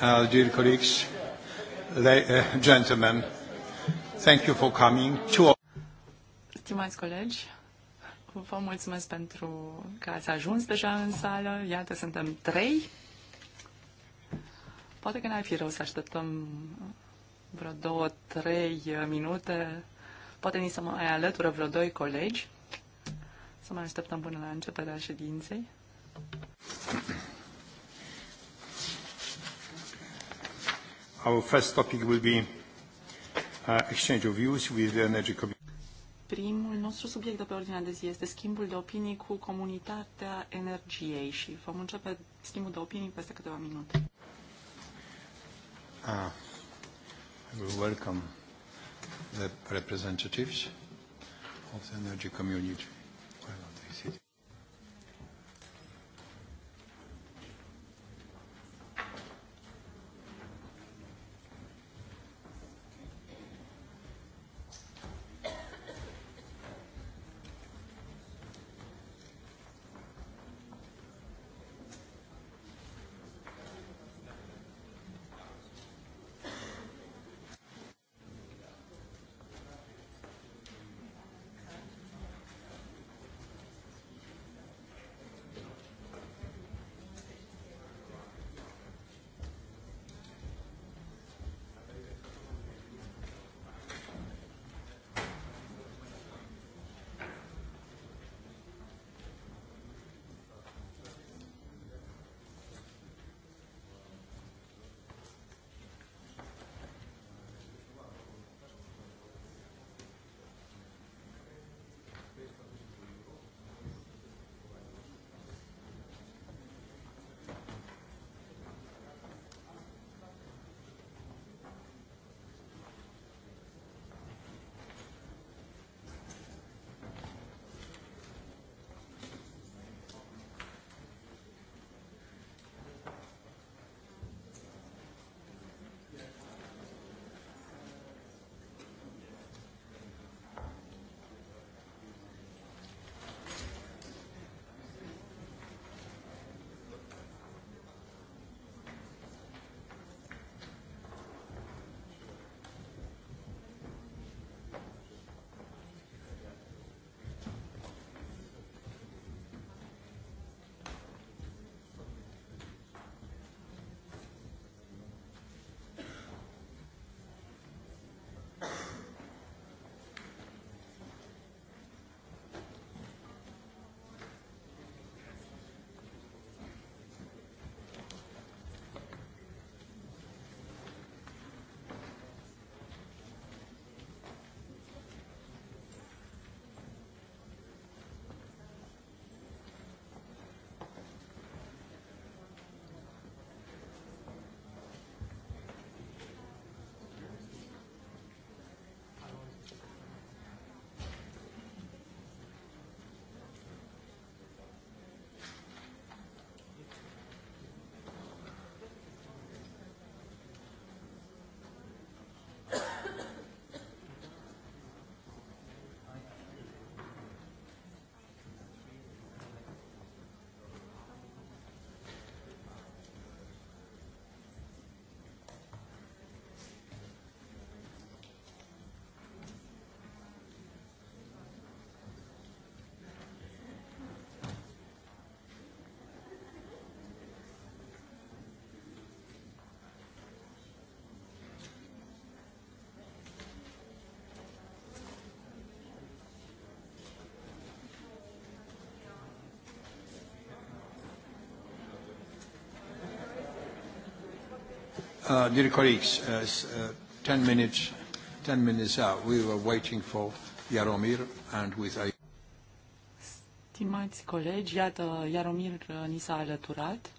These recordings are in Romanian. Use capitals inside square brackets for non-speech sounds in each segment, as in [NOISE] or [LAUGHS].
Uh, dear colleagues, le, uh, gentlemen, thank you for coming. Stimați colegi, vă mulțumesc pentru că ați ajuns deja în sală. Iată, suntem trei. Poate că n-ar fi rău să așteptăm vreo două, trei minute. Poate ni se mai alătură vreo doi colegi. Să mai așteptăm până la începerea ședinței. Our first topic will be uh, exchange of views with the Energy Primul nostru subiect de pe ordinea de zi este schimbul de opinii cu comunitatea energiei și vom începe schimbul de opinii peste câteva minute. Ah, I welcome the representatives of the energy community. Uh, dear colleagues, uh, uh ten 10 minutes, 10 minutes out. We were waiting for Yaromir and with I... Stimați colegi, iată, Iaromir uh, ni s-a alăturat.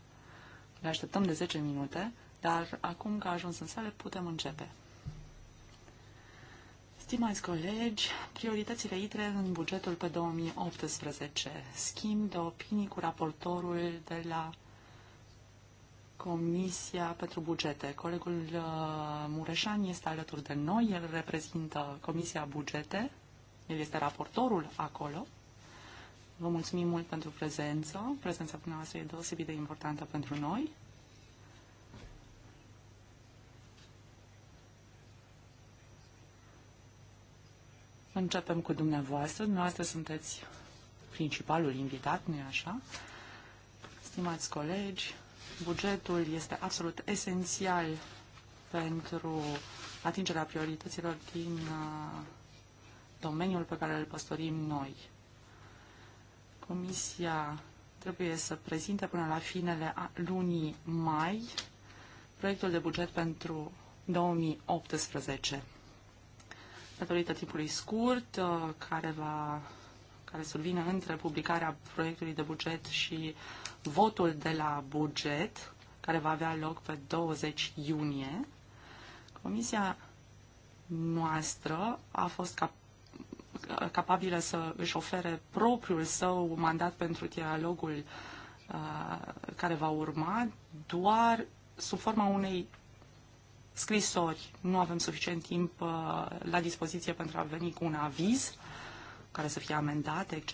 Le așteptăm de 10 minute, dar acum că a ajuns în sală putem începe. Stimați colegi, prioritățile ITRE în bugetul pe 2018. Schimb de opinii cu raportorul de la Comisia pentru Bugete. Colegul uh, Mureșan este alături de noi, el reprezintă Comisia Bugete, el este raportorul acolo. Vă mulțumim mult pentru prezență. Prezența dumneavoastră e deosebit de importantă pentru noi. Începem cu dumneavoastră. Dumneavoastră sunteți principalul invitat, nu-i așa? Stimați colegi, Bugetul este absolut esențial pentru atingerea priorităților din uh, domeniul pe care îl păstorim noi. Comisia trebuie să prezinte până la finele lunii mai proiectul de buget pentru 2018. Datorită timpului scurt, uh, care va care survine între publicarea proiectului de buget și votul de la buget, care va avea loc pe 20 iunie, Comisia noastră a fost cap capabilă să își ofere propriul său mandat pentru dialogul uh, care va urma, doar sub forma unei scrisori. Nu avem suficient timp uh, la dispoziție pentru a veni cu un aviz uh, care să fie amendate, etc.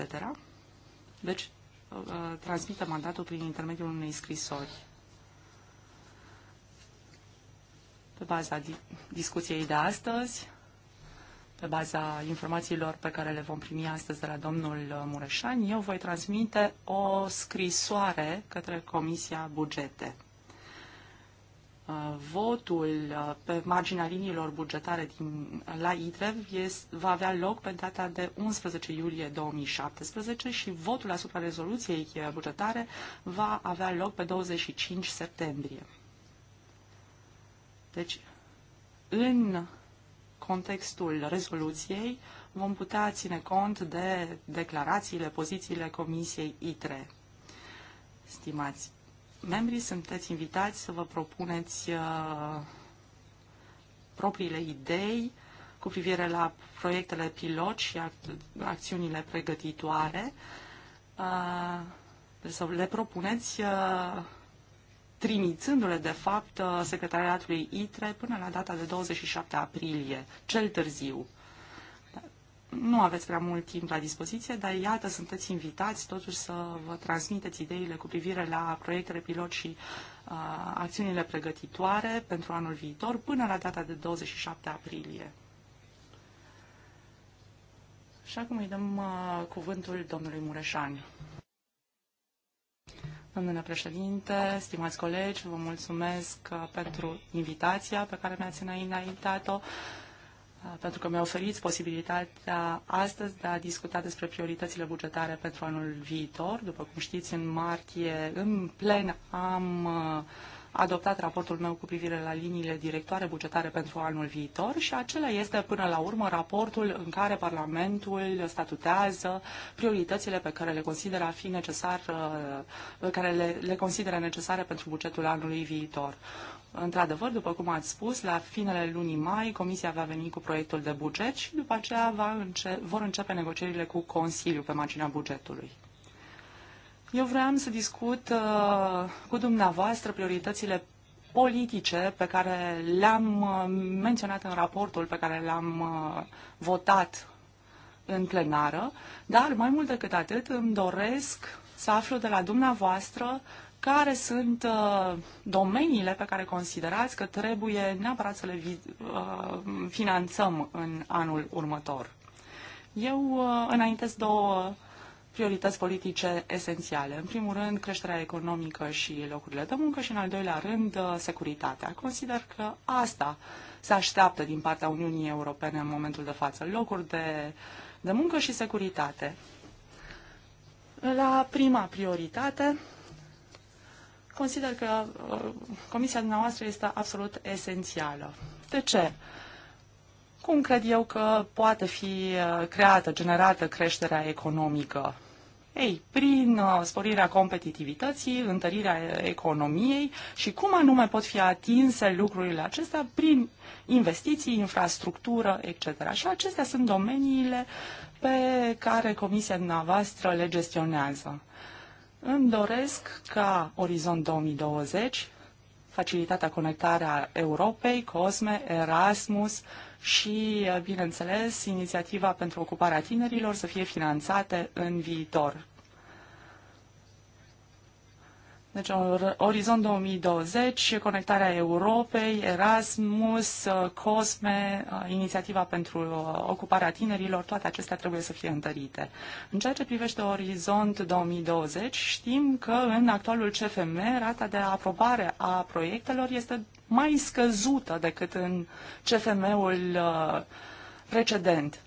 Deci, uh, uh, transmită mandatul prin intermediul unei scrisori. Pe baza discuției de astăzi, pe baza informațiilor pe care le vom primi astăzi de la domnul uh, Mureșan, eu voi transmite o scrisoare către Comisia Bugete. Uh, votul uh, pe marginea liniilor bugetare din, la ITREV este, va avea loc pe data de 11 iulie 2017 și votul asupra rezoluției uh, bugetare va avea loc pe 25 septembrie. Deci, în contextul rezoluției, vom putea ține cont de declarațiile, pozițiile Comisiei ITRE. Stimați membrii sunteți invitați să vă propuneți uh, propriile idei cu privire la proiectele pilot și acțiunile pregătitoare. Deci să le propuneți uh, trimițându-le, de fapt, secretariatului ITRE până la data de 27 aprilie, cel târziu nu aveți prea mult timp la dispoziție, dar iată, sunteți invitați totuși să vă transmiteți ideile cu privire la proiectele pilot și uh, acțiunile pregătitoare pentru anul viitor până la data de 27 aprilie. Și acum îi dăm uh, cuvântul domnului Mureșan. Domnule președinte, stimați colegi, vă mulțumesc uh, pentru invitația pe care mi-ați înaintat-o. Uh, pentru că mi-a oferit posibilitatea astăzi de a discuta despre prioritățile bugetare pentru anul viitor. După cum știți, în martie, în plen, am uh, adoptat raportul meu cu privire la liniile directoare bugetare pentru anul viitor și acela este până la urmă raportul în care Parlamentul statutează prioritățile pe care le consideră a fi necesar, uh, care le, le consideră necesare pentru bugetul anului viitor. Într-adevăr, după cum ați spus, la finele lunii mai Comisia va veni cu proiectul de buget și după aceea va înce- vor începe negocierile cu Consiliul pe marginea bugetului. Eu vreau să discut uh, cu dumneavoastră prioritățile politice pe care le-am uh, menționat în raportul pe care l-am uh, votat în plenară, dar mai mult decât atât îmi doresc să aflu de la dumneavoastră care sunt uh, domeniile pe care considerați că trebuie neapărat să le uh, finanțăm în anul următor. Eu uh, înaintez două priorități politice esențiale. În primul rând, creșterea economică și locurile de muncă și, în al doilea rând, securitatea. Consider că asta se așteaptă din partea Uniunii Europene în momentul de față. Locuri de, de muncă și securitate. La prima prioritate, consider că uh, comisia noastră este absolut esențială. De ce? Cum cred eu că poate fi uh, creată, generată creșterea economică? Ei, prin uh, sporirea competitivității, întărirea economiei și cum anume pot fi atinse lucrurile acestea prin investiții, infrastructură, etc. Și acestea sunt domeniile pe care Comisia dumneavoastră le gestionează. Îmi doresc ca Orizont 2020, Facilitatea Conectarea Europei, COSME, Erasmus și, bineînțeles, inițiativa pentru ocuparea tinerilor să fie finanțate în viitor. Deci uh, Orizont 2020, Conectarea Europei, Erasmus, uh, COSME, uh, Inițiativa pentru Ocuparea Tinerilor, toate acestea trebuie să fie întărite. În ceea ce privește Orizont 2020, știm că în actualul CFM rata de aprobare a proiectelor este mai scăzută decât în CFM-ul precedent.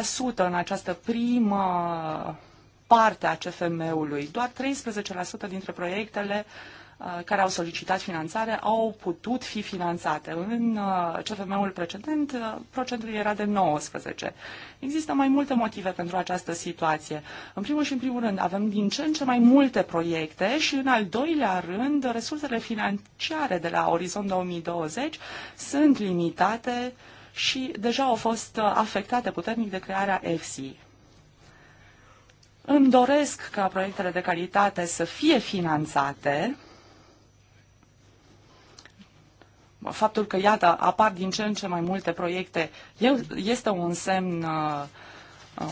13% în această primă parte a CFM-ului. Doar 13% dintre proiectele uh, care au solicitat finanțare au putut fi finanțate. În uh, CFM-ul precedent, uh, procentul era de 19. Există mai multe motive pentru această situație. În primul și în primul rând, avem din ce în ce mai multe proiecte și, în al doilea rând, resursele financiare de la Orizont 2020 sunt limitate și deja au fost afectate puternic de crearea EFSI. Îmi doresc ca proiectele de calitate să fie finanțate. Faptul că, iată, apar din ce în ce mai multe proiecte este un semn, uh,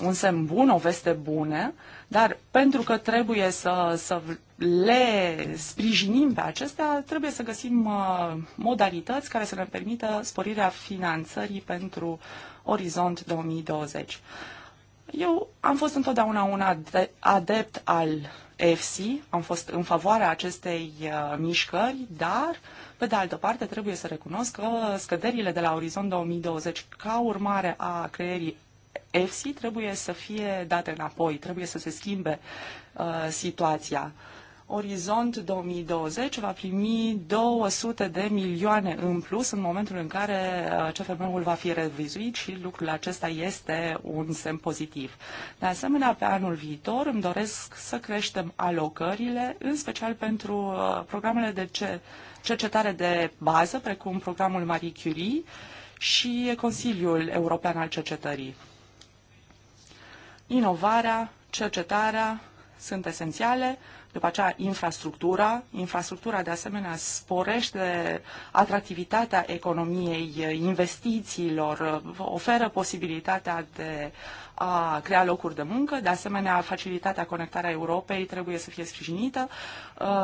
un semn bun, o veste bună, dar pentru că trebuie să, să le sprijinim pe acestea, trebuie să găsim uh, modalități care să ne permită sporirea finanțării pentru Orizont 2020. Eu am fost întotdeauna un adept al EFSI, am fost în favoarea acestei uh, mișcări, dar, pe de altă parte, trebuie să recunosc că scăderile de la orizont 2020 ca urmare a creierii EFSI trebuie să fie date înapoi, trebuie să se schimbe uh, situația. Uh, Orizont 2020 va primi 200 de milioane în plus în momentul în care uh, CFM-ul va fi revizuit și lucrul acesta este un semn pozitiv. De asemenea, pe anul viitor îmi doresc să creștem alocările, în special pentru uh, programele de cercetare de bază, precum programul Marie Curie și Consiliul European al Cercetării. Inovarea, cercetarea sunt esențiale după aceea, infrastructura. Infrastructura, de asemenea, sporește atractivitatea economiei, eh, investițiilor, eh, oferă posibilitatea de a crea locuri de muncă. De asemenea, facilitatea conectarea Europei trebuie să fie sprijinită.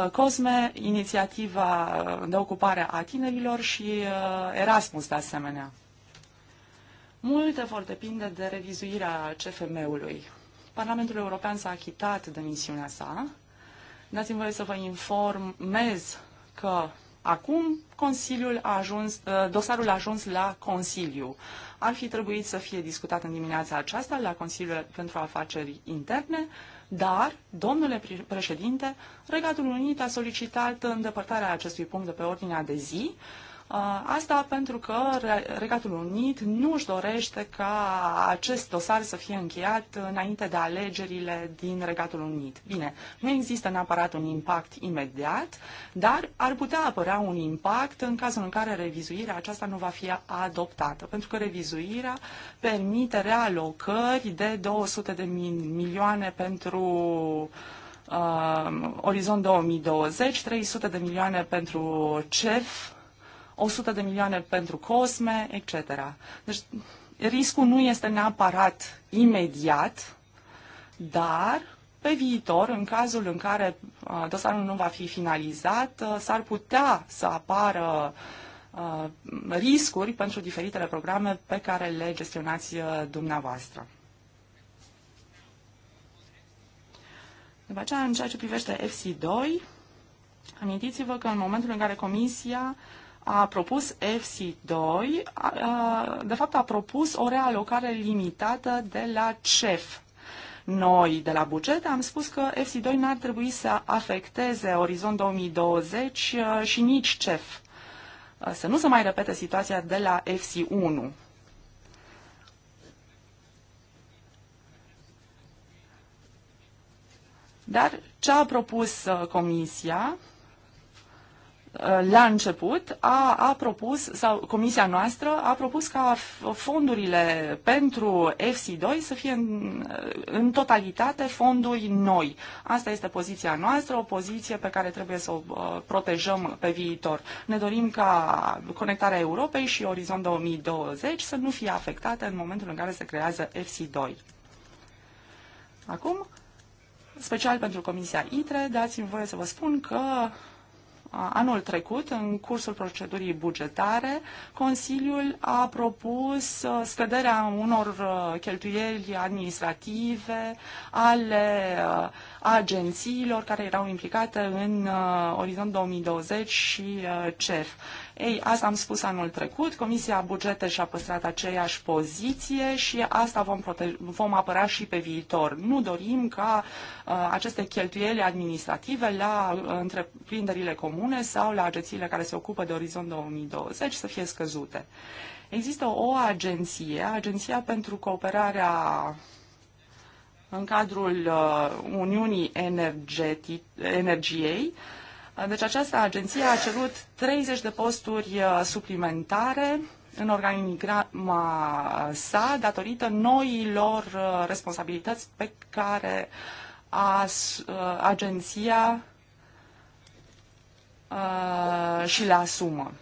Eh, COSME, inițiativa de ocupare a tinerilor și Erasmus, de asemenea. Multe vor depinde de revizuirea CFM-ului. Parlamentul European s-a achitat de misiunea sa Dați-mi voie să vă informez că acum Consiliul a ajuns, ă, dosarul a ajuns la Consiliu. Ar fi trebuit să fie discutat în dimineața aceasta la Consiliul pentru Afaceri Interne, dar, domnule președinte, Regatul Unit a solicitat îndepărtarea acestui punct de pe ordinea de zi, uh, Uh, asta pentru că Regatul Unit nu își dorește ca acest dosar să fie încheiat înainte de alegerile din Regatul Unit. Bine, nu există neapărat un impact imediat, dar ar putea apărea un impact în cazul în care revizuirea aceasta nu va fi adoptată, pentru că revizuirea permite realocări de 200 de milioane pentru uh, Orizont 2020, 300 de milioane pentru CEF, 100 de milioane pentru COSME, etc. Deci riscul nu este neapărat imediat, dar pe viitor, în cazul în care uh, dosarul nu va fi finalizat, uh, s-ar putea să apară uh, riscuri pentru diferitele programe pe care le gestionați dumneavoastră. După aceea, în ceea ce privește FC2, amintiți-vă că în momentul în care Comisia uh, a propus FC2, de fapt a propus o realocare limitată de la CEF. Noi, de la buget, am spus că FC2 n-ar trebui să afecteze Orizont 2020 uh, și nici CEF. Uh, să nu se mai repete situația de la FC1. Dar ce a propus uh, Comisia Uh, la început a, a propus, sau comisia noastră a propus ca fondurile pentru FC2 să fie în, în totalitate fonduri noi. Asta este poziția noastră, o poziție pe care trebuie să o uh, protejăm pe viitor. Ne dorim ca conectarea Europei și Orizont 2020 să nu fie afectate în momentul în care se creează FC2. Acum, special pentru Comisia ITRE, dați-mi voie să vă spun că anul trecut, în cursul procedurii bugetare, Consiliul a propus uh, scăderea unor uh, cheltuieli administrative ale uh, agențiilor care erau implicate în Orizont 2020 și CEF. Ei, asta am spus anul trecut, Comisia Bugete și-a păstrat aceeași poziție și asta vom, vom apăra și pe viitor. Nu dorim ca uh, aceste cheltuieli administrative la uh, întreprinderile comune sau la agențiile care se ocupă de Orizont 2020 să fie scăzute. Există o agenție, Agenția pentru Cooperarea în cadrul uh, Uniunii Energeti- Energiei, uh, deci această agenție a cerut 30 de posturi uh, suplimentare în organigrama sa datorită noilor uh, responsabilități pe care a, uh, agenția și le asumă.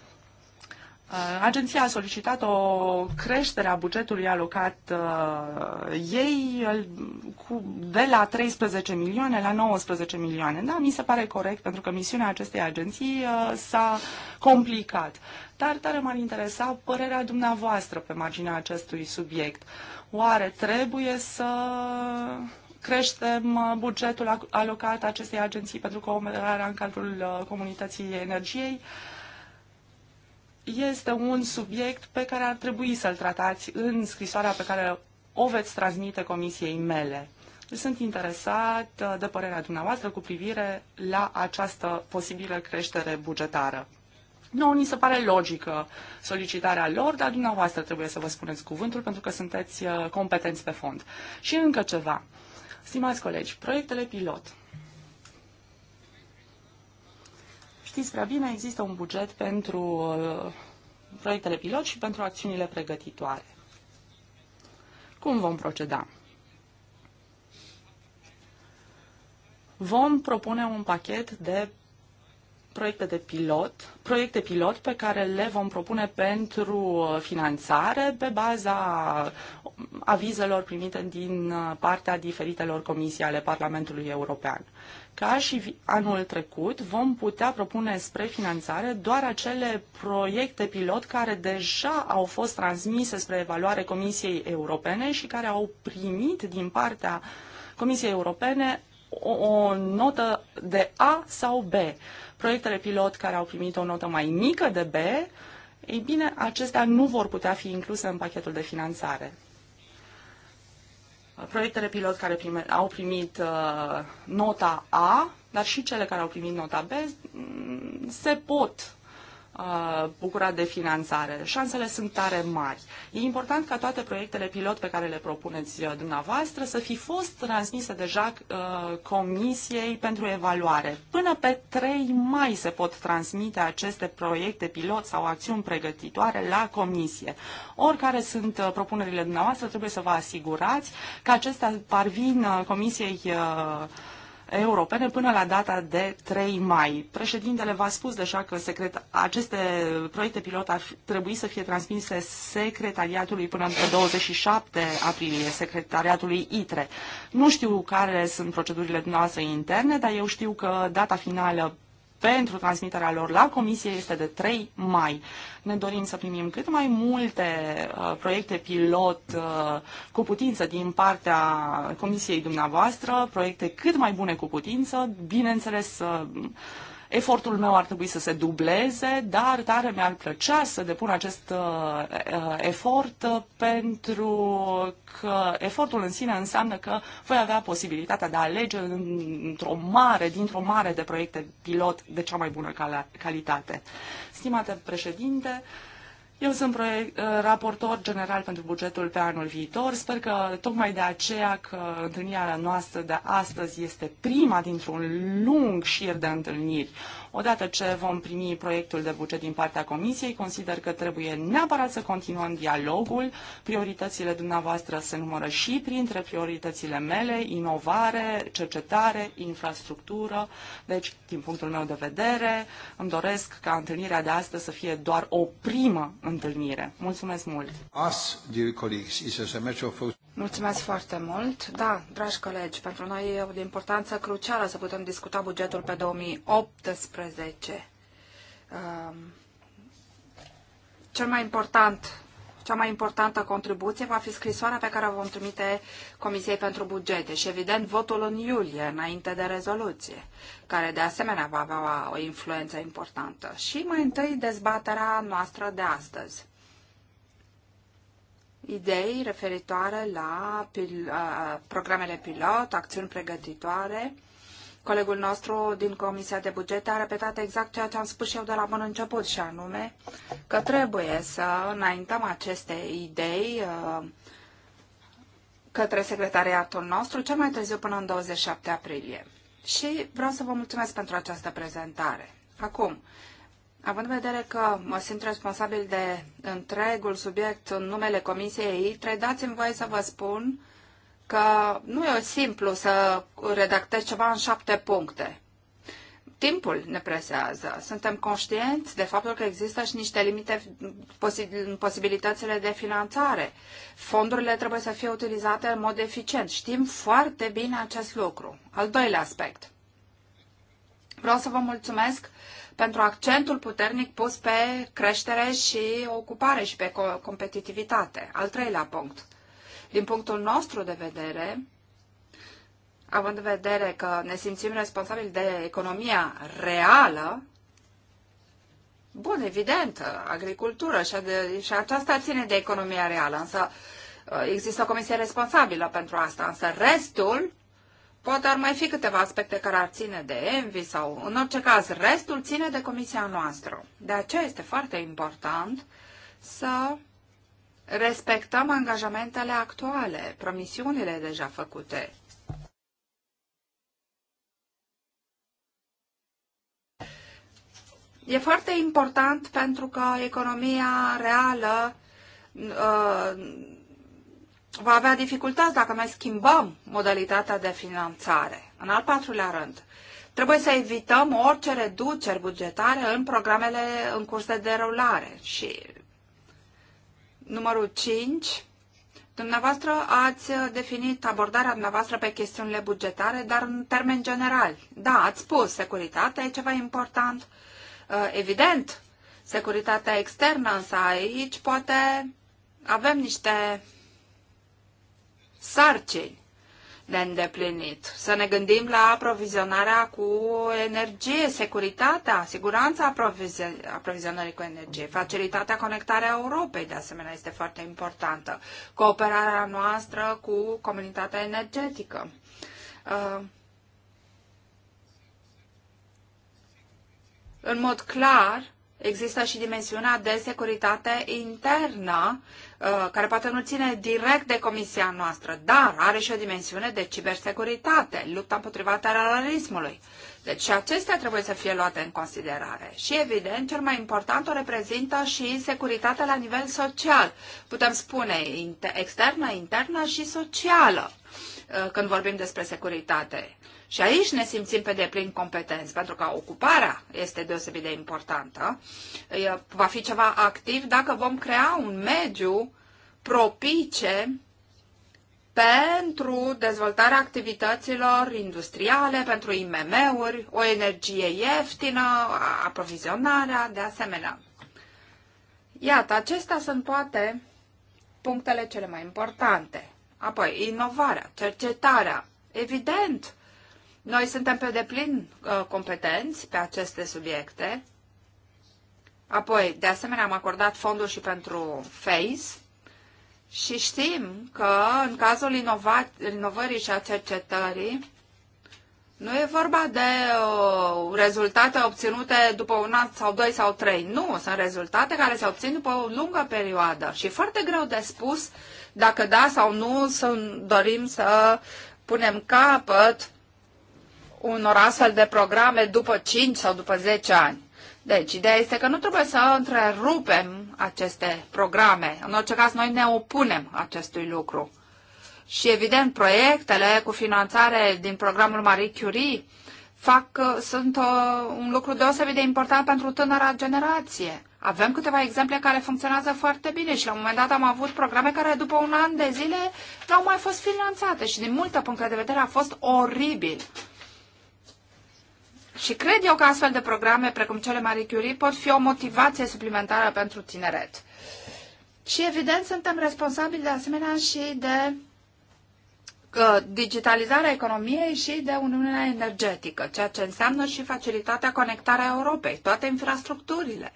Uh, agenția a solicitat o creștere a bugetului alocat uh, ei uh, cu, de la 13 milioane la 19 milioane. Da, mi se pare corect pentru că misiunea acestei agenții uh, s-a complicat. Dar tare m-ar interesa părerea dumneavoastră pe marginea acestui subiect. Oare trebuie să creștem uh, bugetul alocat acestei agenții pentru cooperarea în cadrul comunității energiei? Uh, este un subiect pe care ar trebui să-l tratați în scrisoarea pe care o veți transmite comisiei mele. Sunt interesat uh, de părerea dumneavoastră cu privire la această posibilă creștere bugetară. Nu ni se pare logică solicitarea lor, dar dumneavoastră trebuie să vă spuneți cuvântul pentru că sunteți uh, competenți pe fond. Și încă ceva. Stimați colegi, proiectele pilot Știți prea bine, există un buget pentru uh, proiectele pilot și pentru acțiunile pregătitoare. Cum vom proceda? Vom propune un pachet de proiecte de pilot, proiecte pilot pe care le vom propune pentru uh, finanțare pe baza avizelor primite din uh, partea diferitelor comisii ale Parlamentului European ca și anul trecut, vom putea propune spre finanțare doar acele proiecte pilot care deja au fost transmise spre evaluare Comisiei Europene și care au primit din partea Comisiei Europene o, o notă de A sau B. Proiectele pilot care au primit o notă mai mică de B, ei bine, acestea nu vor putea fi incluse în pachetul de finanțare proiectele pilot care prime, au primit uh, nota A, dar și cele care au primit nota B, mm, se pot Uh, bucura de finanțare. Șansele sunt tare mari. E important ca toate proiectele pilot pe care le propuneți uh, dumneavoastră să fi fost transmise deja uh, Comisiei pentru evaluare. Până pe 3 mai se pot transmite aceste proiecte pilot sau acțiuni pregătitoare la Comisie. Oricare sunt propunerile dumneavoastră, trebuie să vă asigurați că acestea parvin Comisiei uh, Europene până la data de 3 mai. Președintele v-a spus deja că secret, aceste proiecte pilot ar trebui să fie transmise secretariatului până pe 27 aprilie, secretariatului ITRE. Nu știu care sunt procedurile noastre interne, dar eu știu că data finală pentru transmiterea lor la Comisie este de 3 mai. Ne dorim să primim cât mai multe uh, proiecte pilot uh, cu putință din partea Comisiei dumneavoastră, proiecte cât mai bune cu putință, bineînțeles uh, Efortul meu ar trebui să se dubleze, dar tare mi-ar plăcea să depun acest uh, uh efort uh, pentru că efortul în sine înseamnă că voi avea posibilitatea de a alege într-o mare, dintr-o mare de proiecte pilot de cea mai bună calitate. Stimate președinte, uh, eu sunt proiect, uh, raportor general pentru bugetul pe anul viitor. Sper că tocmai de aceea că întâlnirea noastră de astăzi este prima dintr-un lung șir de întâlniri. Odată ce vom primi proiectul de buget din partea Comisiei, consider că trebuie neapărat să continuăm dialogul. Prioritățile dumneavoastră se numără și printre prioritățile mele, inovare, cercetare, infrastructură. Deci, din punctul meu de vedere, îmi doresc ca întâlnirea de astăzi să fie doar o primă întâlnire. Mulțumesc mult! Us, dear colleagues, is a matter of... Mulțumesc foarte mult. Da, dragi colegi, pentru noi e de importanță crucială să putem discuta bugetul pe 2018. Um, cel mai important cea mai importantă contribuție va fi scrisoarea pe care o vom trimite Comisiei pentru Bugete și, evident, votul în iulie, înainte de rezoluție, care de asemenea va avea o influență importantă. Și mai întâi dezbaterea noastră de astăzi idei referitoare la pil, uh, programele pilot, acțiuni pregătitoare Colegul nostru din Comisia de Bugete a repetat exact ceea ce am spus și eu de la bun început, și anume că trebuie să înaintăm aceste idei uh, către secretariatul nostru cel mai târziu până în 27 aprilie. Și vreau să vă mulțumesc pentru această prezentare. Acum, Având în vedere că mă simt responsabil de întregul subiect în numele Comisiei ei, dați-mi voie să vă spun că nu e simplu să redactezi ceva în șapte puncte. Timpul ne presează. Suntem conștienți de faptul că există și niște limite în posibilitățile de finanțare. Fondurile trebuie să fie utilizate în mod eficient. Știm foarte bine acest lucru. Al doilea aspect. Vreau să vă mulțumesc pentru accentul puternic pus pe creștere și ocupare și pe competitivitate. Al treilea punct din punctul nostru de vedere, având în vedere că ne simțim responsabili de economia reală, bun, evident, agricultură și, de, și aceasta ține de economia reală, însă uh, există o comisie responsabilă pentru asta, însă restul Poate ar mai fi câteva aspecte care ar ține de envi sau, în orice caz, restul ține de comisia noastră. De aceea este foarte important să respectăm angajamentele actuale, promisiunile deja făcute. E foarte important pentru că economia reală uh, va avea dificultăți dacă mai schimbăm modalitatea de finanțare. În al patrulea rând, trebuie să evităm orice reduceri bugetare în programele în curs de derulare și numărul 5, Dumneavoastră ați definit abordarea dumneavoastră pe chestiunile bugetare, dar în termen general. Da, ați spus, securitatea e ceva important. Uh, evident, securitatea externă, însă aici poate avem niște sarcini de îndeplinit. Să ne gândim la aprovizionarea cu energie, securitatea, siguranța aprovizionării cu energie, facilitatea conectarea Europei, de asemenea, este foarte importantă, cooperarea noastră cu comunitatea energetică. Uh, în mod clar, există și dimensiunea de securitate internă, uh, Uh, care poate nu ține direct de comisia noastră, dar are și o dimensiune de cibersecuritate, lupta împotriva terorismului. Deci și acestea trebuie să fie luate în considerare. Și evident, cel mai important o reprezintă și securitatea la nivel social. Putem spune externă, internă și socială uh, când vorbim despre securitate. Și aici ne simțim pe deplin competenți, pentru că ocuparea este deosebit de importantă. Va fi ceva activ dacă vom crea un mediu propice pentru dezvoltarea activităților industriale, pentru IMM-uri, o energie ieftină, aprovizionarea, de asemenea. Iată, acestea sunt poate punctele cele mai importante. Apoi, inovarea, cercetarea. Evident, noi suntem pe deplin uh, competenți pe aceste subiecte. Apoi, de asemenea, am acordat fonduri și pentru FACE și știm că în cazul inova- inovării și a cercetării nu e vorba de uh, rezultate obținute după un an sau doi sau trei. Nu, sunt rezultate care se obțin după o lungă perioadă și foarte greu de spus dacă da sau nu să dorim să punem capăt unor astfel de programe după 5 sau după 10 ani. Deci, ideea este că nu trebuie să întrerupem aceste programe. În orice caz, noi ne opunem acestui lucru. Și, evident, proiectele cu finanțare din programul Marie Curie fac, uh, sunt o, uh, un lucru deosebit de important pentru tânăra generație. Avem câteva exemple care funcționează foarte bine și la un moment dat am avut programe care după un an de zile nu au mai fost finanțate și din multă puncte de vedere a fost oribil. Și cred eu că astfel de programe, precum cele Marie Curie, pot fi o motivație suplimentară pentru tineret. Și evident suntem responsabili de asemenea și de digitalizarea economiei și de Uniunea Energetică, ceea ce înseamnă și facilitatea conectarea Europei, toate infrastructurile,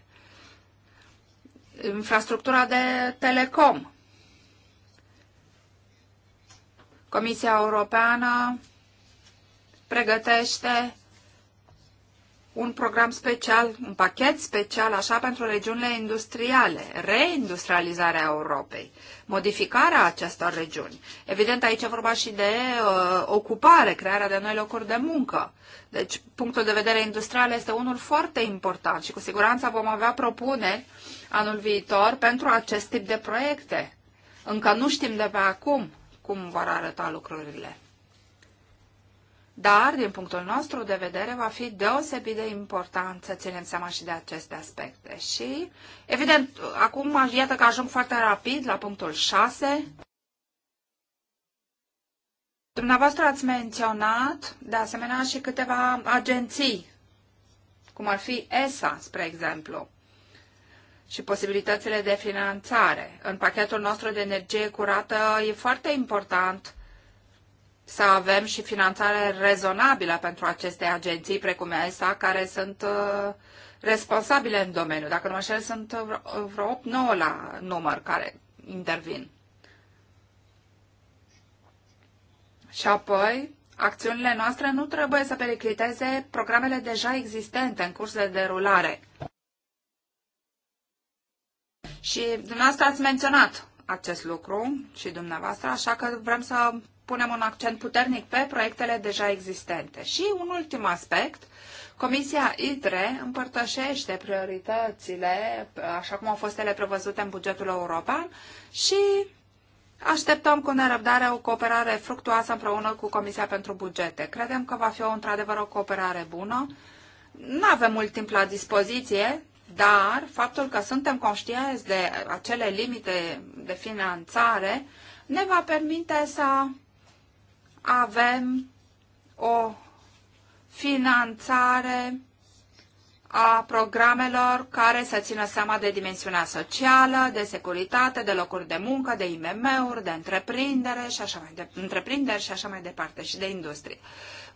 infrastructura de telecom. Comisia Europeană pregătește un program special, un pachet special, așa, pentru regiunile industriale, reindustrializarea Europei, modificarea acestor regiuni. Evident, aici e vorba și de uh, ocupare, crearea de noi locuri de muncă. Deci, punctul de vedere industrial este unul foarte important și cu siguranță vom avea propuneri anul viitor pentru acest tip de proiecte. Încă nu știm de pe acum cum vor arăta lucrurile dar, din punctul nostru de vedere, va fi deosebit de important să ținem seama și de aceste aspecte. Și, evident, acum iată că ajung foarte rapid la punctul 6. Dumneavoastră ați menționat, de asemenea, și câteva agenții, cum ar fi ESA, spre exemplu, și posibilitățile de finanțare. În pachetul nostru de energie curată e foarte important să avem și finanțare rezonabilă pentru aceste agenții, precum ESA, care sunt uh, responsabile în domeniu. Dacă nu mă șer, sunt vreo 8-9 la număr care intervin. Și apoi, acțiunile noastre nu trebuie să pericliteze programele deja existente în curs de derulare. Și dumneavoastră ați menționat acest lucru și dumneavoastră, așa că vrem să punem un accent puternic pe proiectele deja existente. Și un ultim aspect, Comisia ITRE împărtășește prioritățile, așa cum au fost ele prevăzute în bugetul european și Așteptăm cu nerăbdare o cooperare fructuoasă împreună cu Comisia pentru Bugete. Credem că va fi o, într-adevăr o cooperare bună. Nu avem mult timp la dispoziție, dar faptul că suntem conștienți de acele limite de finanțare ne va permite să avem o finanțare a programelor care să țină seama de dimensiunea socială, de securitate, de locuri de muncă, de IMM-uri, de întreprindere și așa mai de, întreprinderi și așa mai departe și de industrie.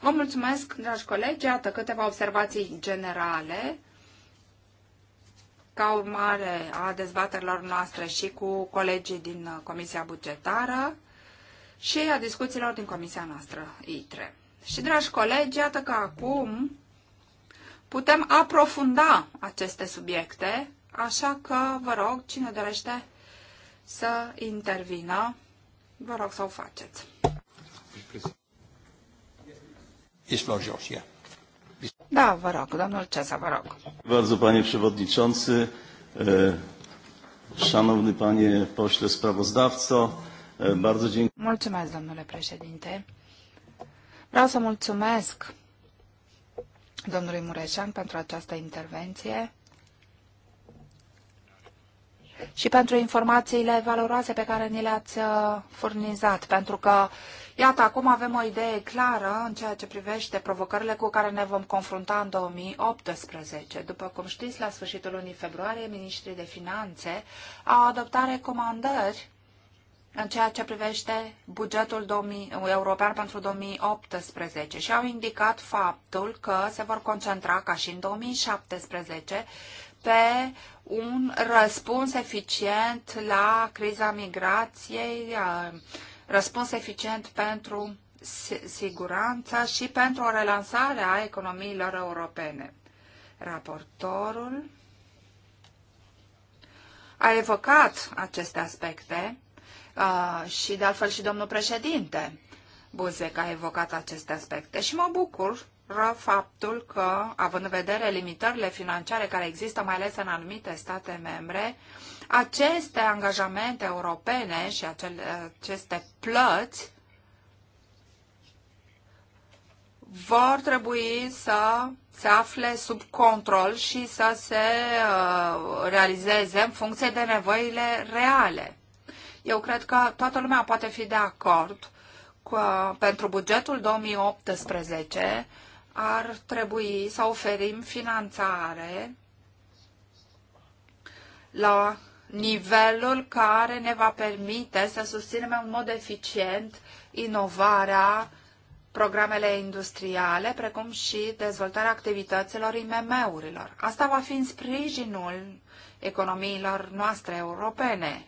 Vă mulțumesc, dragi colegi, iată câteva observații generale ca urmare a dezbaterilor noastre și cu colegii din Comisia Bugetară și a discuțiilor din comisia noastră ITRE. Și, dragi colegi, iată că acum putem aprofunda aceste subiecte, așa că vă rog, cine dorește să intervină, vă rog să o faceți. Da, vă rog, domnul Cesa, vă rog. Bardzo, panie przewodniczący, szanowny panie pośle sprawozdawco, Bardzo dziękuję. Mulțumesc, domnule președinte. Vreau să mulțumesc domnului Mureșan pentru această intervenție și pentru informațiile valoroase pe care ni le-ați uh, furnizat, pentru că, iată, acum avem o idee clară în ceea ce privește provocările cu care ne vom confrunta în 2018. După cum știți, la sfârșitul lunii februarie, ministrii de finanțe au adoptat recomandări în ceea ce privește bugetul 2000, european pentru 2018 și au indicat faptul că se vor concentra, ca și în 2017, pe un răspuns eficient la criza migrației, răspuns eficient pentru siguranța și pentru relansarea economiilor europene. Raportorul a evocat aceste aspecte și de altfel și domnul președinte Buzec a evocat aceste aspecte și mă bucur faptul că, având în vedere limitările financiare care există mai ales în anumite state membre, aceste angajamente europene și acele, aceste plăți vor trebui să se afle sub control și să se uh, realizeze în funcție de nevoile reale. Eu cred că toată lumea poate fi de acord cu, pentru bugetul 2018 ar trebui să oferim finanțare la nivelul care ne va permite să susținem în mod eficient inovarea, programele industriale, precum și dezvoltarea activităților IMM-urilor. Asta va fi în sprijinul economiilor noastre europene.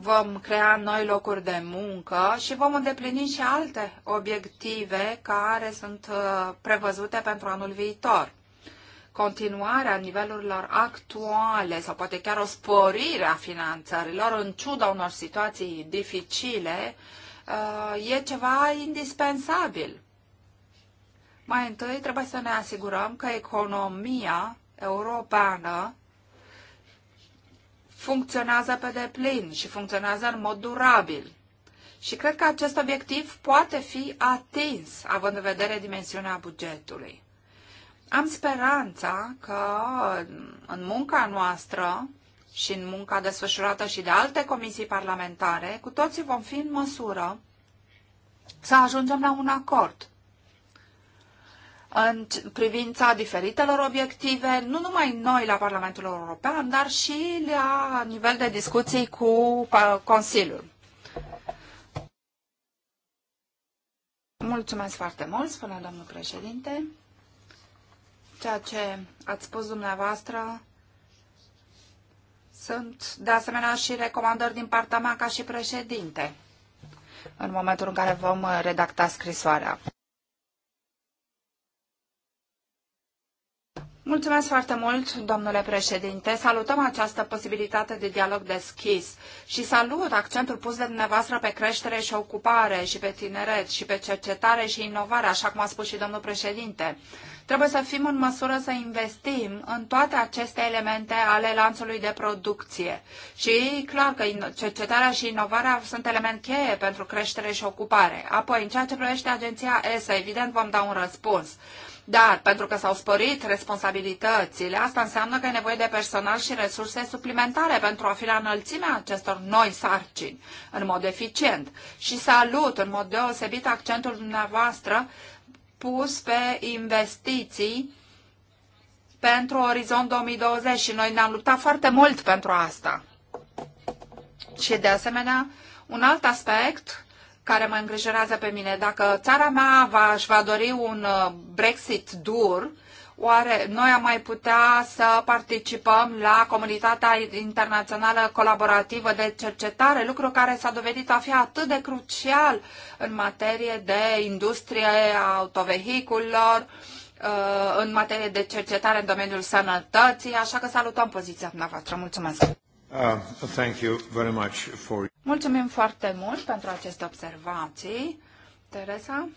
vom crea noi locuri de muncă și vom îndeplini și alte obiective care sunt uh, prevăzute pentru anul viitor. Continuarea nivelurilor actuale sau poate chiar o sporire a finanțărilor în ciuda unor situații dificile uh, e ceva indispensabil. Mai întâi trebuie să ne asigurăm că economia europeană funcționează pe deplin și funcționează în mod durabil. Și cred că acest obiectiv poate fi atins, având în vedere dimensiunea bugetului. Am speranța că în munca noastră și în munca desfășurată și de alte comisii parlamentare, cu toții vom fi în măsură să ajungem la un acord în privința diferitelor obiective, nu numai noi la Parlamentul European, dar și la nivel de discuții cu Consiliul. Mulțumesc foarte mult, spune domnul președinte. Ceea ce ați spus dumneavoastră sunt de asemenea și recomandări din partea mea ca și președinte în momentul în care vom redacta scrisoarea. Mulțumesc foarte mult, domnule președinte. Salutăm această posibilitate de dialog deschis și salut accentul pus de dumneavoastră pe creștere și ocupare și pe tineret și pe cercetare și inovare, așa cum a spus și domnul președinte. Trebuie să fim în măsură să investim în toate aceste elemente ale lanțului de producție. Și e clar că cercetarea și inovarea sunt element cheie pentru creștere și ocupare. Apoi, în ceea ce privește agenția ESA, evident vom da un răspuns. Dar, pentru că s-au spărit responsabilitățile, asta înseamnă că e nevoie de personal și resurse suplimentare pentru a fi la înălțimea acestor noi sarcini în mod eficient. Și salut în mod deosebit accentul dumneavoastră pus pe investiții pentru Orizont 2020 și noi ne-am luptat foarte mult pentru asta. Și de asemenea, un alt aspect care mă îngrijorează pe mine, dacă țara mea va, își va dori un uh, Brexit dur, Oare noi am mai putea să participăm la comunitatea internațională colaborativă de cercetare, lucru care s-a dovedit a fi atât de crucial în materie de industrie a autovehiculelor, uh, în materie de cercetare în domeniul sănătății, așa că salutăm poziția dumneavoastră. Mulțumesc! Uh, Mulțumim foarte mult pentru aceste observații. Teresa?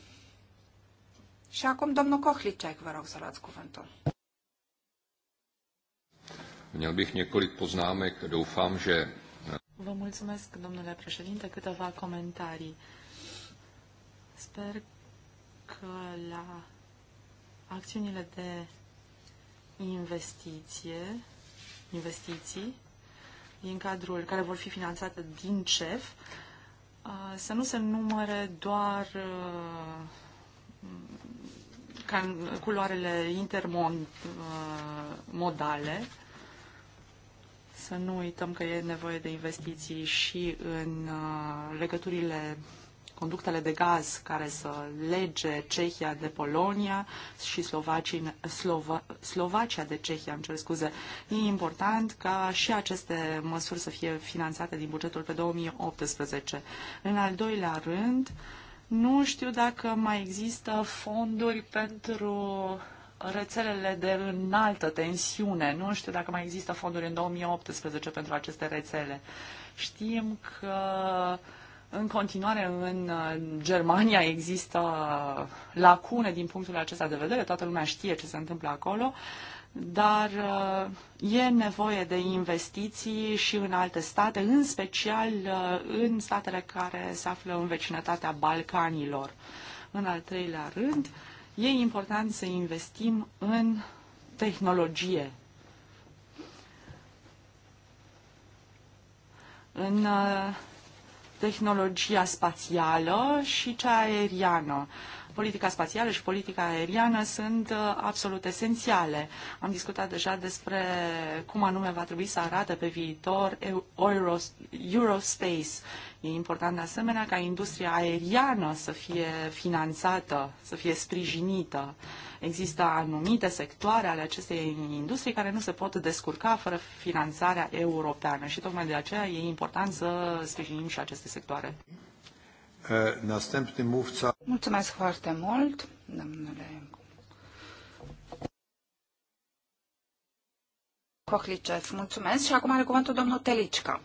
Și acum, domnul Kohlicek, vă rog să luați cuvântul. Měl bych několik poznámek, doufám, že... Vă mulțumesc, domnule președinte, câteva comentarii. Sper că la acțiunile de investiție, investiții din cadrul care vor fi finanțate din CEF, să nu se numere doar can, culoarele intermodale. Uh, să nu uităm că e nevoie de investiții și în uh, legăturile conductele de gaz care să lege Cehia de Polonia și Slovacii, Slova, Slovacia de Cehia, îmi cer scuze. E important ca și aceste măsuri să fie finanțate din bugetul pe 2018. În al doilea rând, uh, nu știu dacă mai există fonduri pentru rețelele de înaltă tensiune. Nu știu dacă mai există fonduri în 2018 pentru aceste rețele. Știm că în continuare în Germania există lacune din punctul acesta de vedere, toată lumea știe ce se întâmplă acolo. Uh, dar uh, e nevoie de investiții și în alte state, în special uh, în statele care se află în vecinătatea Balcanilor. În al treilea rând, e important să investim în tehnologie. În uh, tehnologia spațială și cea aeriană. Uh, politica spațială și politica aeriană sunt uh, absolut esențiale. Am discutat deja despre cum anume va trebui să arate pe viitor Eurospace. E important de asemenea ca industria aeriană să fie finanțată, să fie sprijinită. Există anumite sectoare ale acestei industrii care nu se pot descurca fără finanțarea europeană și tocmai de aceea e important să sprijinim și aceste sectoare. Mulțumesc foarte mult, domnule Mulțumesc și acum are cuvântul domnul Telicica.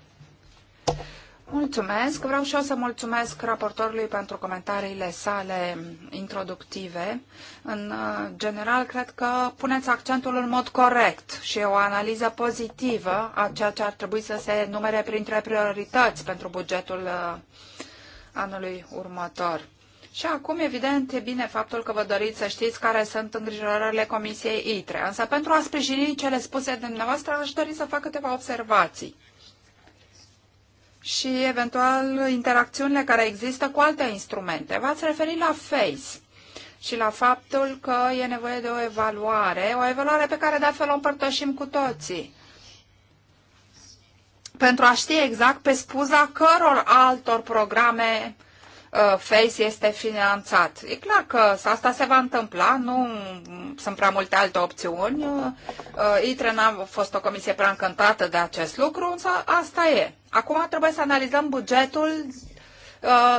Mulțumesc. Vreau și eu să mulțumesc raportorului pentru comentariile sale introductive. În general, cred că puneți accentul în mod corect și o analiză pozitivă a ceea ce ar trebui să se numere printre priorități pentru bugetul anului următor. Și acum, evident, e bine faptul că vă doriți să știți care sunt îngrijorările Comisiei ITRE. Însă, pentru a sprijini cele spuse de dumneavoastră, aș dori să fac câteva observații și, eventual, interacțiunile care există cu alte instrumente. V-ați referit la FACE și la faptul că e nevoie de o evaluare, o evaluare pe care de altfel o împărtășim cu toții pentru a ști exact pe spuza căror altor programe uh, FACE este finanțat. E clar că asta se va întâmpla, nu sunt prea multe alte opțiuni. Uh, uh, ITRE n-a fost o comisie prea încântată de acest lucru, însă asta e. Acum trebuie să analizăm bugetul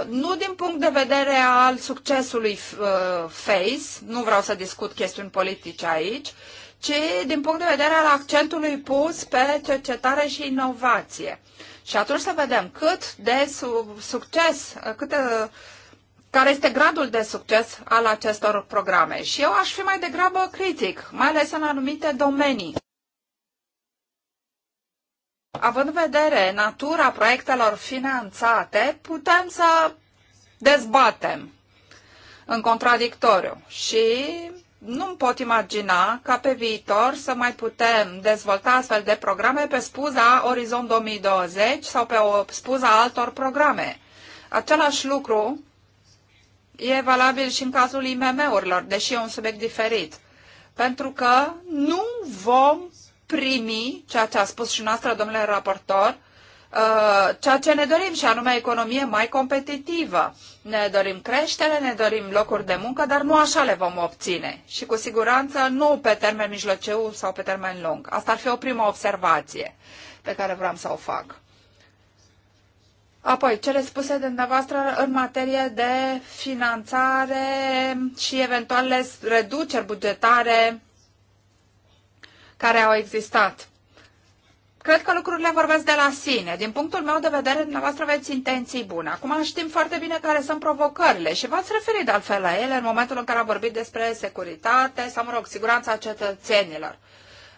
nu din punct de vedere al succesului FACE, nu vreau să discut chestiuni politice aici, ci din punct de vedere al accentului pus pe cercetare și inovație. Și atunci să vedem cât de succes, cât de, care este gradul de succes al acestor programe. Și eu aș fi mai degrabă critic, mai ales în anumite domenii. Având în vedere natura proiectelor finanțate, putem să dezbatem în contradictoriu și nu-mi pot imagina ca pe viitor să mai putem dezvolta astfel de programe pe spuza Orizont 2020 sau pe o spuza altor programe. Același lucru e valabil și în cazul IMM-urilor, deși e un subiect diferit. Pentru că nu vom primi ceea ce a spus și noastră, domnule raportor, Uh, ceea ce ne dorim și anume economie mai competitivă. Ne dorim creștere, ne dorim locuri de muncă, dar nu așa le vom obține și cu siguranță nu pe termen mijlociu sau pe termen lung. Asta ar fi o primă observație pe care vreau să o fac. Apoi, cele spuse de dumneavoastră în materie de finanțare și eventuale reduceri bugetare care au existat. Cred că lucrurile vorbesc de la sine. Din punctul meu de vedere, dumneavoastră aveți intenții bune. Acum știm foarte bine care sunt provocările și v-ați referit de altfel la ele în momentul în care am vorbit despre securitate sau, mă rog, siguranța cetățenilor.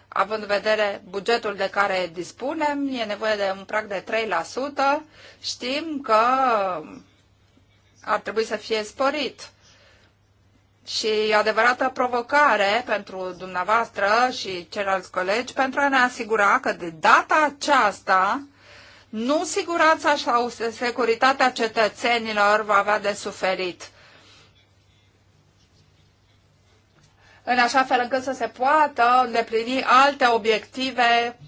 Având în vedere bugetul de care dispunem, e nevoie de un prag de 3%. Știm că ar trebui să fie sporit și e adevărată provocare pentru dumneavoastră și ceilalți colegi pentru a ne asigura că de data aceasta nu siguranța sau securitatea cetățenilor va avea de suferit. În așa fel încât să se poată îndeplini alte obiective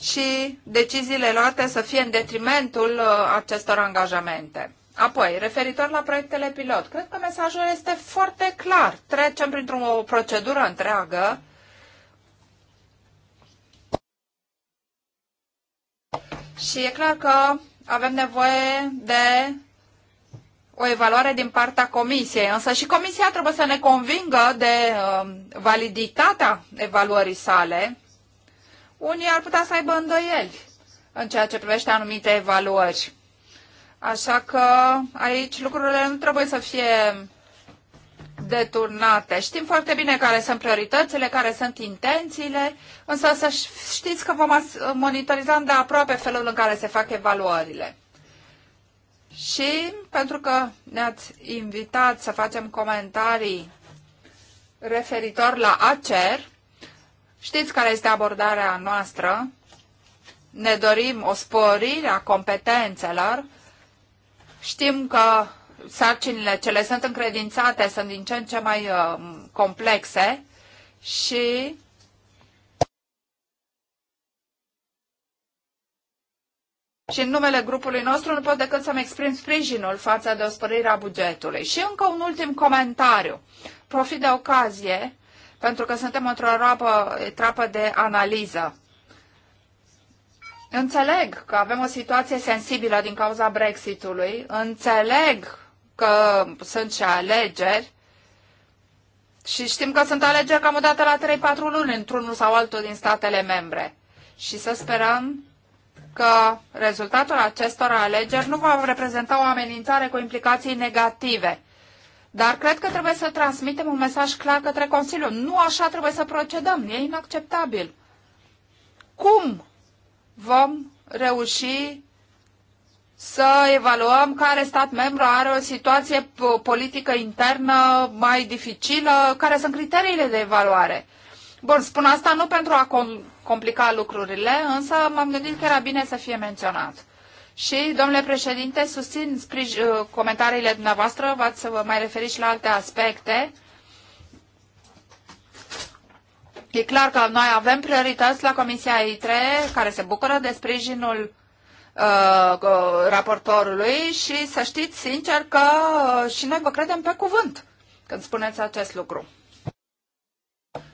și deciziile luate să fie în detrimentul uh, acestor angajamente. Apoi, referitor la proiectele pilot, cred că mesajul este foarte clar. Trecem printr-o procedură întreagă și e clar că avem nevoie de o evaluare din partea comisiei, însă și comisia trebuie să ne convingă de um, validitatea evaluării sale. Unii ar putea să aibă îndoieli în ceea ce privește anumite evaluări. Așa că aici lucrurile nu trebuie să fie deturnate. Știm foarte bine care sunt prioritățile, care sunt intențiile, însă să știți că vom monitoriza de aproape felul în care se fac evaluările. Și pentru că ne-ați invitat să facem comentarii referitor la ACER, știți care este abordarea noastră. Ne dorim o sporire a competențelor Știm că sarcinile ce le sunt încredințate sunt din ce în ce mai uh, complexe și Și în numele grupului nostru nu pot decât să-mi exprim sprijinul față de o spărire a bugetului. Și încă un ultim comentariu. Profit de ocazie, pentru că suntem într-o etapă de analiză. Înțeleg că avem o situație sensibilă din cauza Brexitului, înțeleg că sunt și alegeri și știm că sunt alegeri cam dată la 3-4 luni într-unul sau altul din statele membre. Și să sperăm că rezultatul acestor alegeri nu va reprezenta o amenințare cu implicații negative. Dar cred că trebuie să transmitem un mesaj clar către Consiliu. Nu așa trebuie să procedăm, e inacceptabil. Cum vom reuși să evaluăm care stat membru are o situație politică internă mai dificilă, care sunt criteriile de evaluare. Bun, spun asta nu pentru a complica lucrurile, însă m-am gândit că era bine să fie menționat. Și, domnule președinte, susțin comentariile dumneavoastră, v-ați să vă mai referiți la alte aspecte. E clar că noi avem priorități la Comisia ITRE care se bucură de sprijinul uh, uh, raportorului și să știți sincer că uh, și noi vă credem pe cuvânt când spuneți acest lucru.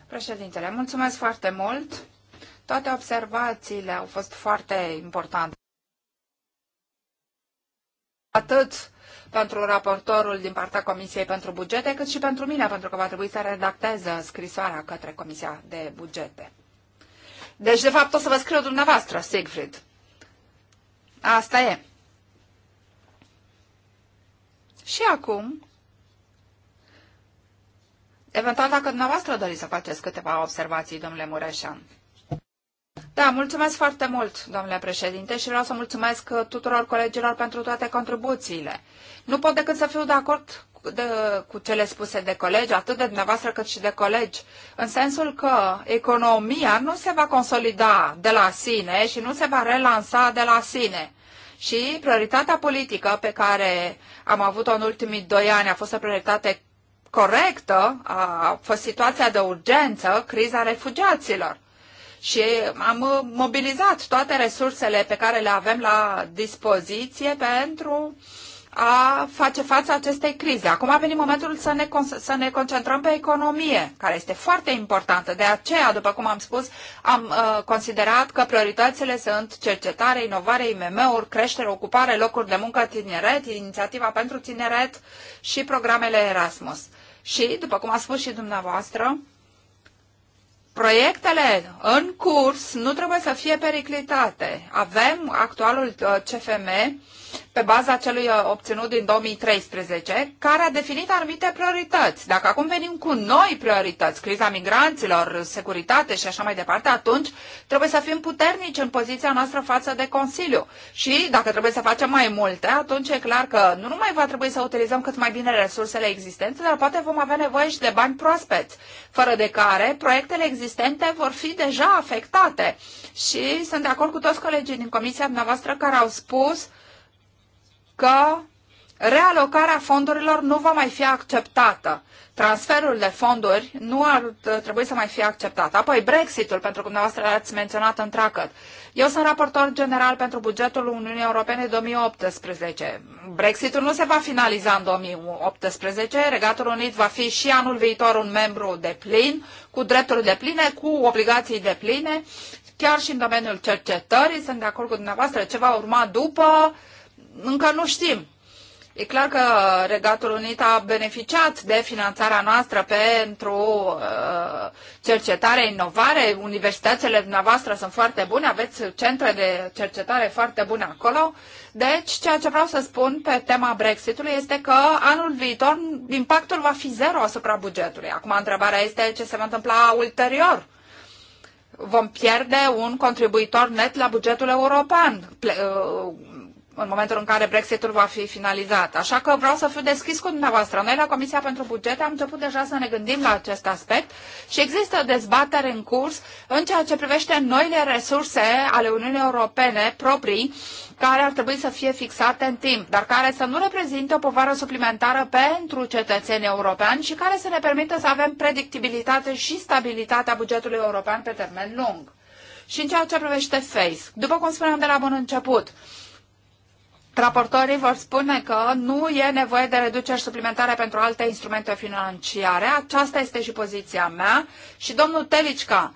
Președintele, mulțumesc foarte mult. Toate observațiile au fost foarte importante. Atât pentru raportorul din partea Comisiei pentru Bugete, cât și pentru mine, pentru că va trebui să redactez scrisoarea către Comisia de Bugete. Deci, de fapt, o să vă scriu dumneavoastră, Siegfried. Asta e. Și acum, eventual dacă dumneavoastră doriți să faceți câteva observații, domnule Mureșan. Da, mulțumesc foarte mult, domnule președinte, și vreau să mulțumesc tuturor colegilor pentru toate contribuțiile. Nu pot decât să fiu de acord de, cu cele spuse de colegi, atât de dumneavoastră cât și de colegi, în sensul că economia nu se va consolida de la sine și nu se va relansa de la sine. Și prioritatea politică pe care am avut-o în ultimii doi ani a fost o prioritate corectă, a fost situația de urgență, criza refugiaților și am uh, mobilizat toate resursele pe care le avem la dispoziție pentru a face față acestei crize. Acum a venit momentul să ne, să ne concentrăm pe economie, care este foarte importantă. De aceea, după cum am spus, am uh, considerat că prioritățile sunt cercetare, inovare, IMM-uri, creștere, ocupare, locuri de muncă, tineret, inițiativa pentru tineret și programele Erasmus. Și, după cum a spus și dumneavoastră, Proiectele în curs nu trebuie să fie periclitate. Avem actualul uh, CFM pe baza celui uh, obținut din 2013, care a definit anumite priorități. Dacă acum venim cu noi priorități, criza migranților, securitate și așa mai departe, atunci trebuie să fim puternici în poziția noastră față de Consiliu. Și dacă trebuie să facem mai multe, atunci e clar că nu numai va trebui să utilizăm cât mai bine resursele existente, dar poate vom avea nevoie și de bani proaspeți, fără de care proiectele existente vor fi deja afectate. Și sunt de acord cu toți colegii din comisia noastră care au spus că realocarea fondurilor nu va mai fi acceptată. Transferul de fonduri nu ar uh, trebui să mai fie acceptat. Apoi Brexitul, pentru că dumneavoastră l-ați menționat întreagăt. Eu sunt raportor general pentru bugetul Uniunii Europene 2018. Brexitul nu se va finaliza în 2018. Regatul Unit va fi și anul viitor un membru de plin, cu drepturi de pline, cu obligații de pline. Chiar și în domeniul cercetării sunt de acord cu dumneavoastră ce va urma după uh, încă nu știm. E clar că Regatul Unit a beneficiat de finanțarea noastră pentru uh, cercetare, inovare. Universitățile noastre sunt foarte bune, aveți centre de cercetare foarte bune acolo. Deci, ceea ce vreau să spun pe tema Brexitului este că anul viitor impactul va fi zero asupra bugetului. Acum, întrebarea este ce se va întâmpla ulterior vom pierde un contribuitor net la bugetul european. Uh, în momentul în care Brexitul va fi finalizat. Așa că vreau să fiu deschis cu dumneavoastră. Noi la Comisia pentru Bugete am început deja să ne gândim la acest aspect și există dezbatere în curs în ceea ce privește noile resurse ale Uniunii Europene proprii care ar trebui să fie fixate în timp, dar care să nu reprezinte o povară suplimentară pentru cetățenii europeni și care să ne permită să avem predictibilitate și stabilitatea bugetului european pe termen lung. Și în ceea ce privește FACE, după cum spuneam de la bun început, Raportorii vor spune că nu e nevoie de reduceri suplimentare pentru alte instrumente financiare. Aceasta este și poziția mea. Și domnul Telicca,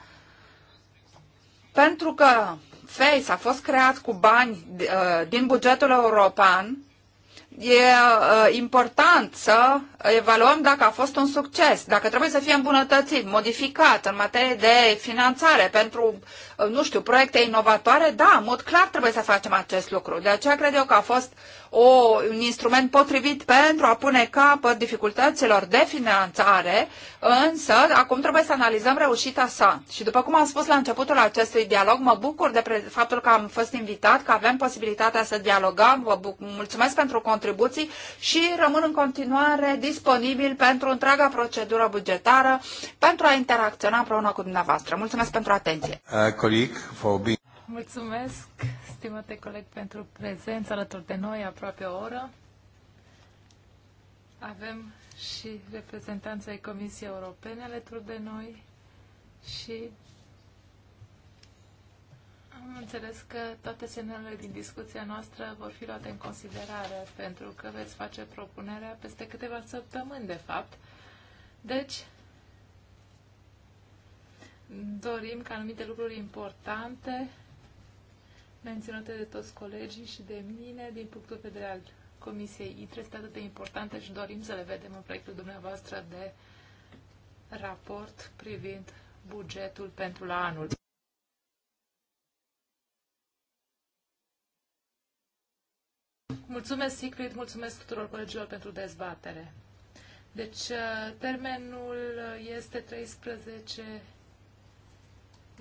pentru că FACE a fost creat cu bani uh, din bugetul european, e uh, important să evaluăm dacă a fost un succes, dacă trebuie să fie îmbunătățit, modificat în materie de finanțare pentru, uh, nu știu, proiecte inovatoare, da, în mod clar trebuie să facem acest lucru. De aceea cred eu că a fost o, un instrument potrivit pentru a pune capăt dificultăților de finanțare, însă acum trebuie să analizăm reușita sa. Și după cum am spus la începutul acestui dialog, mă bucur de faptul că am fost invitat, că avem posibilitatea să dialogăm, vă mulțumesc pentru contribuții și rămân în continuare disponibil pentru întreaga procedură bugetară, pentru a interacționa împreună cu dumneavoastră. Mulțumesc pentru atenție. Uh, colleague, Mulțumesc, stimate coleg, pentru prezența alături de noi aproape o oră. Avem și reprezentanța ai Comisiei Europene alături de noi și am înțeles că toate semnalele din discuția noastră vor fi luate în considerare pentru că veți face propunerea peste câteva săptămâni, de fapt. Deci, dorim ca anumite lucruri importante menționate de toți colegii și de mine din punctul de vedere al Comisiei ITRE este atât de importante și dorim să le vedem în proiectul dumneavoastră de raport privind bugetul pentru la anul. Mulțumesc, Sigrid, mulțumesc tuturor colegilor pentru dezbatere. Deci, termenul este 13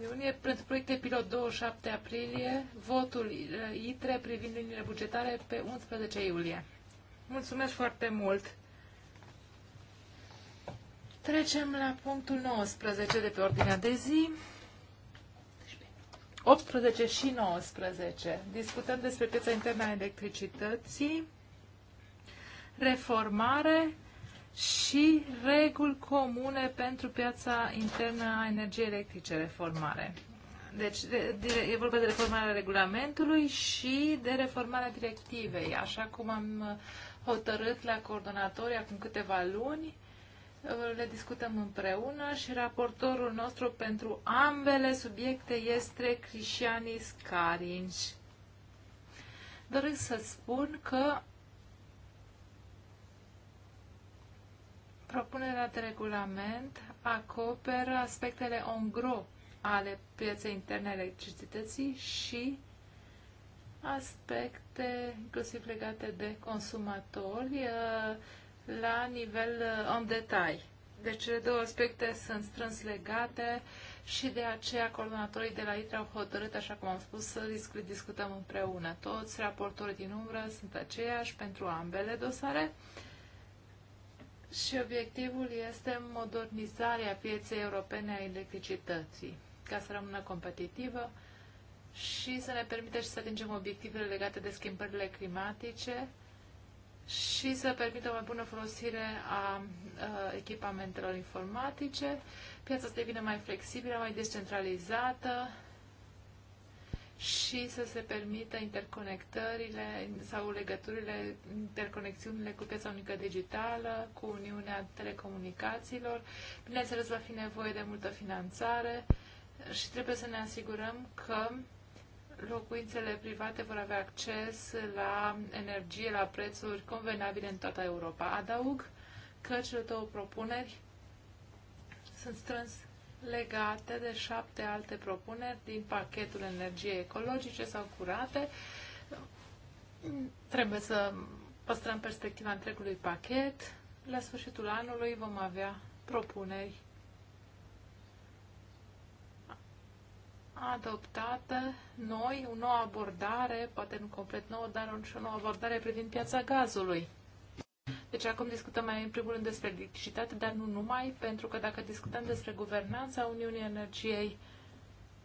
iunie, pentru proiecte pilot 27 aprilie, votul uh, ITRE privind liniile bugetare pe 11 iulie. Mulțumesc foarte mult! Trecem la punctul 19 de pe ordinea de zi. 18 și 19. Discutăm despre piața internă a electricității, reformare și reguli comune pentru piața internă a energiei electrice reformare. Deci de, de, e vorba de reformarea regulamentului și de reformarea directivei, așa cum am hotărât la coordonatorii acum câteva luni. Le discutăm împreună și raportorul nostru pentru ambele subiecte este Cristianis Carinci. Doresc să spun că Propunerea de regulament acoperă aspectele ongro ale pieței interne electricității și aspecte inclusiv legate de consumatori la nivel uh, în detalii. Deci cele două aspecte sunt strâns legate și de aceea coordonatorii de la ITRA au hotărât, așa cum am spus, să discutăm împreună. Toți raportorii din umbră sunt aceiași pentru ambele dosare și obiectivul este modernizarea pieței europene a electricității, ca să rămână competitivă și să ne permite și să atingem obiectivele legate de schimbările climatice și să permită o mai bună folosire a, a echipamentelor informatice. Piața să devină mai flexibilă, mai descentralizată, și să se permită interconectările sau legăturile, interconexiunile cu piața unică digitală, cu Uniunea Telecomunicațiilor. Bineînțeles, va fi nevoie de multă finanțare și trebuie să ne asigurăm că locuințele private vor avea acces la energie, la prețuri convenabile în toată Europa. Adaug că cele două propuneri sunt strâns legate de șapte alte propuneri din pachetul energiei ecologice sau curate. Trebuie să păstrăm perspectiva întregului pachet. La sfârșitul anului vom avea propuneri adoptate, noi, o nouă abordare, poate nu complet nouă, dar o nouă abordare privind piața gazului. Deci acum discutăm mai în primul rând despre electricitate, dar nu numai, pentru că dacă discutăm despre guvernanța Uniunii Energiei,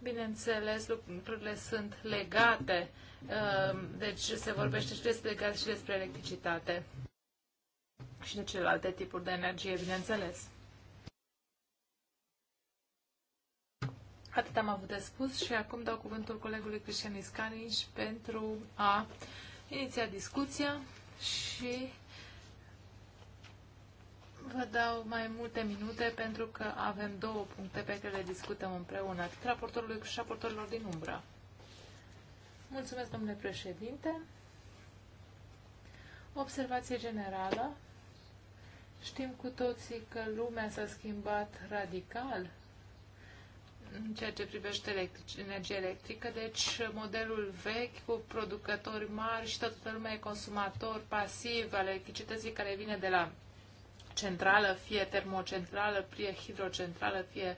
bineînțeles, lucrurile sunt legate, ehm, deci se vorbește și despre gaz și despre electricitate și de celelalte tipuri de energie, bineînțeles. Atât am avut de spus și acum dau cuvântul colegului Cristian Iscanici pentru a iniția discuția și Vă dau mai multe minute pentru că avem două puncte pe care le discutăm împreună, atât raportorului cât și raportorilor din umbră. Mulțumesc, domnule președinte. Observație generală. Știm cu toții că lumea s-a schimbat radical în ceea ce privește electric, energia electrică, deci modelul vechi cu producători mari și toată lumea e consumator pasiv al electricității care vine de la centrală, fie termocentrală, fie hidrocentrală, fie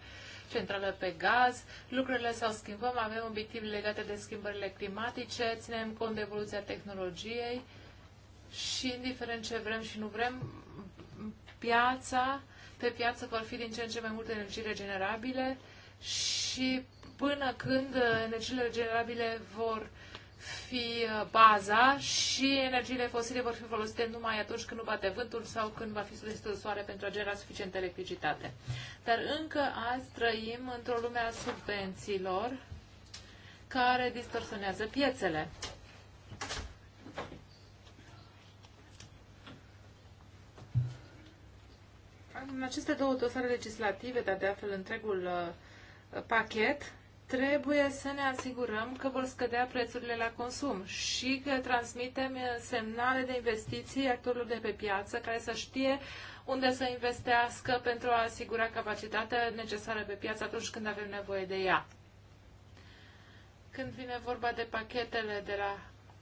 centrală pe gaz. Lucrurile s-au schimbat, avem obiective legate de schimbările climatice, ținem cont de evoluția tehnologiei și, indiferent ce vrem și nu vrem, piața, pe piață vor fi din ce în ce mai multe energii regenerabile și până când energiile regenerabile vor fi uh, baza și energiile fosile vor fi folosite numai atunci când nu bate vântul sau când va fi destul soare pentru a genera suficientă electricitate. Dar încă azi trăim într-o lume a subvențiilor care distorsionează piețele. În aceste două dosare legislative, dar de altfel întregul uh, pachet, trebuie să ne asigurăm că vor scădea prețurile la consum și că transmitem eh, semnale de investiții actorilor de pe piață care să știe unde să investească pentru a asigura capacitatea necesară pe piață atunci când avem nevoie de ea. Când vine vorba de pachetele de la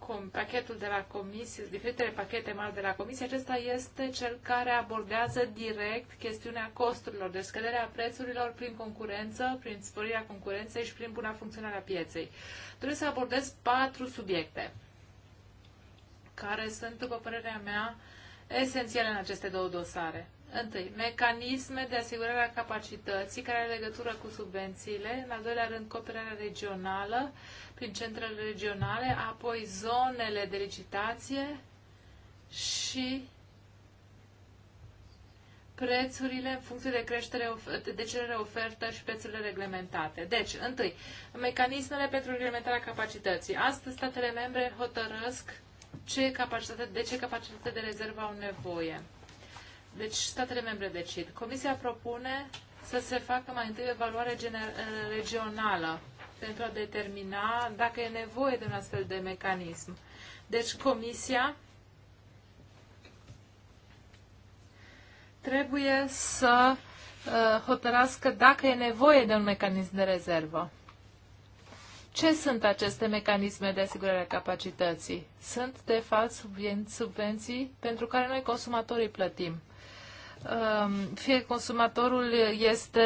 com, pachetul de la comisie, diferitele pachete mari de la comisie, acesta este cel care abordează direct chestiunea costurilor, de deci scăderea prețurilor prin concurență, prin sporirea concurenței și prin buna funcționare a pieței. Trebuie să abordez patru subiecte care sunt, după părerea mea, esențiale în aceste două dosare. Întâi, mecanisme de asigurare a capacității care are legătură cu subvențiile, în al doilea rând cooperarea regională prin centrele regionale, apoi zonele de licitație și prețurile în funcție de creștere, de cerere ofertă și prețurile reglementate. Deci, întâi, mecanismele pentru reglementarea capacității. Astăzi, statele membre hotărăsc ce capacitate, de ce capacitate de rezervă au nevoie. Deci statele membre decid. Comisia propune să se facă mai întâi o evaluare regională pentru a determina dacă e nevoie de un astfel de mecanism. Deci Comisia trebuie să uh, hotărască dacă e nevoie de un mecanism de rezervă. Ce sunt aceste mecanisme de asigurare a capacității? Sunt, de fapt, subvenții pentru care noi consumatorii plătim. Um, fie consumatorul este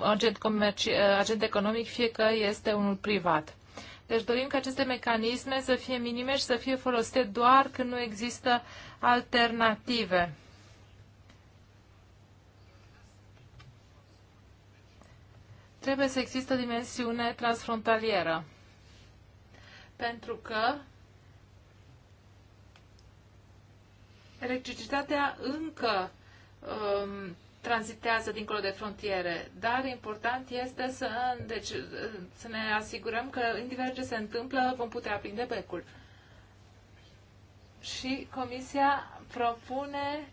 agent, comerci, agent economic, fie că este unul privat. Deci dorim ca aceste mecanisme să fie minime și să fie folosite doar când nu există alternative. Trebuie să există dimensiune transfrontalieră. Pentru că electricitatea încă um, tranzitează dincolo de frontiere, dar important este să, deci, să ne asigurăm că, indiferent ce se întâmplă, vom putea prinde becul. Și Comisia propune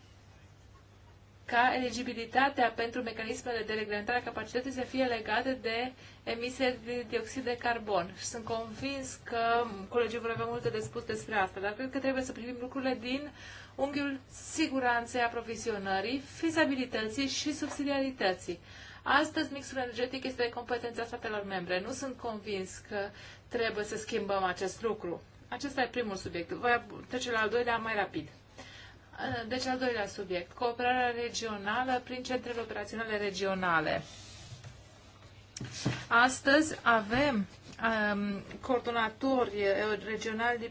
ca eligibilitatea pentru mecanismele de reglementare a capacității să fie legate de emisie de dioxid de carbon. Și sunt convins că colegii vor avea multe de spus despre asta, dar cred că trebuie să privim lucrurile din uh, unghiul siguranței aprovizionării, fizabilității și subsidiarității. Astăzi, mixul energetic este de competența statelor membre. Nu sunt convins că trebuie să schimbăm acest lucru. Acesta e primul subiect. Voi trece la al doilea mai rapid. Deci, al doilea subiect, cooperarea regională prin centrele operaționale regionale. Astăzi avem um, coordonatori regionali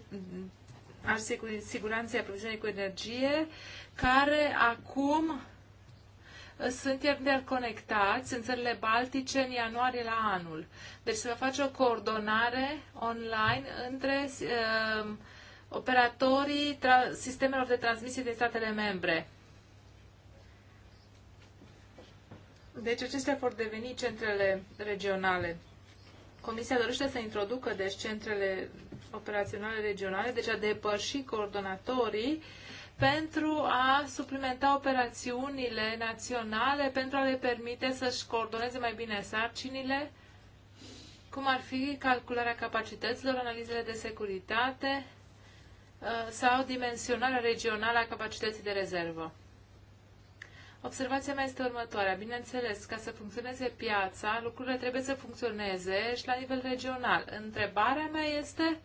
al siguranței aprovizionării cu energie, care acum uh, sunt interconectați în țările baltice în ianuarie la anul. Deci se va face o coordonare online între uh, operatorii sistemelor de transmisie din statele membre. Deci acestea vor deveni centrele regionale. Comisia dorește să introducă deci centrele operaționale regionale, deci a depăși coordonatorii pentru a suplimenta operațiunile naționale, pentru a le permite să-și coordoneze mai bine sarcinile, cum ar fi calcularea capacităților, analizele de securitate uh, sau dimensionarea regională a capacității de rezervă. Observația mea este următoarea. Bineînțeles, ca să funcționeze piața, lucrurile trebuie să funcționeze și la nivel regional. Întrebarea mea este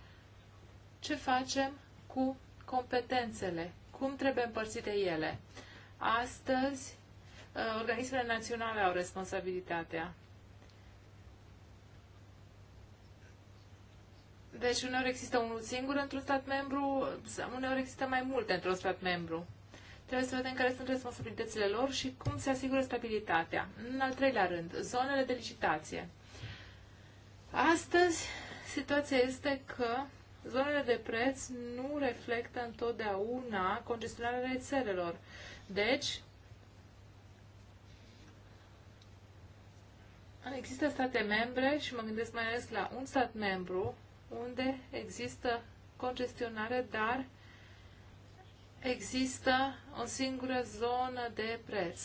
ce facem cu competențele? Cum trebuie împărțite ele? Astăzi, uh, organismele naționale au responsabilitatea. Deci uneori există unul singur într-un stat membru, uneori există mai multe într-un stat membru. Trebuie să vedem care sunt responsabilitățile lor și cum se asigură stabilitatea. În al treilea rând, zonele de licitație. Astăzi, situația este că zonele de preț nu reflectă întotdeauna congestionarea rețelelor. Deci, există state membre și mă gândesc mai ales la un stat membru unde există congestionare, dar există o singură zonă de preț.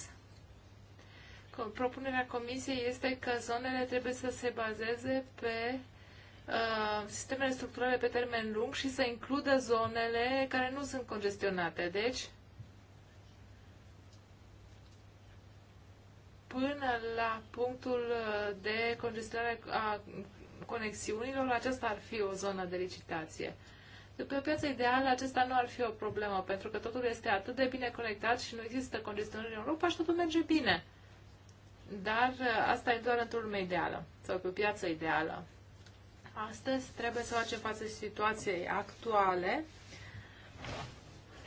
Propunerea Comisiei este că zonele trebuie să se bazeze pe Uh, sistemele structurale pe termen lung și să includă zonele care nu sunt congestionate. Deci, până la punctul uh, de congestionare a conexiunilor, aceasta ar fi o zonă de licitație. După deci, piața ideală, acesta nu ar fi o problemă, pentru că totul este atât de bine conectat și nu există congestionări în Europa și totul merge bine. Dar uh, asta e doar într-o lume ideală sau pe o piață ideală. Astăzi trebuie să facem față situației actuale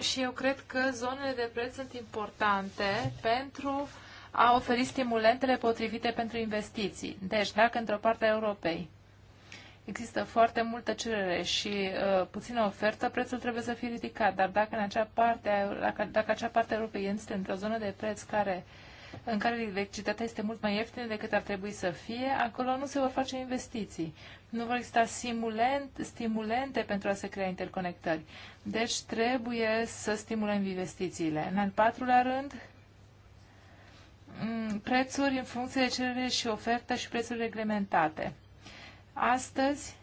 și eu cred că zonele de preț sunt importante pentru a oferi stimulentele potrivite pentru investiții. Deci, dacă într-o parte a Europei există foarte multă cerere și uh, puțină ofertă, prețul trebuie să fie ridicat. Dar dacă, în acea parte, dacă, dacă acea parte a Europei este într-o zonă de preț care uh, în care electricitatea este mult mai ieftină decât ar trebui să fie, acolo nu se vor face investiții. Nu vor exista simulent, stimulente pentru a se crea interconectări. Deci trebuie să stimulăm investițiile. În al patrulea rând, mm, prețuri în funcție de cerere și ofertă și prețuri reglementate. Astăzi,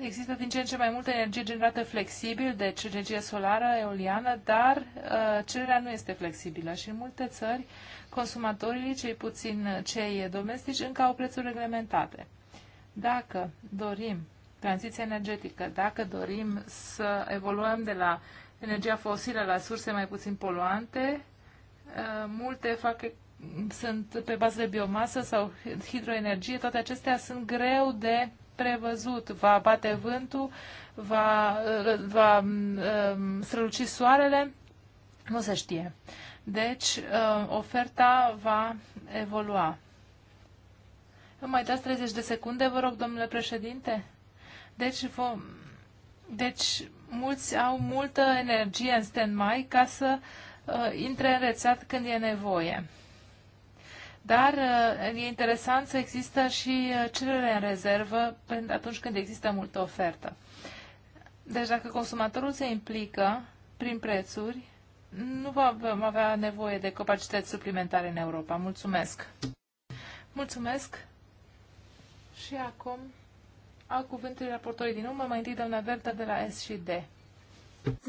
există din ce în ce mai multă energie generată flexibil, deci energie solară, eoliană, dar uh, cererea nu este flexibilă și în multe țări consumatorii, cei puțin cei domestici, încă au prețuri reglementate. Dacă dorim tranziția energetică, dacă dorim să evoluăm de la energia fosilă la surse mai puțin poluante, uh, multe fac sunt pe bază de biomasă sau hidroenergie, toate acestea sunt greu de neprevăzut. Va bate vântul, va, va um, străluci soarele, nu se știe. Deci, um, oferta va evolua. Îmi mai dați 30 de secunde, vă rog, domnule președinte? Deci, vom... deci mulți au multă energie în stand-by ca să uh, intre în rețet când e nevoie. Dar uh, e interesant să există și uh, cerere în rezervă atunci când există multă ofertă. Deci dacă consumatorul se implică prin prețuri, nu va avea nevoie de capacități suplimentare în Europa. Mulțumesc! Mulțumesc! Și acum au cuvântul raportorii din urmă, mai întâi doamna Berta de la S și D.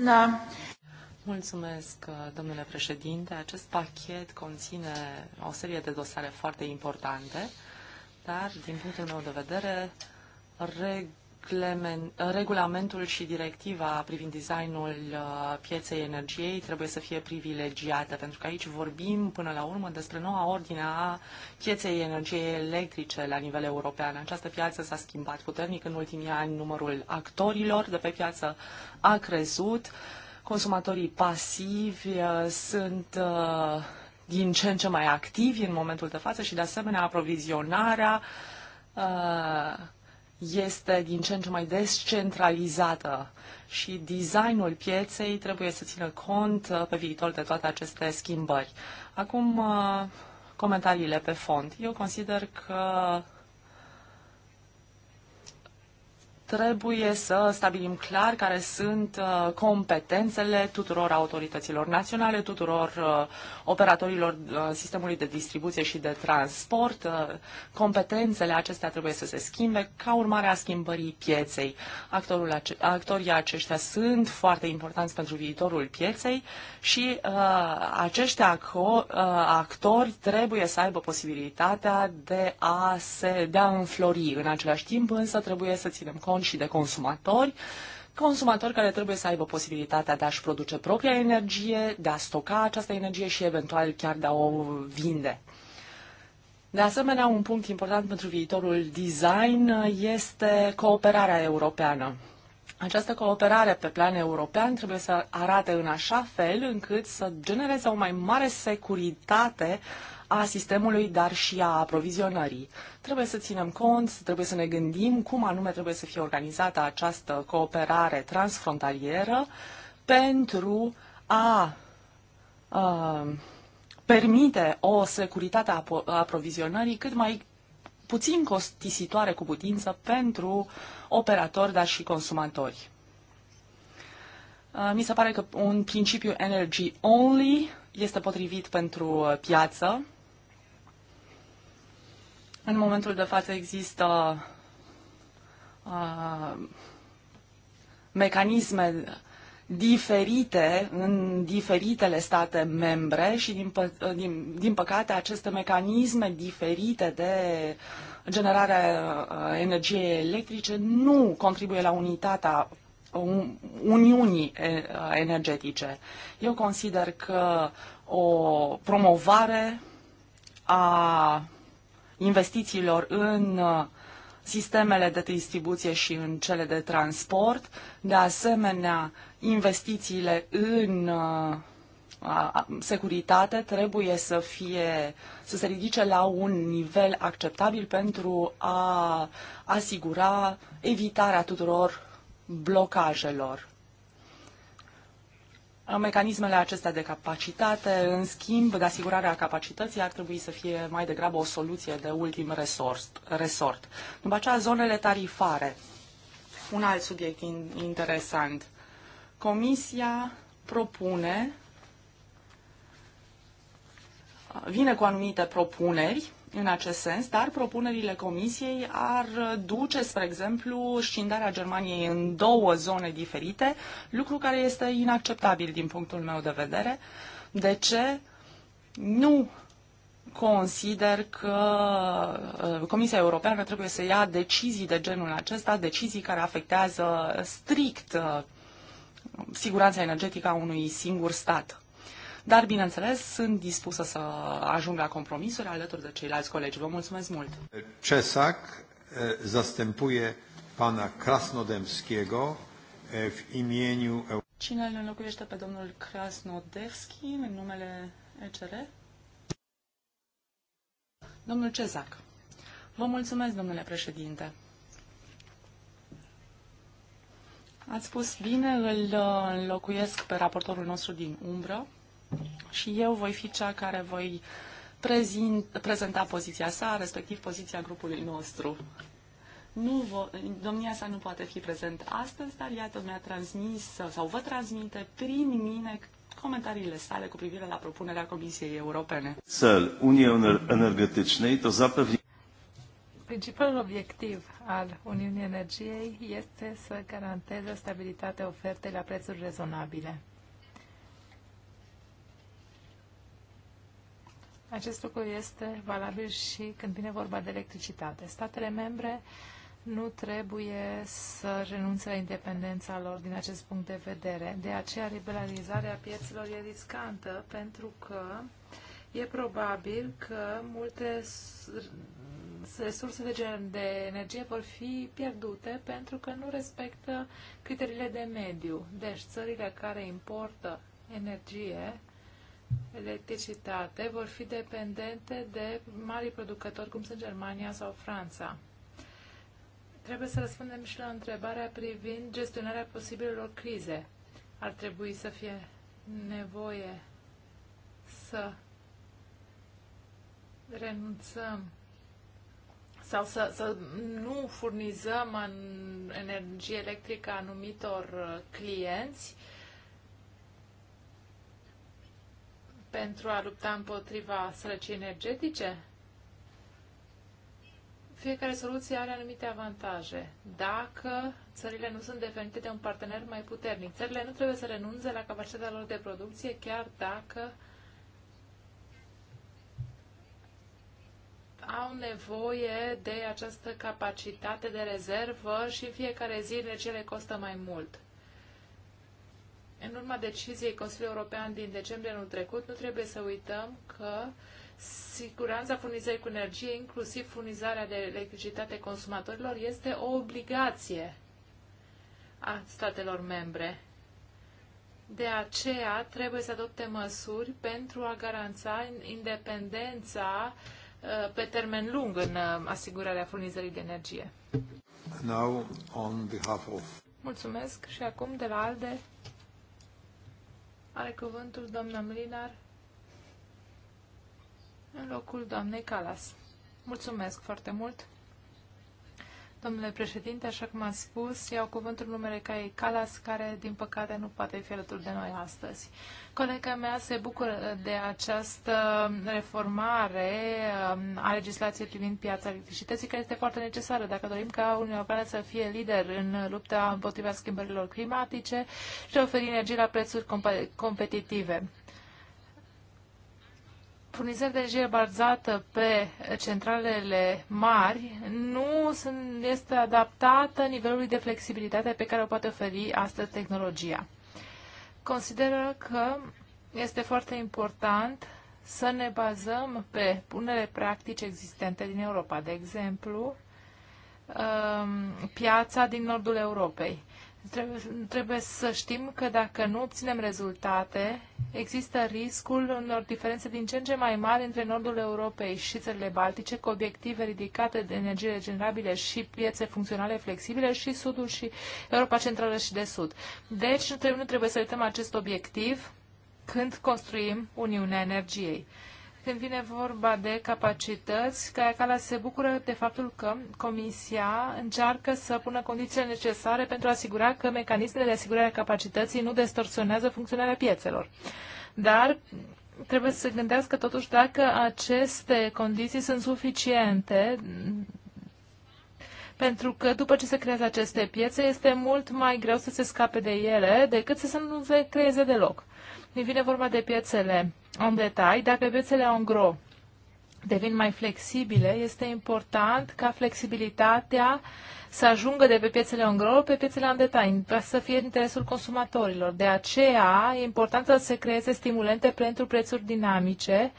Da. Mulțumesc, domnule președinte. Acest pachet conține o serie de dosare foarte importante, dar, din punctul meu de vedere, regulamentul și directiva privind designul uh, pieței energiei trebuie să fie privilegiată, pentru că aici vorbim până la urmă despre noua ordine a pieței energiei electrice la nivel european. Această piață s-a schimbat puternic în ultimii ani, numărul actorilor de pe piață a crescut, Consumatorii pasivi uh, sunt uh, din ce în ce mai activi în momentul de față și, de asemenea, aprovizionarea uh, este din ce în ce mai descentralizată și designul pieței trebuie să țină cont pe viitor de toate aceste schimbări. Acum, comentariile pe fond. Eu consider că trebuie să stabilim clar care sunt uh, competențele tuturor autorităților naționale, tuturor uh, operatorilor uh, sistemului de distribuție și de transport. Competențele acestea trebuie să se schimbe ca urmare a schimbării pieței. Actorul ace- actorii aceștia sunt foarte importanți pentru viitorul pieței și uh, acești actori trebuie să aibă posibilitatea de a se a înflori. În același timp însă trebuie să ținem cont români și de consumatori, consumatori care trebuie să aibă posibilitatea de a-și produce propria energie, de a stoca această energie și eventual chiar de a o vinde. De asemenea, un punct important pentru viitorul design este cooperarea europeană. Această cooperare pe plan european trebuie să arate în așa fel încât să genereze o mai mare securitate a sistemului, dar și a aprovizionării. Trebuie să ținem cont, trebuie să ne gândim cum anume trebuie să fie organizată această cooperare transfrontalieră pentru a, a permite o securitate a aprovizionării cât mai puțin costisitoare cu putință pentru operatori, dar și consumatori. Mi se pare că un principiu energy only este potrivit pentru piață. În momentul de față există uh, mecanisme diferite în diferitele state membre și, din, pă- din, din păcate, aceste mecanisme diferite de generare uh, energiei electrice nu contribuie la unitatea Uniunii energetice. Eu consider că o promovare a investițiilor în uh, sistemele de distribuție și în cele de transport, de asemenea investițiile în uh, securitate trebuie să fie să se ridice la un nivel acceptabil pentru a asigura evitarea tuturor blocajelor. Mecanismele acestea de capacitate, în schimb, de asigurarea capacității ar trebui să fie mai degrabă o soluție de ultim resort. resort. După aceea, zonele tarifare. Un alt subiect interesant. Comisia propune, vine cu anumite propuneri în acest sens, dar propunerile Comisiei ar duce, spre exemplu, scindarea Germaniei în două zone diferite, lucru care este inacceptabil din punctul meu de vedere. De ce nu consider că uh, Comisia Europeană trebuie să ia decizii de genul acesta, decizii care afectează strict uh, siguranța energetică a unui singur stat dar, bineînțeles, sunt dispusă să ajung la compromisuri alături de ceilalți colegi. Vă mulțumesc mult! Czesak zastępuje pana Krasnodemskiego w imieniu... Cine îl înlocuiește pe domnul Krasnodevski în numele ECR? Domnul Cezac. Vă mulțumesc, domnule președinte. Ați spus bine, îl uh, înlocuiesc pe raportorul nostru din umbră, și eu voi fi cea care voi prezint, prezenta poziția sa, respectiv poziția grupului nostru. Nu vo- domnia sa nu poate fi prezent astăzi, dar iată mi-a transmis sau vă transmite prin mine comentariile sale cu privire la propunerea Comisiei Europene. Cel Uniunii Energetice to zapewni Principalul obiectiv al Uniunii Energiei este să garanteze stabilitatea ofertei la prețuri rezonabile. Acest lucru este valabil și când vine vorba de electricitate. Statele membre nu trebuie să renunțe la independența lor din acest punct de vedere. De aceea, liberalizarea pieților e riscantă, pentru că e probabil că multe resurse de energie vor fi pierdute pentru că nu respectă criteriile de mediu. Deci, țările care importă energie electricitate vor fi dependente de mari producători cum sunt Germania sau Franța. Trebuie să răspundem și la întrebarea privind gestionarea posibilelor crize. Ar trebui să fie nevoie să renunțăm sau să, să nu furnizăm energie electrică anumitor uh, clienți uh, pentru a lupta împotriva sărăciei energetice? Fiecare soluție are anumite avantaje. Dacă țările nu sunt devenite de un partener mai puternic, țările nu trebuie să renunțe la capacitatea lor de producție, chiar dacă au nevoie de această capacitate de rezervă și în fiecare zi le cele costă mai mult. În urma deciziei Consiliului European din decembrie anul trecut, nu trebuie să uităm că siguranța furnizării cu energie, inclusiv furnizarea de electricitate consumatorilor, este o obligație a statelor membre. De aceea trebuie să adopte măsuri pentru a garanta independența uh, pe termen lung în uh, asigurarea furnizării de energie. Now, on behalf of... Mulțumesc și acum de la ALDE, are cuvântul doamna Mlinar în locul doamnei Calas. Mulțumesc foarte mult! Domnule președinte, așa cum ați spus, iau cuvântul numele Cai Calas, care, din păcate, nu poate fi alături de noi astăzi. Colega mea se bucură de această reformare um, a legislației privind piața electricității, care este foarte necesară dacă dorim ca Uniunea Europeană să fie lider în lupta împotriva schimbărilor climatice și oferi energie la prețuri competitive furnizări de energie bazată pe centralele mari nu sunt, este adaptată nivelului de flexibilitate pe care o poate oferi astăzi tehnologia. Consideră că este foarte important să ne bazăm pe punere practici existente din Europa. De exemplu, um, piața din nordul Europei. Trebuie, trebuie să știm că dacă nu obținem rezultate, există riscul unor diferențe din ce în ce mai mari între nordul Europei și țările baltice, cu obiective ridicate de energie regenerabile și piețe funcționale flexibile, și sudul și Europa Centrală și de Sud. Deci nu trebuie, nu trebuie să uităm acest obiectiv când construim Uniunea Energiei când vine vorba de capacități, care se bucură de faptul că Comisia încearcă să pună condițiile necesare pentru a asigura că mecanismele de asigurare a capacității nu distorsionează funcționarea piețelor. Dar trebuie să se gândească totuși dacă aceste condiții sunt suficiente pentru că după ce se creează aceste piețe, este mult mai greu să se scape de ele decât să nu se creeze deloc. Din vine vorba de piețele în detalii, dacă piețele ongro devin mai flexibile, este important ca flexibilitatea să ajungă de pe piețele ongro pe piețele în detai, să fie interesul consumatorilor. De aceea e important să se creeze stimulente pentru prețuri dinamice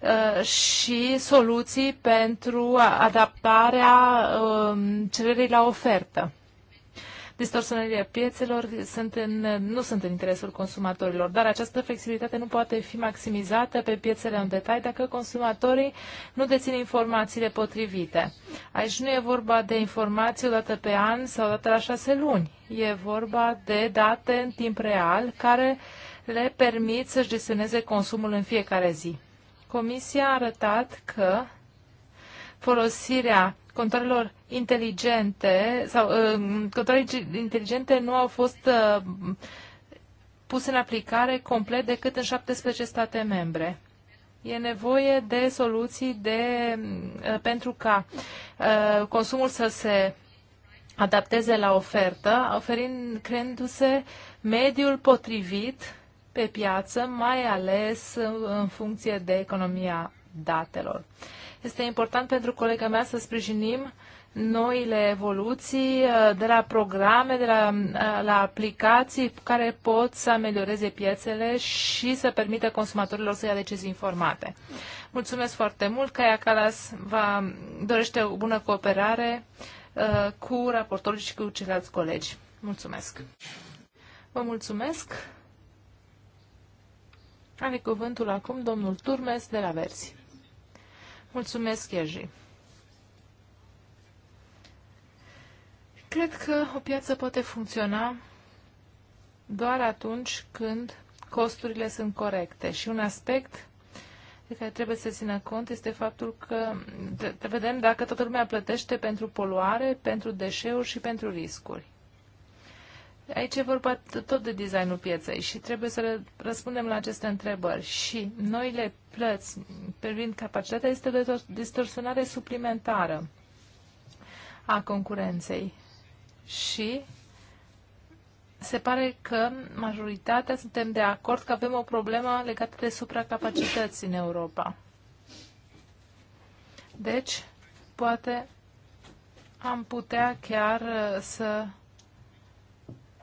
uh, și soluții pentru adaptarea um, cererii la ofertă distorsionările piețelor sunt în, nu sunt în interesul consumatorilor, dar această flexibilitate nu poate fi maximizată pe piețele în detai dacă consumatorii nu dețin informațiile potrivite. Aici nu e vorba de informații odată pe an sau odată la șase luni. E vorba de date în timp real care le permit să-și gestioneze consumul în fiecare zi. Comisia a arătat că folosirea contoarelor inteligente sau uh, contoarele inteligente nu au fost uh, puse în aplicare complet decât în 17 state membre. E nevoie de soluții de, uh, pentru ca uh, consumul să se adapteze la ofertă, oferind, creându-se mediul potrivit pe piață, mai ales în funcție de economia datelor. Este important pentru colega mea să sprijinim noile evoluții uh, de la programe, de la, uh, la aplicații care pot să amelioreze piețele și să permită consumatorilor să ia decizii informate. Mulțumesc foarte mult. Caia Calas va dorește o bună cooperare uh, cu raportorul și cu ceilalți colegi. Mulțumesc. Vă mulțumesc. Are cuvântul acum domnul Turmes de la Versi. Mulțumesc, Ierji. Cred că o piață poate funcționa doar atunci când costurile sunt corecte. Și un aspect de care trebuie să țină cont este faptul că vedem dacă toată lumea plătește pentru poluare, pentru deșeuri și pentru riscuri. Aici e vorba tot de designul pieței și trebuie să răspundem la aceste întrebări. Și noile plăți privind capacitatea este o distorsionare suplimentară a concurenței. Și se pare că majoritatea suntem de acord că avem o problemă legată de supracapacități în Europa. Deci, poate am putea chiar uh, să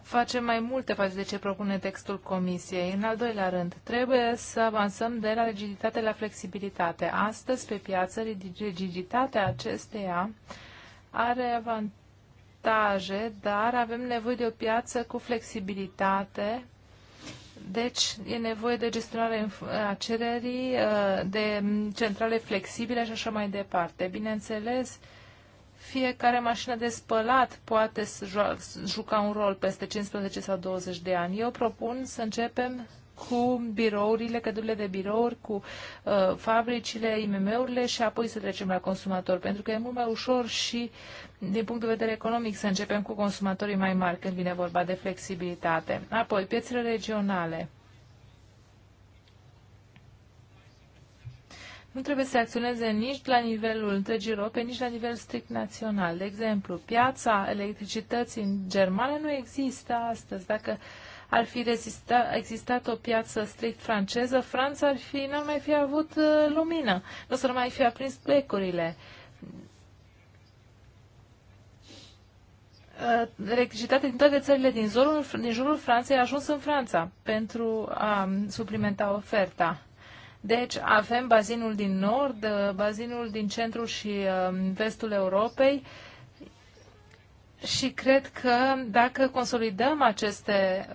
face mai multe față de ce propune textul Comisiei. În al doilea rând, trebuie să avansăm de la rigiditate la flexibilitate. Astăzi, pe piață, rigiditatea acesteia are avantaje, dar avem nevoie de o piață cu flexibilitate. Deci, e nevoie de gestionare a cererii, uh, de centrale flexibile și așa mai departe. Bineînțeles, uh, fiecare mașină de spălat poate să juca un rol peste 15 sau 20 de ani. Eu propun să începem cu birourile, cădurile de birouri, cu uh, fabricile, IMM-urile și apoi să trecem la consumator, pentru că e mult mai ușor și din punct de vedere economic să începem cu consumatorii mai mari când vine vorba de flexibilitate. Apoi, piețele regionale. nu trebuie să acționeze nici la nivelul întregii Europe, nici la nivel strict național. De exemplu, piața electricității în Germania nu există astăzi. Dacă ar fi rezista, existat o piață strict franceză, Franța ar fi, n-ar mai fi avut uh, lumină, nu s-ar mai fi aprins plecurile. Uh, electricitatea din toate țările din, zorul, din jurul Franței a ajuns în Franța pentru a mm, suplimenta oferta. Deci avem bazinul din nord, uh, bazinul din centrul și um, vestul Europei și cred că dacă consolidăm aceste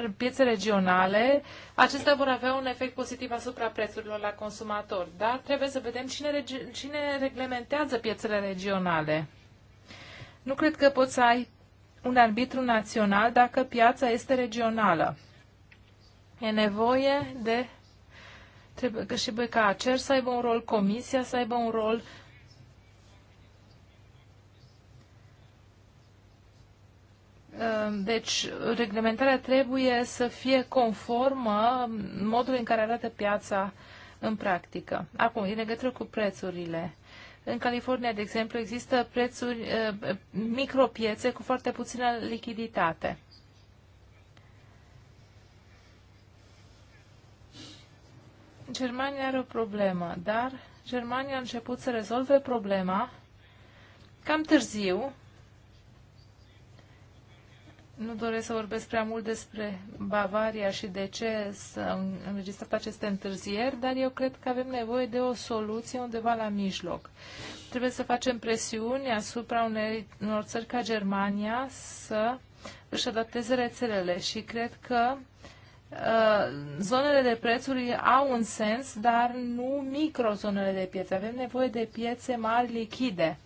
um, piețe regionale, acestea vor avea un efect pozitiv asupra prețurilor la consumator. Dar trebuie să vedem cine, cine reglementează piețele regionale. Nu cred că poți să ai un arbitru național dacă piața este regională. E nevoie de Trebuie că și ca cer să aibă un rol, comisia să aibă un rol. Ehm, deci, reglementarea trebuie să fie conformă modului în care arată piața în practică. Acum, în legătură cu prețurile. În California, de exemplu, există prețuri, ehm, micropiețe cu foarte puțină lichiditate. Germania are o problemă, dar Germania a început să rezolve problema cam târziu. Nu doresc să vorbesc prea mult despre Bavaria și de ce s-au înregistrat aceste întârzieri, dar eu cred că avem nevoie de o soluție undeva la mijloc. Trebuie să facem presiuni asupra unei, unor țări ca Germania să își adapteze rețelele și cred că Uh, zonele de prețuri au un sens, dar nu microzonele de piețe. Avem nevoie de piețe mari lichide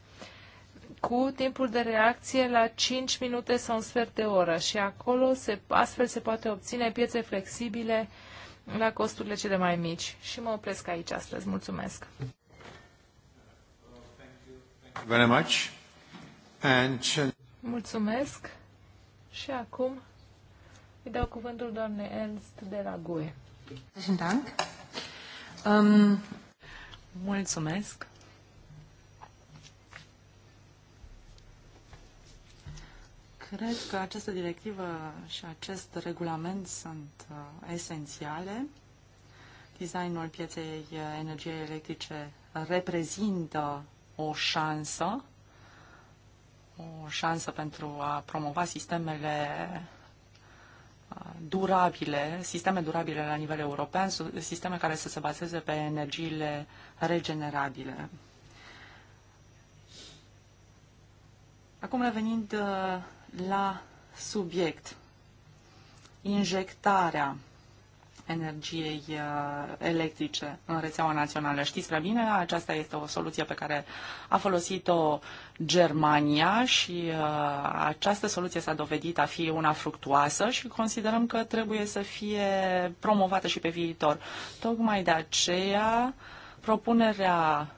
cu timpul de reacție la 5 minute sau un sfert de oră și acolo se, astfel se poate obține piețe flexibile la costurile cele mai mici. Și mă opresc aici astăzi. Mulțumesc! Uh, Mulțumesc și acum îi dau cuvântul doamnei Ernst de la GUE. Dank. Um, mulțumesc. Cred că această directivă și acest regulament sunt uh, esențiale. Designul pieței energiei electrice reprezintă o șansă, o șansă pentru a promova sistemele durabile, sisteme durabile la nivel european, sisteme care să se bazeze pe energiile regenerabile. Acum revenind uh, la subiect, injectarea energiei uh, electrice în rețeaua națională. Știți prea bine, aceasta este o soluție pe care a folosit-o Germania și uh, această soluție s-a dovedit a fi una fructuoasă și considerăm că trebuie să fie promovată și pe viitor. Tocmai de aceea, propunerea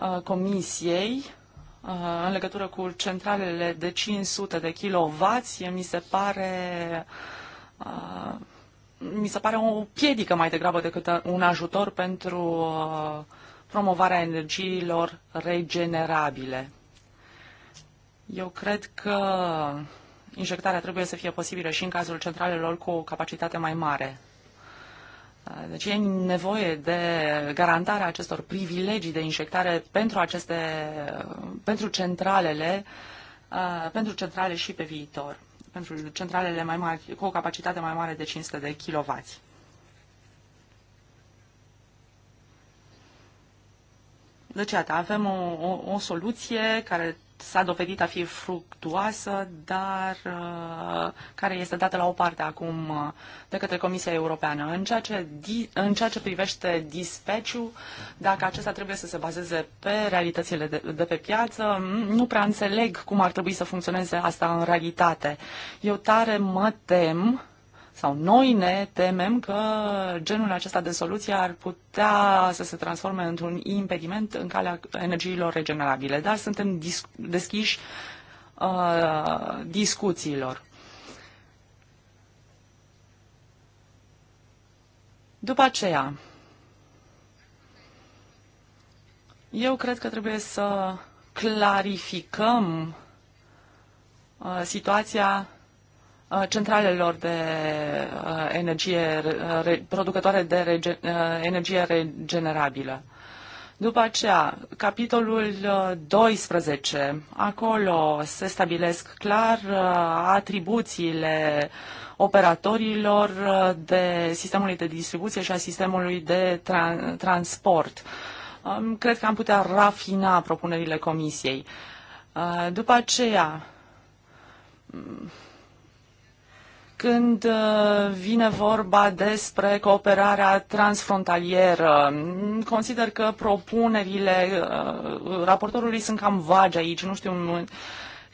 uh, Comisiei în legătură cu centralele de 500 de kW, mi se pare uh, mi se pare o piedică mai degrabă decât un ajutor pentru uh, promovarea energiilor regenerabile. Eu cred că injectarea trebuie să fie posibilă și în cazul centralelor cu o capacitate mai mare. Uh, deci e nevoie de garantarea acestor privilegii de injectare pentru, aceste, uh, pentru centralele pentru centrale și pe viitor pentru centralele mai mari, cu o capacitate mai mare de 500 de kW. Deci, iată, avem o, o, o soluție care s-a dovedit a fi fructuoasă, dar uh, care este dată la o parte acum uh, de către Comisia Europeană. În ceea ce, în ceea ce privește dispeciu, dacă acesta trebuie să se bazeze pe realitățile de, de pe piață, mm, nu prea înțeleg cum ar trebui să funcționeze asta în realitate. Eu tare mă tem sau noi ne temem că genul acesta de soluție ar putea să se transforme într-un impediment în calea energiilor regenerabile, dar suntem deschiși uh, discuțiilor. După aceea, eu cred că trebuie să clarificăm uh, situația Uh, centralelor de uh, energie, producătoare de uh, energie regenerabilă. După aceea, capitolul 12, acolo se stabilesc clar atribuțiile operatorilor de sistemului de distribuție și a sistemului de tra- transport. Um, cred că am putea rafina propunerile comisiei. După aceea, mm, când uh, vine vorba despre cooperarea transfrontalieră. Mm, consider că propunerile uh, raportorului sunt cam vagi aici, nu știu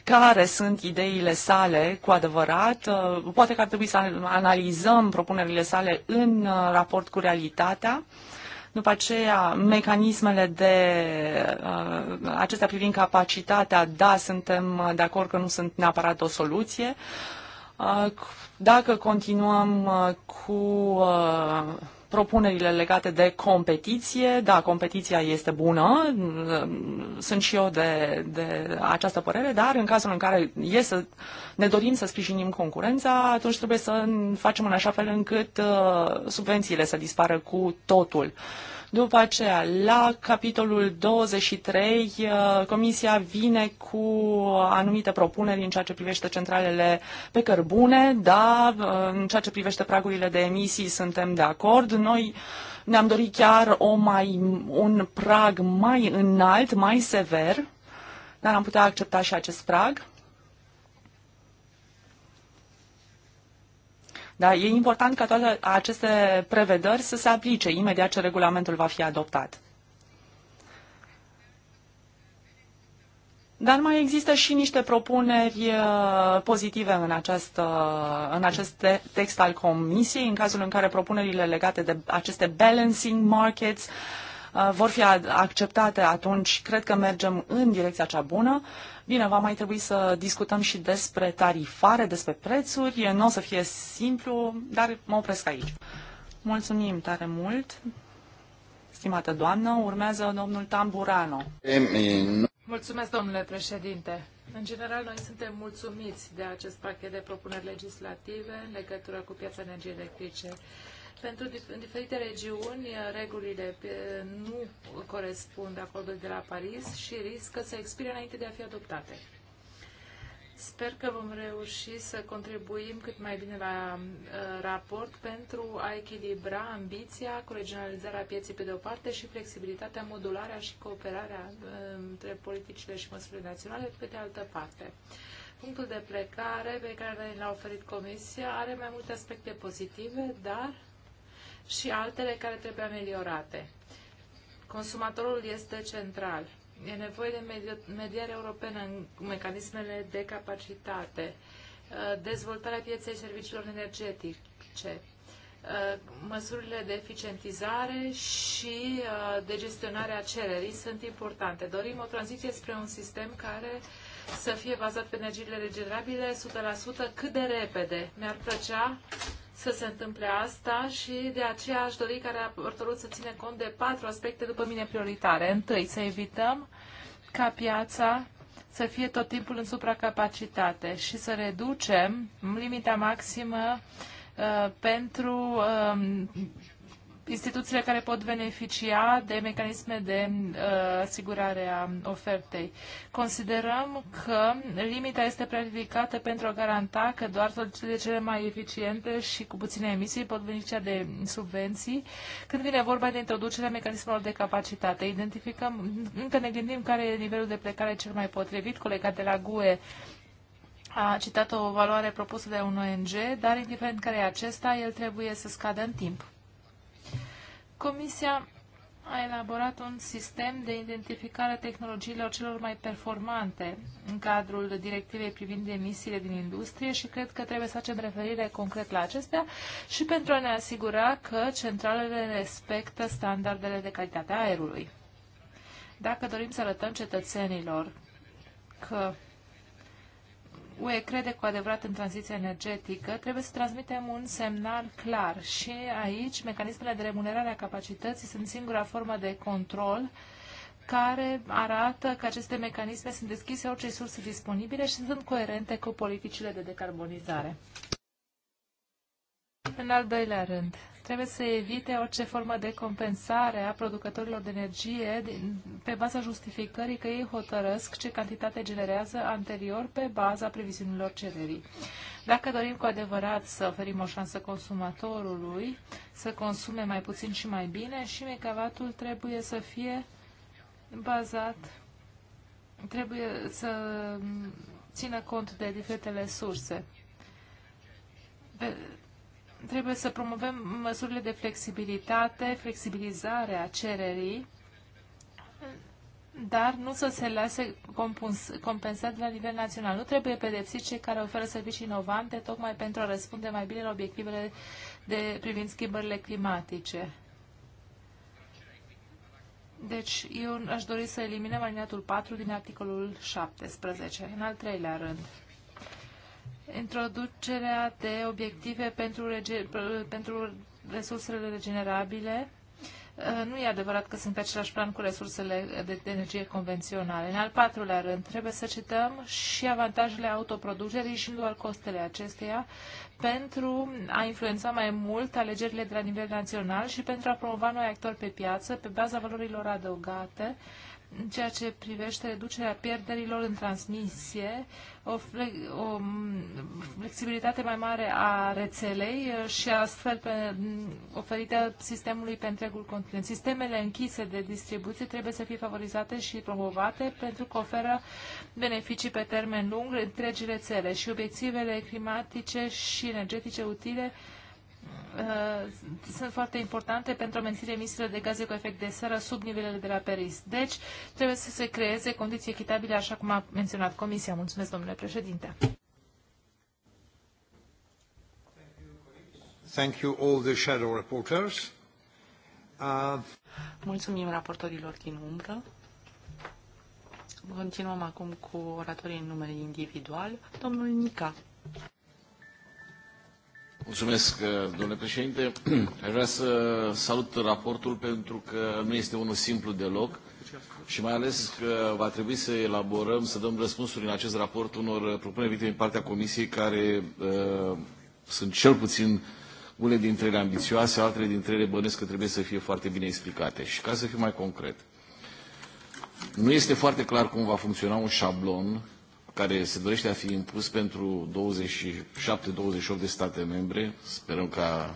care sunt ideile sale cu adevărat. Uh, poate că ar trebui să analizăm propunerile sale în raport cu realitatea. După aceea, mecanismele de acestea privind capacitatea, da, suntem de acord că nu sunt neapărat o soluție. Dacă continuăm uh, cu uh, propunerile legate de competiție. Da, competiția este bună, uh, sunt și eu de, de această părere, dar în cazul în care e să ne dorim să sprijinim concurența, atunci trebuie să facem în așa fel încât subvențiile să dispară cu totul. Uh, după aceea, la capitolul 23, uh, Comisia vine cu anumite propuneri în ceea ce privește centralele pe cărbune, da, în ceea ce privește pragurile de emisii suntem de acord. Noi ne-am dorit chiar o mai, un prag mai înalt, mai sever, dar am putea accepta și acest prag. Da, e important ca toate aceste prevederi să se aplice imediat ce regulamentul va fi adoptat. Dar mai există și niște propuneri uh, pozitive în, acest, uh, în acest text al Comisiei, în cazul în care propunerile legate de aceste balancing markets uh, Uh, vor fi acceptate, atunci cred că mergem în direcția cea bună. Bine, va mai trebui să discutăm și despre tarifare, despre prețuri. Nu o să fie simplu, dar mă opresc aici. Mulțumim tare mult, stimată doamnă. Urmează domnul Tamburano. Mulțumesc, domnule președinte. În general, noi suntem mulțumiți de acest pachet de propuneri legislative în legătură cu piața energiei electrice. Pentru în diferite regiuni, uh, regulile uh, nu corespund acordului de la Paris și riscă să expire înainte de a fi adoptate. Sper că vom reuși să contribuim cât mai bine la uh, raport pentru a echilibra ambiția cu regionalizarea pieței pe de o parte și flexibilitatea, modularea și cooperarea uh, între politicile și măsurile naționale pe de altă parte. Punctul de plecare pe care l-a oferit Comisia are mai multe aspecte pozitive, dar și altele care trebuie ameliorate. Consumatorul este central. E nevoie de mediere europeană în mecanismele de capacitate, uh, dezvoltarea pieței serviciilor energetice, uh, măsurile de eficientizare și uh, de gestionare a cererii sunt importante. Dorim o tranziție spre un sistem care să fie bazat pe energiile regenerabile 100% cât de repede. Mi-ar plăcea să se întâmple asta și de aceea aș dori ca raportorul să ține cont de patru aspecte după mine prioritare. Întâi, să evităm ca piața să fie tot timpul în supracapacitate și să reducem limita maximă uh, pentru uh, instituțiile care pot beneficia de mecanisme de uh, asigurare a ofertei. Considerăm că limita este prea ridicată pentru a garanta că doar solicitările cele mai eficiente și cu puține emisii pot beneficia de subvenții când vine vorba de introducerea mecanismelor de capacitate. Identificăm, încă ne gândim care e nivelul de plecare cel mai potrivit. Colega de la GUE a citat o valoare propusă de un ONG, dar indiferent care e acesta, el trebuie să scadă în timp. Comisia a elaborat un sistem de identificare a tehnologiilor celor mai performante în cadrul directivei privind emisiile din industrie și cred că trebuie să facem referire concret la acestea și pentru a ne asigura că centralele respectă standardele de calitate a aerului. Dacă dorim să arătăm cetățenilor că UE crede cu adevărat în tranziția energetică, trebuie să transmitem un semnal clar. Și aici, mecanismele de remunerare a capacității sunt singura formă de control care arată că aceste mecanisme sunt deschise orice surse disponibile și sunt coerente cu politicile de decarbonizare. În al doilea rând, Trebuie să evite orice formă de compensare a producătorilor de energie pe baza justificării că ei hotărăsc ce cantitate generează anterior pe baza previziunilor cererii. Dacă dorim cu adevărat să oferim o șansă consumatorului să consume mai puțin și mai bine, și megavatul trebuie să fie bazat, trebuie să țină cont de diferitele surse. Pe trebuie să promovăm măsurile de flexibilitate, flexibilizarea cererii, dar nu să se lase compensat la nivel național. Nu trebuie pedepsiți cei care oferă servicii inovante tocmai pentru a răspunde mai bine la obiectivele de, privind schimbările climatice. Deci eu aș dori să eliminăm alineatul 4 din articolul 17, în al treilea rând introducerea de obiective pentru, rege, pentru resursele regenerabile. Uh, nu e adevărat că sunt pe același plan cu resursele de, energie convenționale. În al patrulea rând, trebuie să cităm și avantajele autoproducerii și nu doar costele acesteia pentru a influența mai mult alegerile de la nivel național și pentru a promova noi actori pe piață pe baza valorilor adăugate uh, în ceea ce privește reducerea pierderilor în transmisie, o, fle o flexibilitate mai mare a rețelei uh, și astfel pe, oferită sistemului pe întregul continent. Sistemele închise de distribuție trebuie să fie favorizate și promovate pentru că oferă beneficii pe termen lung întregi rețele și obiectivele climatice și energetice utile Uh, sunt foarte importante pentru a menține emisiile de gaze cu efect de seră sub nivelele de la Paris. Deci, trebuie să se creeze condiții echitabile, așa cum a menționat Comisia. Mulțumesc, domnule președinte. Thank you all the shadow reporters. Uh... Mulțumim raportorilor din umbră. Continuăm acum cu oratorii în numele individual. Domnul Nica. Mulțumesc, uh, domnule președinte. [CLEARS THROAT] Aș vrea să salut raportul pentru că nu este unul simplu deloc și mai ales că va trebui să elaborăm, să dăm răspunsuri în acest raport unor propuneri venite din partea Comisiei care uh, sunt cel puțin unele dintre ele ambițioase, altele dintre ele bănesc că trebuie să fie foarte bine explicate. Și ca să fiu mai concret, nu este foarte clar cum va funcționa un șablon care se dorește a fi impus pentru 27-28 de state membre. Sperăm ca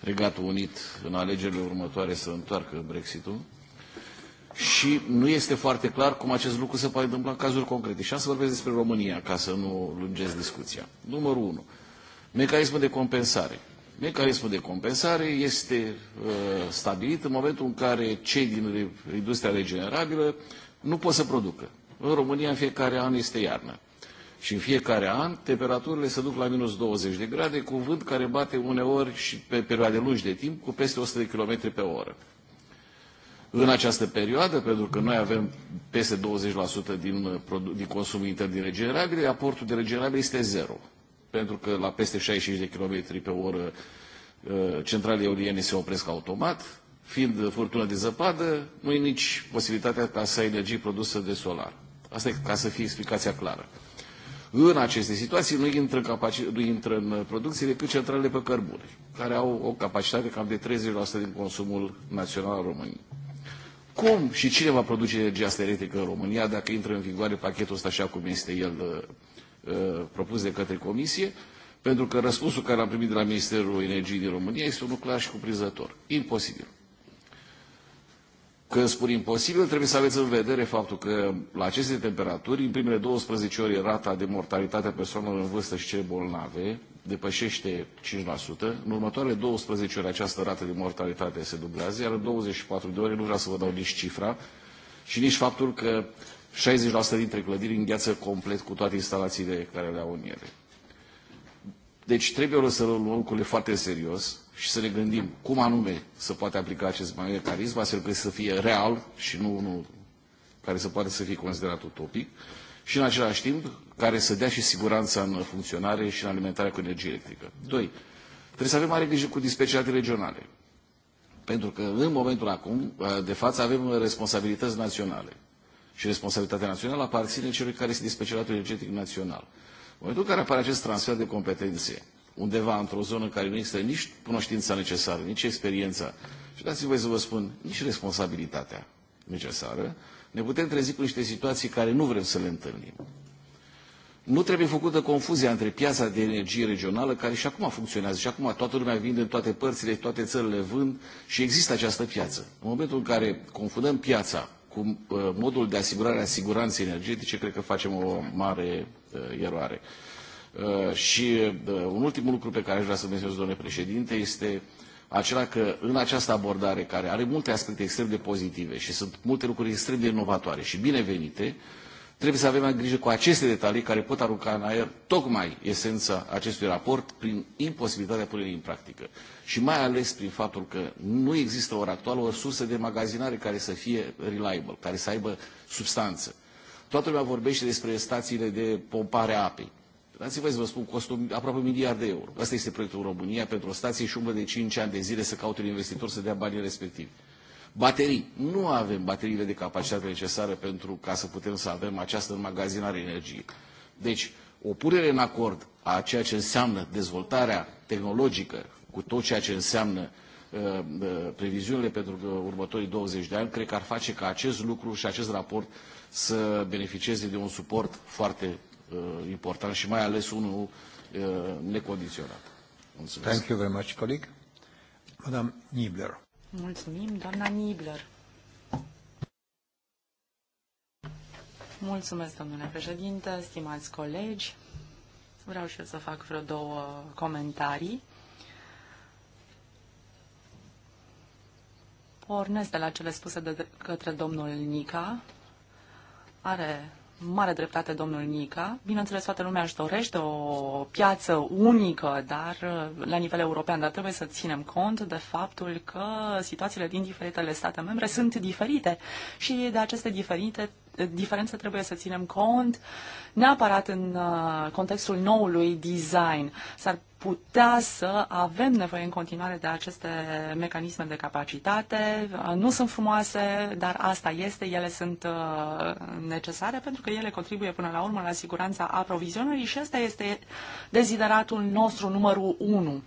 Regatul Unit în alegerile următoare să întoarcă Brexitul. Și nu este foarte clar cum acest lucru se poate întâmpla în cazuri concrete. Și am să vorbesc despre România, ca să nu lungesc discuția. Numărul 1. Mecanismul de compensare. Mecanismul de compensare este uh, stabilit în momentul în care cei din industria regenerabilă nu pot să producă. În România în fiecare an este iarnă. Și în fiecare an temperaturile se duc la minus 20 de grade, cu vânt care bate uneori și pe perioade lungi de timp cu peste 100 de km pe oră. În această perioadă, pentru că noi avem peste 20% din, uh, din consumul intern din regenerabile, aportul de regenerabile este zero. Pentru că la peste 65 de km pe oră uh, centralele eoliene se opresc automat, fiind furtună de zăpadă, nu e nici posibilitatea ca să ai energie produsă de solar. Asta e ca să fie explicația clară. În aceste situații nu intră în, capaci- nu intră în uh, producție decât centralele pe cărbune, care au o capacitate cam de 30% din consumul național al României. Cum și cine va produce energia asta electrică în România dacă intră în vigoare pachetul ăsta așa cum este el uh, uh propus de către Comisie? Pentru că răspunsul care l-am primit de la Ministerul Energiei din România este unul clar și cuprinzător. Imposibil. Când spun imposibil, trebuie să aveți în vedere faptul că la aceste temperaturi, în primele 12 ore, rata de mortalitate a persoanelor în vârstă și cele bolnave depășește 5%. În următoarele 12 ore această rată de mortalitate se dublează, iar în 24 de ore, nu vreau să vă dau nici cifra, și nici faptul că 60% dintre clădiri îngheață complet cu toate instalațiile care le au în ele. Deci trebuie să luăm lucrurile foarte serios și să ne gândim cum anume se poate aplica acest mecanism, astfel că să fie real și nu unul care să poate să fie considerat utopic și în același timp care să dea și siguranța în funcționare și în alimentarea cu energie electrică. Doi, trebuie să avem mare grijă cu dispeciate regionale. Pentru că în momentul acum, ă, de față, avem responsabilități naționale. Și responsabilitatea națională aparține celui care este dispecerat energetic național. În momentul în care apare acest transfer de competențe undeva într-o zonă în care nu există nici cunoștința necesară, nici experiența și dați-mi voi să vă spun, nici responsabilitatea necesară, ne putem trezi cu niște situații care nu vrem să le întâlnim. Nu trebuie făcută confuzia între piața de energie regională, care și acum funcționează, și acum toată lumea vinde în toate părțile, toate țările vând și există această piață. În momentul în care confundăm piața cu uh, modul de asigurare a siguranței energetice, cred că facem o mare uh, eroare. Uh, Uh, și uh, un ultimul lucru pe care aș vrea să menționez, domnule președinte, este acela că în această abordare, care are multe aspecte extrem de pozitive și sunt multe lucruri extrem de inovatoare și binevenite, trebuie să avem grijă cu aceste detalii care pot arunca în aer tocmai esența acestui raport prin imposibilitatea punerii în practică. Și mai ales prin faptul că nu există ora actuală o sursă de magazinare care să fie reliable, care să aibă substanță. Toată lumea vorbește despre stațiile de pompare a apei. Dați-vă să vă spun, costă aproape un miliard de euro. Asta este proiectul România pentru o stație și umbră de 5 ani de zile să caute un investitor să dea banii respectivi. Baterii. Nu avem bateriile de capacitate necesară pentru ca să putem să avem această înmagazinare energie. Deci, o punere în acord a ceea ce înseamnă dezvoltarea tehnologică cu tot ceea ce înseamnă uh, uh, previziunile pentru uh, următorii 20 de ani, cred că ar face ca acest lucru și acest raport să beneficieze de un suport foarte Uh, important și mai ales unul uh, necondiționat. Mulțumesc. Thank you very much, colleague. Madame Nibler. Mulțumim, doamna Nibler. Mulțumesc, domnule președinte, stimați colegi. Vreau și eu să fac vreo două comentarii. Pornesc de la cele spuse de către domnul Nica. Are mare dreptate domnul Nica. Bineînțeles, toată lumea își dorește o piață unică, dar uh, la nivel european, dar trebuie să ținem cont de faptul că situațiile din diferitele state membre sunt diferite și de aceste diferite diferență trebuie să ținem cont neapărat în uh, contextul noului design. S-ar putea să avem nevoie în continuare de aceste mecanisme de capacitate. Uh, nu sunt frumoase, dar asta este, ele sunt uh, necesare pentru că ele contribuie până la urmă la siguranța aprovizionării și asta este dezideratul nostru numărul 1.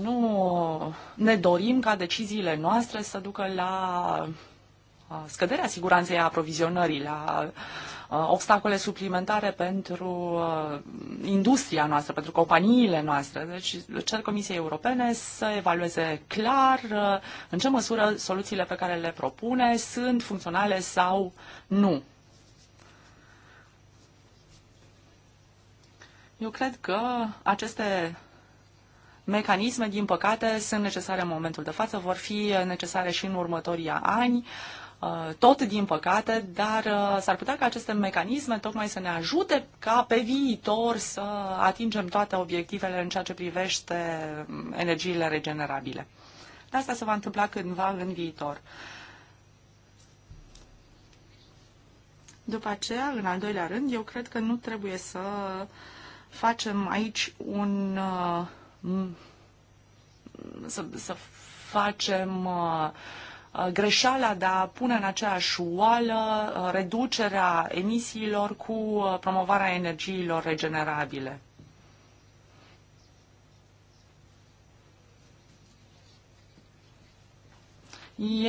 Nu ne dorim ca deciziile noastre să ducă la Uh, scăderea siguranței aprovizionării, la uh, obstacole suplimentare pentru uh, industria noastră, pentru companiile noastre. Deci cer Comisiei Europene să evalueze clar în ce măsură soluțiile pe care le propune sunt funcționale sau nu. Eu cred că aceste mecanisme, din păcate, sunt necesare în momentul de față, vor fi necesare și în următorii ani. Uh, Uh, tot, din păcate, dar uh, s-ar putea ca aceste mecanisme tocmai să ne ajute ca pe viitor să atingem toate obiectivele în ceea ce privește mm, energiile regenerabile. De asta se va întâmpla cândva în viitor. După aceea, în al doilea rând, eu cred că nu trebuie să facem aici un. Uh, să, să facem. Uh, Uh, greșeala de a pune în aceeași oală uh, reducerea emisiilor cu uh, promovarea energiilor regenerabile.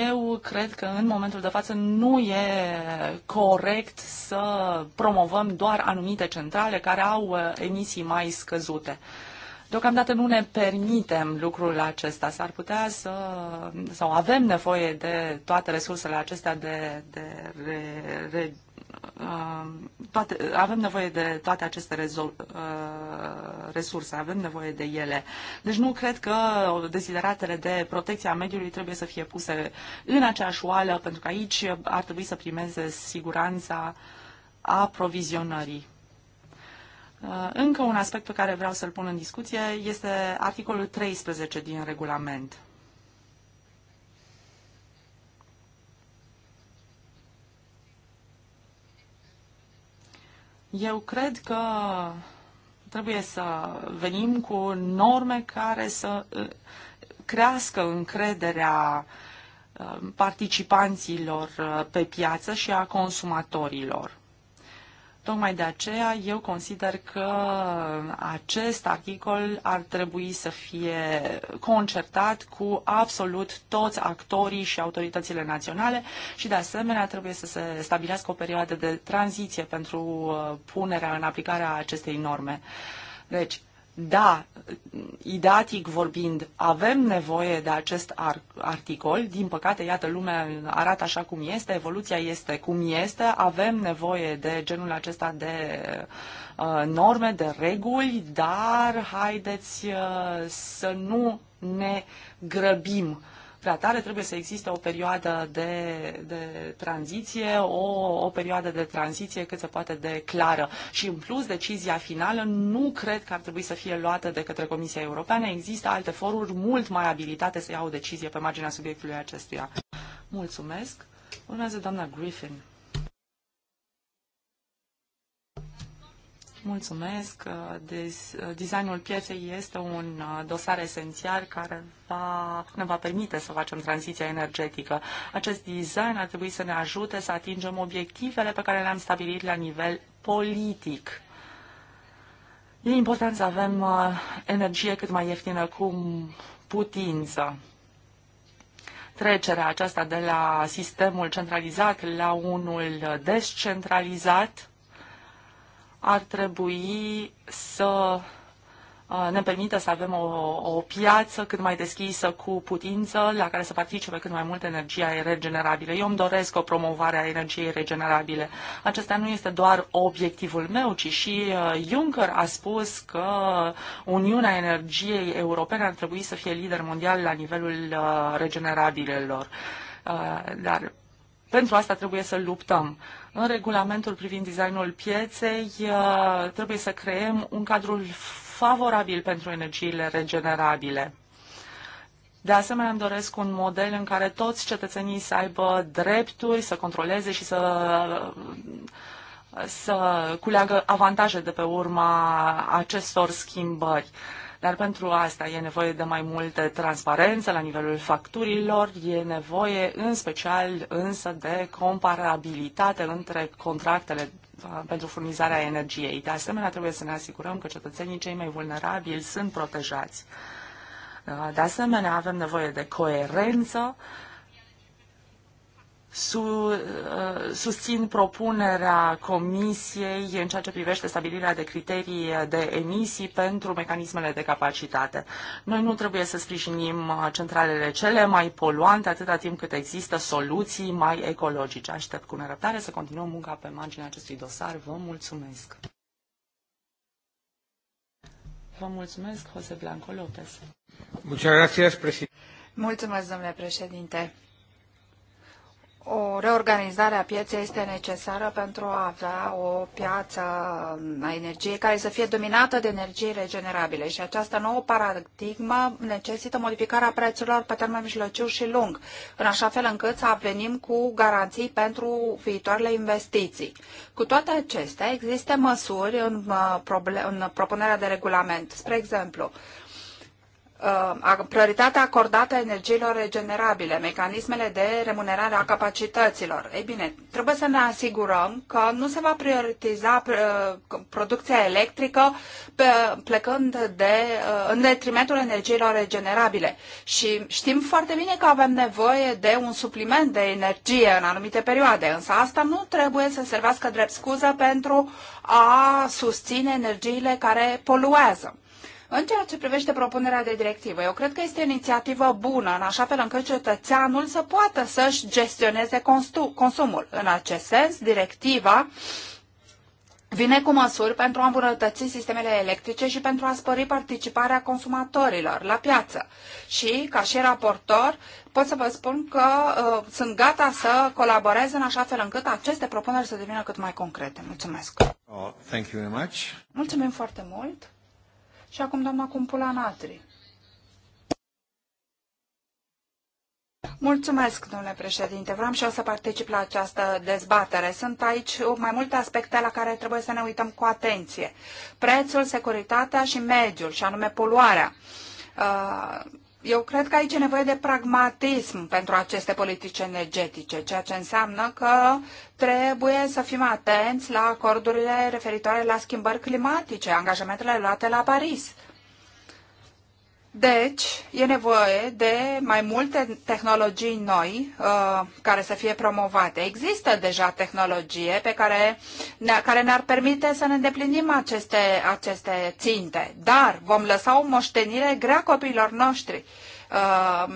Eu cred că în momentul de față nu e corect să promovăm doar anumite centrale care au emisii mai scăzute. Uh, Deocamdată nu ne permitem lucrul acesta. S-ar putea să, sau avem nevoie de toate resursele acestea de, de re, re, um, toate, avem nevoie de toate aceste rezol, uh, resurse, avem nevoie de ele. Deci nu cred că dezideratele de protecție a mediului trebuie să fie puse în aceeași oală, pentru că aici ar trebui să primeze siguranța aprovizionării. Uh, încă un aspect pe care vreau să-l pun în discuție este articolul 13 din regulament. Eu cred că trebuie să venim cu norme care să uh, crească încrederea uh, participanților pe piață și a consumatorilor. Tocmai de aceea eu consider că acest articol ar trebui să fie concertat cu absolut toți actorii și autoritățile naționale și de asemenea trebuie să se stabilească o perioadă de tranziție pentru uh, punerea în aplicare a acestei norme. Deci, da, idatic vorbind, avem nevoie de acest articol. Din păcate, iată, lumea arată așa cum este, evoluția este cum este, avem nevoie de genul acesta de uh, norme, de reguli, dar haideți uh, să nu ne grăbim uh, prea tare, trebuie să existe o perioadă de, de tranziție, o, o perioadă de tranziție cât se poate de clară. Și în plus, decizia finală nu cred că ar trebui să fie luată de către Comisia Europeană. Există alte foruri mult mai abilitate să iau o decizie pe marginea subiectului acestuia. Mulțumesc. Urmează doamna Griffin. Mulțumesc. Designul pieței este un uh, dosar esențial care va, ne va permite să facem tranziția energetică. Acest design ar trebui să ne ajute să atingem obiectivele pe care le-am stabilit la nivel politic. E important să avem uh, energie cât mai ieftină cu putință trecerea aceasta de la sistemul centralizat la unul descentralizat ar trebui să uh, ne permită să avem o, o piață cât mai deschisă cu putință, la care să participe cât mai mult energia regenerabilă. Eu îmi doresc o promovare a energiei regenerabile. Acesta nu este doar obiectivul meu, ci și uh, Juncker a spus că Uniunea Energiei Europene ar trebui să fie lider mondial la nivelul uh, regenerabilelor. Dar pentru asta trebuie să luptăm. În regulamentul privind designul pieței uh, trebuie să creăm un cadru favorabil pentru energiile regenerabile. De asemenea, îmi doresc un model în care toți cetățenii să aibă drepturi, să controleze și să, să culeagă avantaje de pe urma acestor schimbări. Dar pentru asta e nevoie de mai multă transparență la nivelul facturilor, e nevoie în special însă de comparabilitate între contractele uh, pentru furnizarea energiei. De asemenea, trebuie să ne asigurăm că cetățenii cei mai vulnerabili sunt protejați. Uh, de asemenea, avem nevoie de coerență su, uh, susțin propunerea Comisiei în ceea ce privește stabilirea de criterii de emisii pentru mecanismele de capacitate. Noi nu trebuie să sprijinim centralele cele mai poluante atâta timp cât există soluții mai ecologice. Aștept cu nerăbdare să continuăm munca pe marginea acestui dosar. Vă mulțumesc! Vă mulțumesc, Jose Blanco Lopez. Mulțumesc, domnule președinte o reorganizare a pieței este necesară pentru a avea o piață a energiei care să fie dominată de energii regenerabile și această nouă paradigmă necesită modificarea prețurilor pe termen mijlociu și lung, în așa fel încât să avenim cu garanții pentru viitoarele investiții. Cu toate acestea, există măsuri în, uh, în propunerea de regulament. Spre exemplu, Uh, prioritatea acordată energiilor regenerabile, mecanismele de remunerare a capacităților. Ei bine, trebuie să ne asigurăm că nu se va prioritiza uh, producția electrică pe, plecând de, uh, în detrimentul energiilor regenerabile. Și știm foarte bine că avem nevoie de un supliment de energie în anumite perioade, însă asta nu trebuie să servească drept scuză pentru a susține energiile care poluează. În ceea ce privește propunerea de directivă, eu cred că este o inițiativă bună, în așa fel încât cetățeanul să poată să-și gestioneze consumul. În acest sens, directiva vine cu măsuri pentru a îmbunătăți sistemele electrice și pentru a spări participarea consumatorilor la piață. Și, ca și raportor, pot să vă spun că uh, sunt gata să colaborez în așa fel încât aceste propuneri să devină cât mai concrete. Mulțumesc! Oh, thank you very much. Mulțumim foarte mult! Și acum doamna Cumpula Natri. Mulțumesc, domnule președinte. Vreau și eu să particip la această dezbatere. Sunt aici mai multe aspecte la care trebuie să ne uităm cu atenție. Prețul, securitatea și mediul, și anume poluarea. Uh, eu cred că aici e nevoie de pragmatism pentru aceste politici energetice, ceea ce înseamnă că trebuie să fim atenți la acordurile referitoare la schimbări climatice, angajamentele luate la Paris. Deci, e nevoie de mai multe tehnologii noi uh, care să fie promovate. Există deja tehnologie pe care, ne, care ne-ar permite să ne îndeplinim aceste, aceste ținte, dar vom lăsa o moștenire grea copiilor noștri. Uh,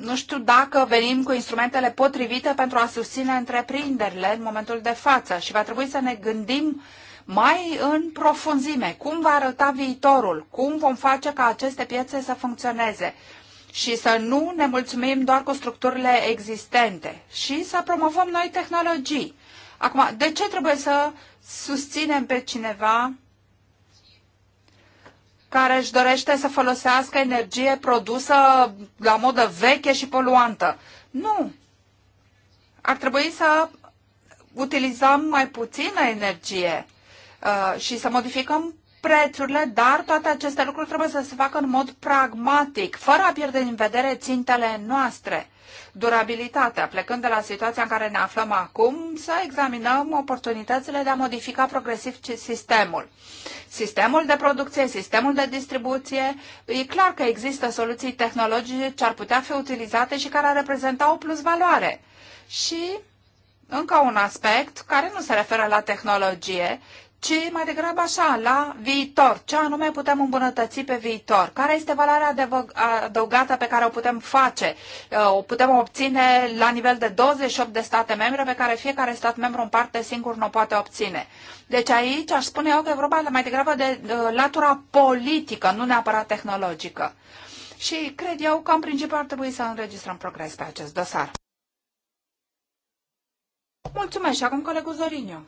nu știu dacă venim cu instrumentele potrivite pentru a susține întreprinderile în momentul de față și va trebui să ne gândim uh, mai în profunzime. Cum va arăta viitorul? Cum vom face ca aceste piețe să funcționeze? și să nu ne mulțumim doar cu structurile existente și să promovăm noi tehnologii. Acum, de ce trebuie să susținem pe cineva care își dorește să folosească energie produsă la modă veche și poluantă? Nu! Ar trebui să utilizăm mai puțină energie Uh, și să modificăm prețurile, dar toate aceste lucruri trebuie să se facă în mod pragmatic, fără a pierde din vedere țintele noastre. Durabilitatea, plecând de la situația în care ne aflăm acum, să examinăm oportunitățile de a modifica progresiv sistemul. Sistemul de producție, sistemul de distribuție, e clar că există soluții tehnologice ce ar putea fi utilizate și care ar reprezenta o plusvaloare. Și încă un aspect care nu se referă la tehnologie, ci mai degrabă așa, la viitor. Ce anume putem îmbunătăți pe viitor? Care este valoarea adăugată pe care o putem face? Uh, o putem obține la nivel de 28 de state membre pe care fiecare stat membru în parte singur nu o poate obține. Deci aici aș spune eu că e vorba mai degrabă de uh, latura politică, nu neapărat tehnologică. Și cred eu că în principiu ar trebui să înregistrăm progres pe acest dosar. Mulțumesc și acum colegul Zorinio.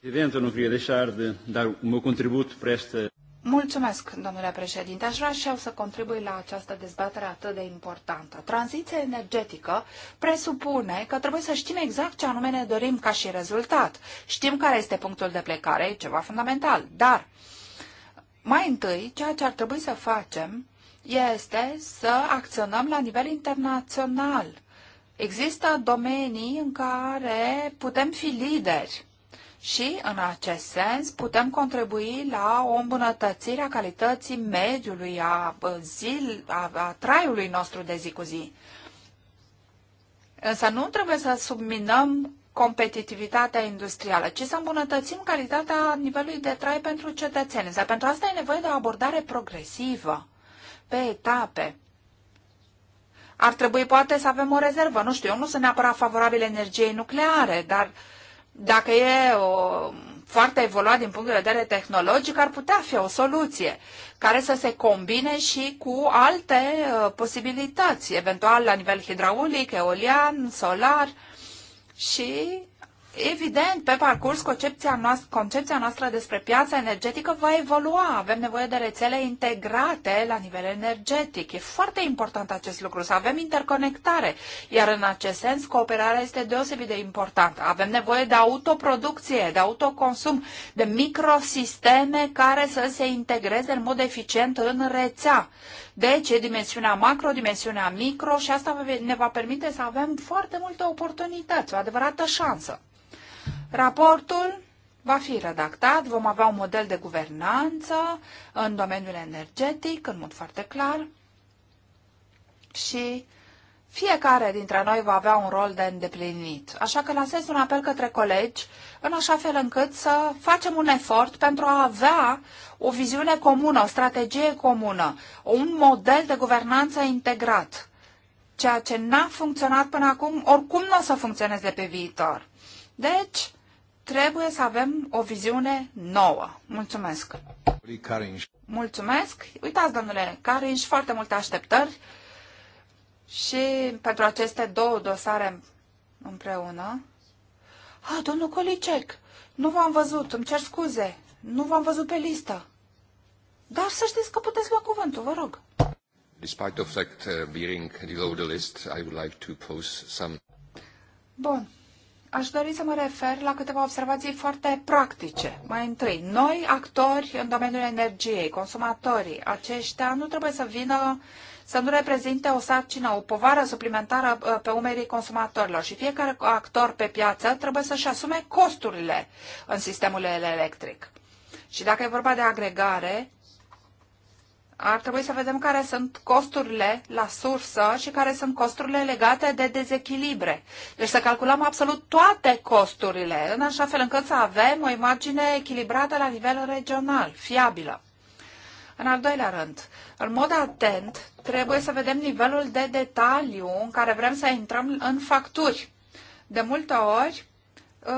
Evident, nu fie deșar de dar mă contribut preste. Mulțumesc, domnule președinte. Aș vrea și eu să contribui la această dezbatere atât de importantă. Tranziția energetică presupune că trebuie să știm exact ce anume ne dorim ca și rezultat. Știm care este punctul de plecare, ceva fundamental. Dar, mai întâi, ceea ce ar trebui să facem este să acționăm la nivel internațional Există domenii în care putem fi lideri și, în acest sens, putem contribui la o îmbunătățire a calității mediului, a, zil, a, a traiului nostru de zi cu zi. Însă nu trebuie să subminăm competitivitatea industrială, ci să îmbunătățim calitatea nivelului de trai pentru cetățeni. Însă pentru asta e nevoie de o abordare progresivă, pe etape ar trebui poate să avem o rezervă. Nu știu, eu nu sunt neapărat favorabil energiei nucleare, dar dacă e o, foarte evoluat din punct de vedere tehnologic, ar putea fi o soluție care să se combine și cu alte uh, posibilități, eventual la nivel hidraulic, eolian, solar și Evident, pe parcurs, concepția noastră, concepția noastră despre piața energetică va evolua. Avem nevoie de rețele integrate la nivel energetic. E foarte important acest lucru, să avem interconectare. Iar în acest sens, cooperarea este deosebit de importantă. Avem nevoie de autoproducție, de autoconsum, de microsisteme care să se integreze în mod eficient în rețea. Deci, e dimensiunea macro, dimensiunea micro și asta ne va permite să avem foarte multe oportunități, o adevărată șansă. Raportul va fi redactat, vom avea un model de guvernanță în domeniul energetic, în mod foarte clar, și fiecare dintre noi va avea un rol de îndeplinit. Așa că lansez un apel către colegi, în așa fel încât să facem un efort pentru a avea o viziune comună, o strategie comună, un model de guvernanță integrat. Ceea ce n-a funcționat până acum, oricum nu o să funcționeze pe viitor. Deci, trebuie să avem o viziune nouă. Mulțumesc! Mulțumesc! Uitați, domnule Carinș, foarte multe așteptări și pentru aceste două dosare împreună. A, domnul Colicec, nu v-am văzut, îmi cer scuze, nu v-am văzut pe listă. Dar să știți că puteți lua cuvântul, vă rog. Despite the fact uh, being below the list, I would like to pose some... Bun, aș dori să mă refer la câteva observații foarte practice. Mai întâi, noi actori în domeniul energiei, consumatorii, aceștia nu trebuie să vină să nu reprezinte o sarcină, o povară suplimentară uh, pe umerii consumatorilor și fiecare actor pe piață trebuie să-și asume costurile în sistemul electric. Și dacă e vorba de agregare, ar trebui să vedem care sunt costurile la sursă și care sunt costurile legate de dezechilibre. Deci să calculăm absolut toate costurile, în așa fel încât să avem o imagine echilibrată la nivel regional, fiabilă. În al doilea rând, în mod atent, trebuie să vedem nivelul de detaliu în care vrem să intrăm în facturi. De multe ori, ă,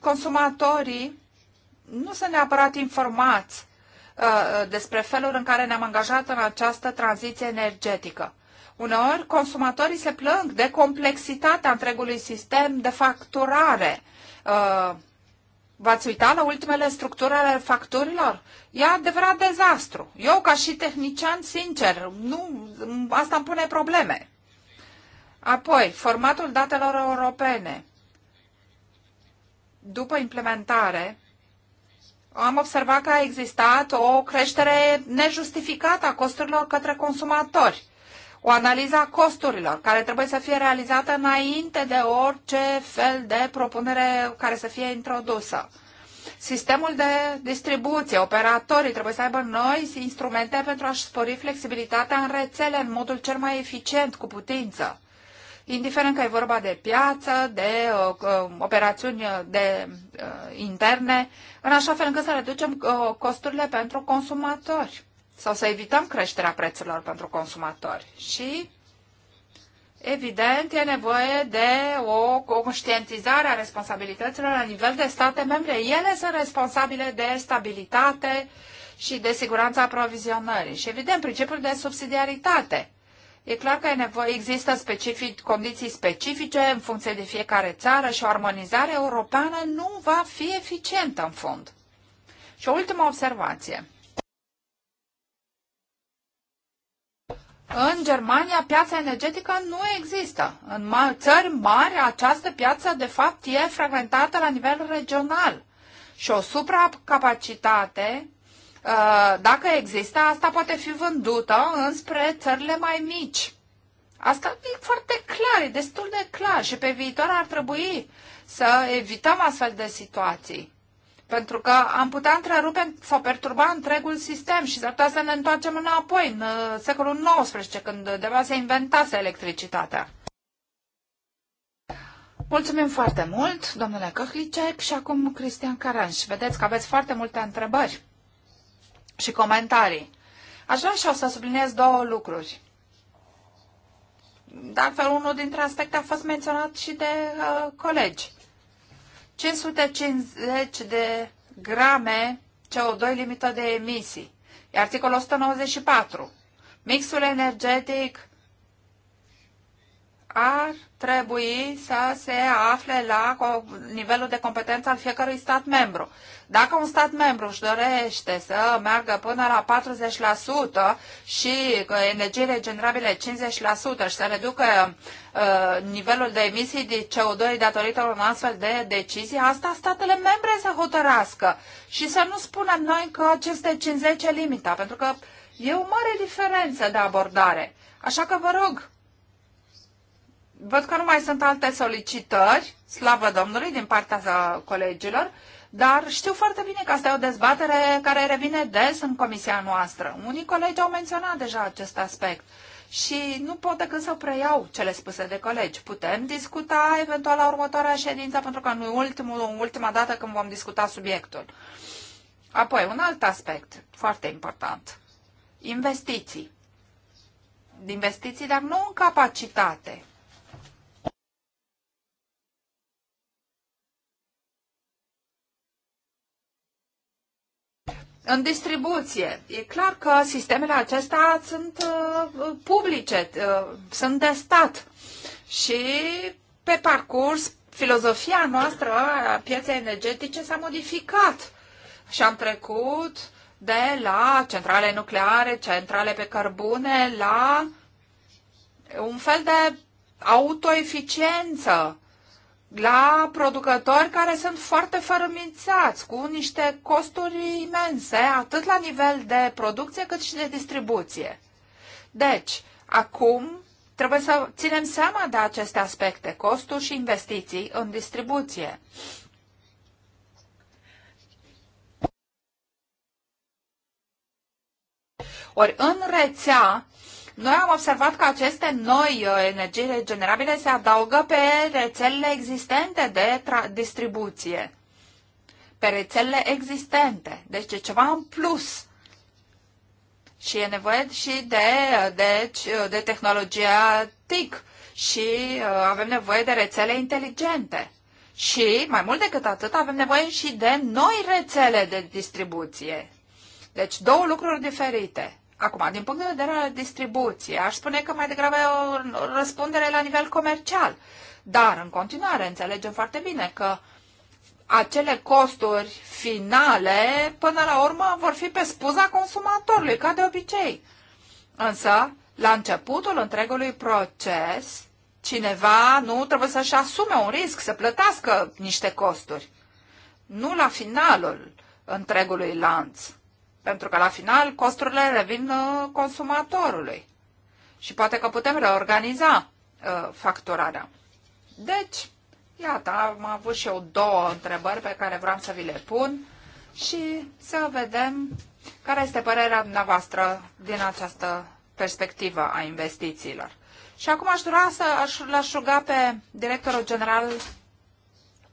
consumatorii nu sunt neapărat informați Uh, despre felul în care ne-am angajat în această tranziție energetică. Uneori, consumatorii se plâng de complexitatea întregului sistem de facturare. Uh, V-ați uitat la ultimele structuri ale facturilor? E adevărat dezastru. Eu, ca și tehnician, sincer, nu, asta îmi pune probleme. Apoi, formatul datelor europene. După implementare, am observat că a existat o creștere nejustificată a costurilor către consumatori. O analiză a costurilor, care trebuie să fie realizată înainte de orice fel de propunere care să fie introdusă. Sistemul de distribuție, operatorii trebuie să aibă noi instrumente pentru a-și spori flexibilitatea în rețele în modul cel mai eficient cu putință indiferent că e vorba de piață, de uh, uh operațiuni uh, de uh, interne, în așa fel încât să reducem uh, costurile pentru consumatori sau să evităm creșterea prețurilor pentru consumatori. Și Evident, e nevoie de o conștientizare a responsabilităților la nivel de state membre. Ele sunt responsabile de stabilitate și de siguranța aprovizionării. Și evident, principiul de subsidiaritate. E clar că e nevoie, există specific, condiții specifice în funcție de fiecare țară și o armonizare europeană nu va fi eficientă în fond. Și o ultimă observație. În Germania piața energetică nu există. În ma țări mari această piață de fapt e fragmentată la nivel regional și o supracapacitate Uh, dacă există, asta poate fi vândută înspre țările mai mici. Asta e foarte clar, e destul de clar și pe viitor ar trebui să evităm astfel de situații. Pentru că am putea întrerupe sau perturba întregul sistem și s-ar putea să ne întoarcem înapoi, în uh, secolul XIX, când deva se inventase electricitatea. Mulțumim foarte mult, domnule Căhlicec, și acum Cristian Caranș. Vedeți că aveți foarte multe întrebări și comentarii. Aș vrea și eu să subliniez două lucruri. De altfel, unul dintre aspecte a fost menționat și de uh, colegi. 550 de grame CO2 limită de emisii. E articolul 194. Mixul energetic ar trebui să se afle la nivelul de competență al fiecărui stat membru. Dacă un stat membru își dorește să meargă până la 40% și energie regenerabile 50% și să reducă uh, nivelul de emisii de CO2 datorită unor astfel de decizii, asta statele membre să hotărască și să nu spunem noi că aceste 50 e limita, pentru că e o mare diferență de abordare. Așa că vă rog, Văd că nu mai sunt alte solicitări, slavă Domnului, din partea colegilor, dar știu foarte bine că asta e o dezbatere care revine des în comisia noastră. Unii colegi au menționat deja acest aspect și nu pot decât să preiau cele spuse de colegi. Putem discuta eventual la următoarea ședință, pentru că nu ultimul, ultima dată când vom discuta subiectul. Apoi, un alt aspect foarte important. Investiții. Investiții, dar nu în capacitate, în distribuție. E clar că sistemele acestea sunt uh, publice, uh, sunt de stat. Și pe parcurs, filozofia noastră a pieței energetice s-a modificat și am trecut de la centrale nucleare, centrale pe cărbune, la un fel de autoeficiență la producători care sunt foarte fărâmițați, cu niște costuri imense, atât la nivel de producție cât și de distribuție. Deci, acum trebuie să ținem seama de aceste aspecte, costuri și investiții în distribuție. Ori în rețea noi am observat că aceste noi uh, energii regenerabile se adaugă pe rețelele existente de distribuție, pe rețelele existente. Deci e ceva în plus. Și e nevoie și de, uh, de, deci, uh, de tehnologia TIC și avem nevoie de rețele inteligente. Și, mai mult decât atât, avem nevoie și de noi rețele de distribuție. Deci, două lucruri diferite. Acum, din punct de vedere al distribuției, aș spune că mai degrabă e o răspundere la nivel comercial. Dar, în continuare, înțelegem foarte bine că acele costuri finale, până la urmă, vor fi pe spuza consumatorului, ca de obicei. Însă, la începutul întregului proces, cineva nu trebuie să-și asume un risc, să plătească niște costuri. Nu la finalul întregului lanț. Pentru că la final costurile revin uh, consumatorului. Și poate că putem reorganiza uh, facturarea. Deci, iată, am avut și eu două întrebări pe care vreau să vi le pun și să vedem care este părerea dumneavoastră din această perspectivă a investițiilor. Și acum aș dura să aș, l-aș ruga pe directorul general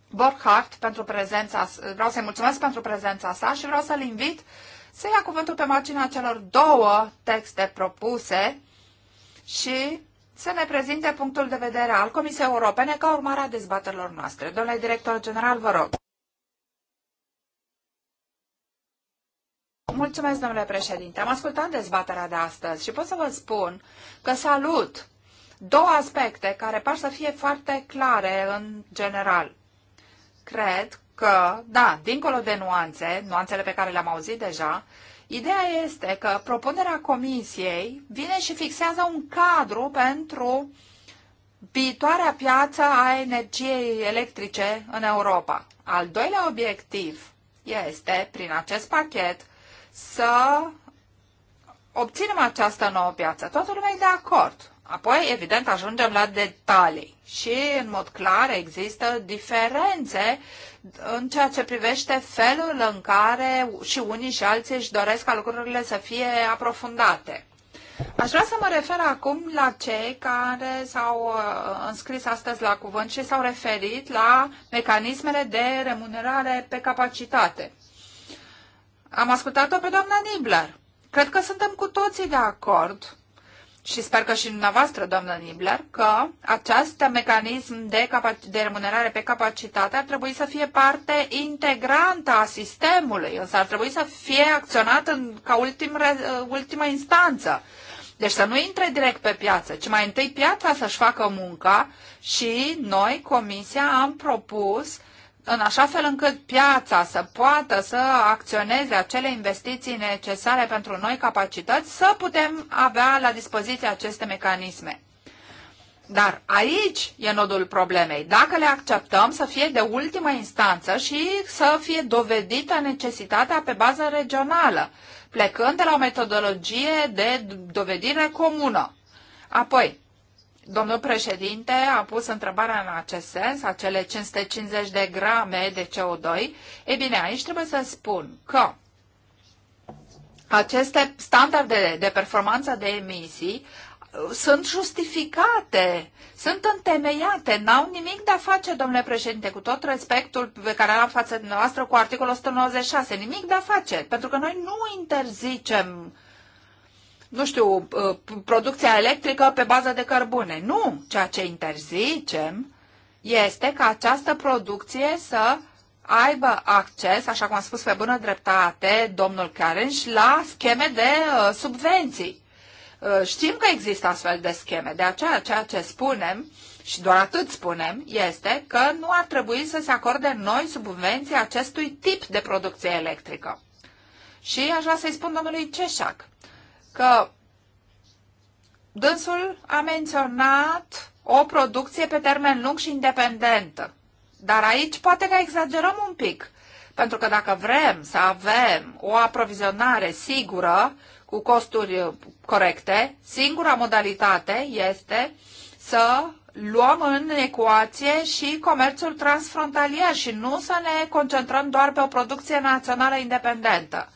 Borchardt pentru prezența, vreau să-i mulțumesc pentru prezența sa și vreau să-l invit să ia cuvântul pe marginea celor două texte propuse și să ne prezinte punctul de vedere al Comisiei Europene ca urmare a dezbaterilor noastre. Domnule director general, vă rog. Mulțumesc, domnule președinte. Am ascultat dezbaterea de astăzi și pot să vă spun că salut două aspecte care par să fie foarte clare în general. Cred că, da, dincolo de nuanțe, nuanțele pe care le-am auzit deja, ideea este că propunerea comisiei vine și fixează un cadru pentru viitoarea piață a energiei electrice în Europa. Al doilea obiectiv este, prin acest pachet, să obținem această nouă piață. Toată lumea e de acord. Apoi, evident, ajungem la detalii și, în mod clar, există diferențe în ceea ce privește felul în care și unii și alții își doresc ca lucrurile să fie aprofundate. Aș vrea să mă refer acum la cei care s-au uh, înscris astăzi la cuvânt și s-au referit la mecanismele de remunerare pe capacitate. Am ascultat-o pe doamna Nibler. Cred că suntem cu toții de acord și sper că și dumneavoastră, doamnă Nibler, că acest mecanism de, de remunerare pe capacitate ar trebui să fie parte integrantă a sistemului, însă ar trebui să fie acționat în, ca ultim, ultima instanță. Deci să nu intre direct pe piață, ci mai întâi piața să-și facă munca și noi, Comisia, am propus uh, în așa fel încât piața să poată să acționeze acele investiții necesare pentru noi capacități, să putem avea la dispoziție aceste mecanisme. Dar aici e nodul problemei. Dacă le acceptăm să fie de ultimă instanță și să fie dovedită necesitatea pe bază regională, plecând de la o metodologie de dovedire comună. Apoi, Domnul președinte a pus întrebarea în acest sens, acele 550 de grame de CO2. E bine, aici trebuie să spun că aceste standarde de performanță de emisii uh, sunt justificate, sunt întemeiate, n-au nimic de a face, domnule președinte, cu tot respectul pe care l-am față de noastră cu articolul 196, nimic de a face, pentru că noi nu interzicem uh, nu știu, uh, producția electrică pe bază de cărbune. Nu! Ceea ce interzicem este ca această producție să aibă acces, așa cum a spus pe bună dreptate domnul Carenș, la scheme de uh, subvenții. Uh, știm că există astfel de scheme, de aceea ceea ce spunem și doar atât spunem, este că nu ar trebui să se acorde noi subvenții acestui tip de producție electrică. Și aș vrea să-i spun domnului Ceșac că dânsul a menționat o producție pe termen lung și independentă. Dar aici poate că exagerăm un pic, pentru că dacă vrem să avem o aprovizionare sigură, cu costuri corecte, singura modalitate este să luăm în ecuație și comerțul transfrontalier și nu să ne concentrăm doar pe o producție națională independentă.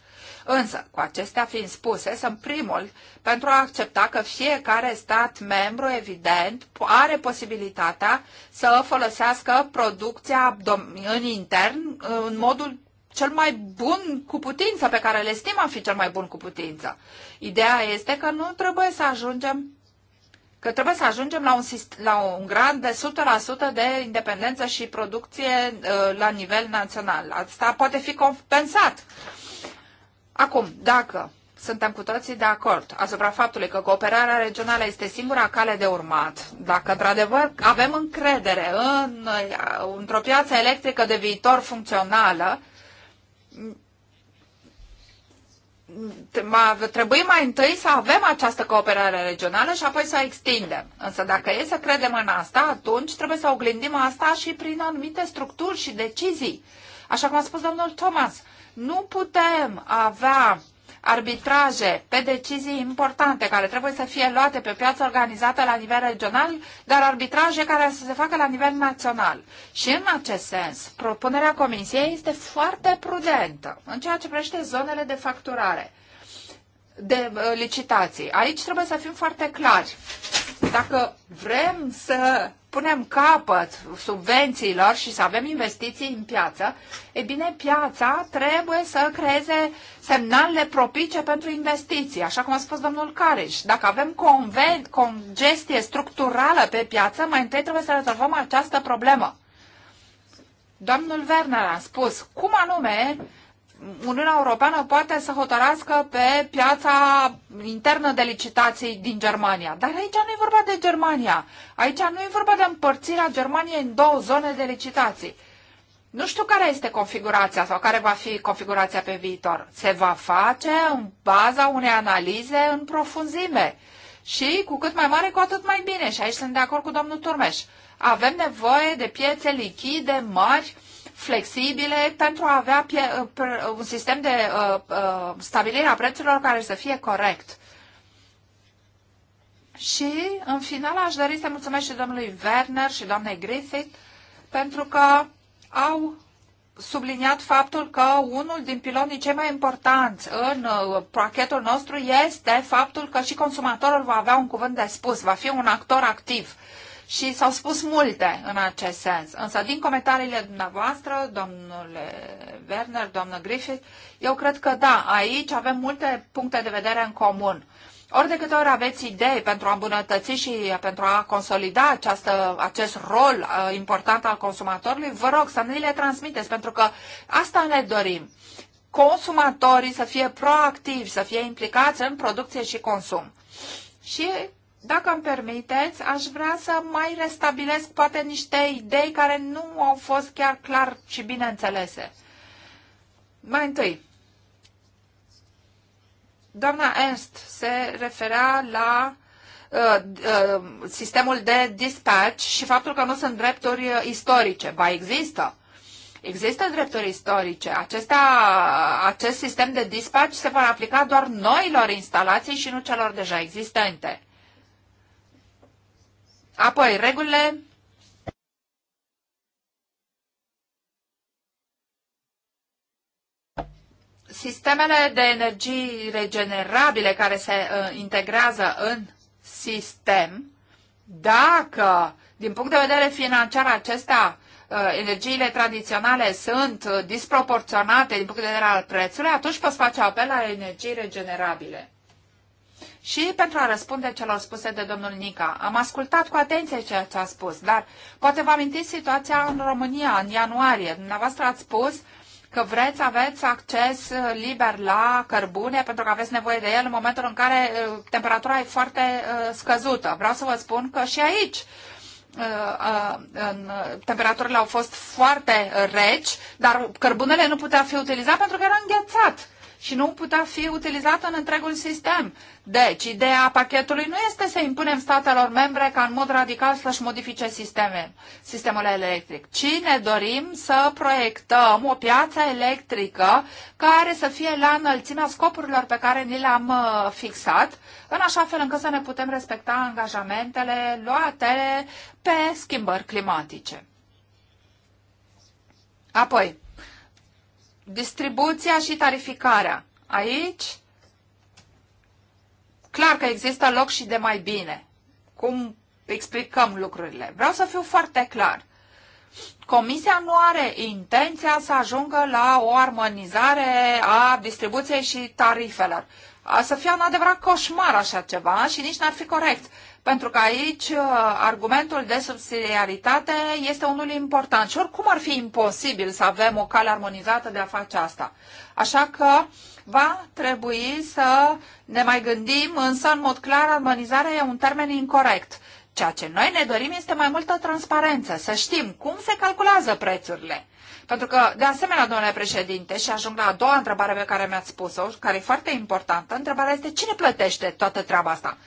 Însă, cu acestea fiind spuse, sunt primul pentru a accepta că fiecare stat membru, evident, are posibilitatea să folosească producția în intern în modul cel mai bun cu putință, pe care le estimăm fi cel mai bun cu putință. Ideea este că nu trebuie să ajungem că trebuie să ajungem la un, la un grad de 100% de independență și producție uh, la nivel național. Asta poate fi compensat Acum, dacă suntem cu toții de acord asupra faptului că cooperarea regională este singura cale de urmat. Dacă într-adevăr avem încredere în, într-o piață electrică de viitor funcțională, trebuie mai întâi să avem această cooperare regională și apoi să o extindem. Însă dacă e să credem în asta, atunci trebuie să oglindim asta și prin anumite structuri și decizii. Așa cum a spus domnul Thomas, nu putem avea arbitraje pe decizii importante care trebuie să fie luate pe piața organizată la nivel regional, dar arbitraje care să se facă la nivel național. Și în acest sens, propunerea Comisiei este foarte prudentă în ceea ce privește zonele de facturare, de uh, licitații. Aici trebuie să fim foarte clari. Dacă vrem să punem capăt subvențiilor și să avem investiții în piață, e bine, piața trebuie să creeze semnalele propice pentru investiții, așa cum a spus domnul Careș. Dacă avem conven- congestie structurală pe piață, mai întâi trebuie să rezolvăm această problemă. Domnul Werner a spus cum anume Uniunea Europeană poate să hotărască pe piața internă de licitații din Germania. Dar aici nu e vorba de Germania. Aici nu e vorba de împărțirea Germaniei în două zone de licitații. Nu știu care este configurația sau care va fi configurația pe viitor. Se va face în baza unei analize în profunzime. Și cu cât mai mare, cu atât mai bine. Și aici sunt de acord cu domnul Turmeș. Avem nevoie de piețe lichide mari flexibile pentru a avea uh, uh, un sistem de uh, stabilire a prețurilor care să fie corect. Și, în final, aș dori să mulțumesc și domnului Werner și doamnei Griffith pentru că au subliniat faptul că unul din pilonii cei mai importanți în pachetul nostru este faptul că și consumatorul va avea un cuvânt de spus, va fi un actor activ și s-au spus multe în acest sens. Însă, din comentariile dumneavoastră, domnule Werner, doamnă Griffith, eu cred că da, aici avem multe puncte de vedere în comun. Ori de câte ori aveți idei pentru a îmbunătăți și pentru a consolida această, acest rol uh, important al consumatorului, vă rog să ne le transmiteți, pentru că asta ne dorim. Consumatorii să fie proactivi, să fie implicați în producție și consum. Și dacă îmi permiteți, aș vrea să mai restabilesc poate niște idei care nu au fost chiar clar și bine înțelese. Mai întâi, doamna Ernst se referea la uh, uh, sistemul de dispatch și faptul că nu sunt drepturi uh, istorice. Ba, există. Există drepturi istorice. Acestea, acest sistem de dispatch se va aplica doar noilor instalații și nu celor deja existente. Apoi, regulile Sistemele de energie regenerabile care se uh, integrează în sistem, dacă, din punct de vedere financiar, acestea, uh, energiile tradiționale sunt uh, disproporționate din punct de vedere al prețului, atunci poți face apel la energii regenerabile. Și pentru a răspunde celor spuse de domnul Nica, am ascultat cu atenție ceea ce a spus, dar poate vă amintiți situația în România, în ianuarie. Dumneavoastră ați spus că vreți, aveți acces liber la cărbune pentru că aveți nevoie de el în momentul în care uh, temperatura e foarte uh, scăzută. Vreau să vă spun că și aici uh, temperaturile au fost foarte reci, dar cărbunele nu putea fi utilizat pentru că era înghețat și nu putea fi utilizată în întregul sistem. Deci, ideea pachetului nu este să impunem statelor membre ca în mod radical să-și modifice sisteme, sistemul electric, ci ne dorim să proiectăm o piață electrică care să fie la înălțimea scopurilor pe care ni le-am uh, fixat, în așa fel încât să ne putem respecta angajamentele luate pe schimbări climatice. Apoi, distribuția și tarificarea. Aici, clar că există loc și de mai bine. Cum explicăm lucrurile? Vreau să fiu foarte clar. Comisia nu are intenția să ajungă la o armonizare a distribuției și tarifelor. A să fie un adevărat coșmar așa ceva și nici n-ar fi corect pentru că aici uh, argumentul de subsidiaritate este unul important și oricum ar fi imposibil să avem o cale armonizată de a face asta. Așa că va trebui să ne mai gândim, însă în mod clar armonizarea e un termen incorrect. Ceea ce noi ne dorim este mai multă transparență, să știm cum se calculează prețurile. Pentru că, de asemenea, domnule președinte, și ajung la a doua întrebare pe care mi-ați spus-o, care e foarte importantă, întrebarea este cine plătește toată treaba asta?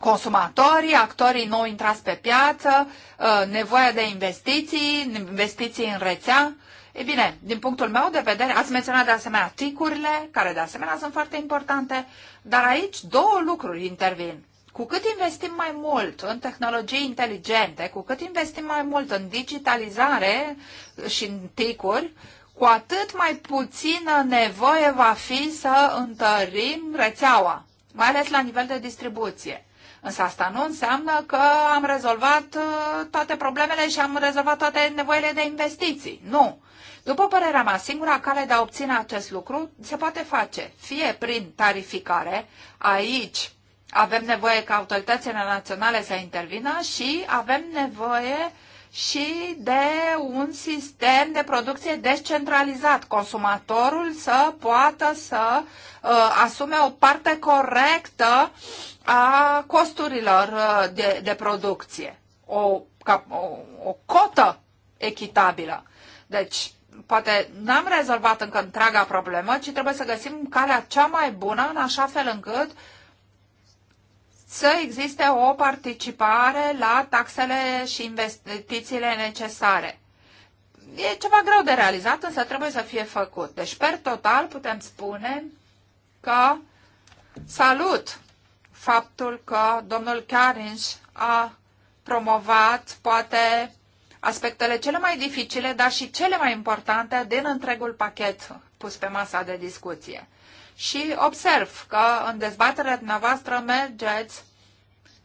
consumatorii, actorii nou intrați pe piață, uh, nevoia de investiții, investiții în rețea. E bine, din punctul meu de vedere, ați menționat de asemenea ticurile, care de asemenea sunt foarte importante, dar aici două lucruri intervin. Cu cât investim mai mult în tehnologii inteligente, cu cât investim mai mult în digitalizare și în ticuri, cu atât mai puțină nevoie va fi să întărim rețeaua, mai ales la nivel de distribuție. Însă asta nu înseamnă că am rezolvat uh, toate problemele și am rezolvat toate nevoile de investiții. Nu. După părerea mea, singura cale de a obține acest lucru se poate face fie prin tarificare, aici avem nevoie ca autoritățile naționale să intervină și avem nevoie și de un sistem de producție descentralizat. Consumatorul să poată să uh, asume o parte corectă a costurilor uh, de, de producție, o, ca, o, o cotă echitabilă. Deci, poate n-am rezolvat încă întreaga problemă, ci trebuie să găsim calea cea mai bună în așa fel încât uh, să existe o participare la taxele și investițiile necesare. E ceva greu de realizat, însă trebuie să fie făcut. Deci, per total, putem spune că salut faptul că domnul Carinș a promovat poate aspectele cele mai dificile, dar și cele mai importante din întregul pachet pus pe masa de discuție și observ că în dezbaterea dumneavoastră mergeți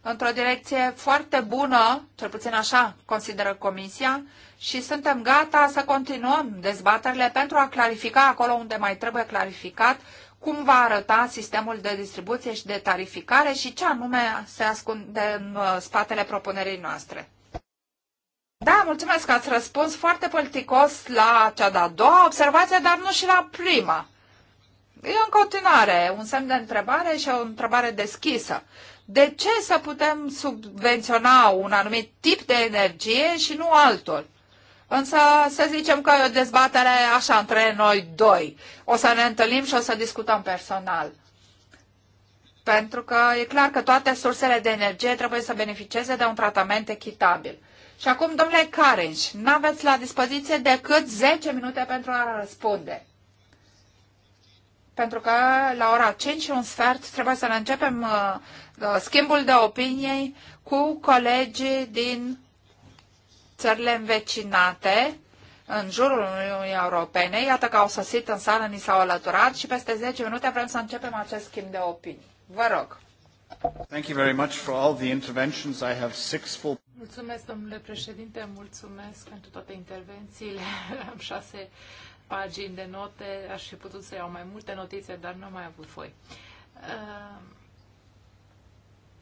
într-o direcție foarte bună, cel puțin așa consideră Comisia, și suntem gata să continuăm dezbaterile pentru a clarifica acolo unde mai trebuie clarificat cum va arăta sistemul de distribuție și de tarificare și ce anume se ascunde în uh, spatele propunerii noastre. Da, mulțumesc că ați răspuns foarte politicos la cea de-a doua observație, dar nu și la prima. E în continuare un semn de întrebare și o întrebare deschisă. De ce să putem subvenționa un anumit tip de energie și nu altul? Însă să zicem că e o dezbatere așa între noi doi. O să ne întâlnim și o să discutăm personal. Pentru că e clar că toate sursele de energie trebuie să beneficieze de un tratament echitabil. Și acum, domnule Carinș, n-aveți la dispoziție decât 10 minute pentru a răspunde pentru că la ora 5 și un sfert trebuie să ne începem uh, uh, schimbul de opinii cu colegii din țările învecinate în jurul Uniunii Europene. Iată că au sosit în sală, ni s-au alăturat și peste 10 minute vrem să începem acest schimb de opinii. Vă rog. Thank you very much for all the interventions. I have six full... Mulțumesc, domnule președinte, mulțumesc pentru toate intervențiile. [LAUGHS] Am șase pagini de note, aș fi putut să iau mai multe notițe, dar nu am mai avut foi. Uh,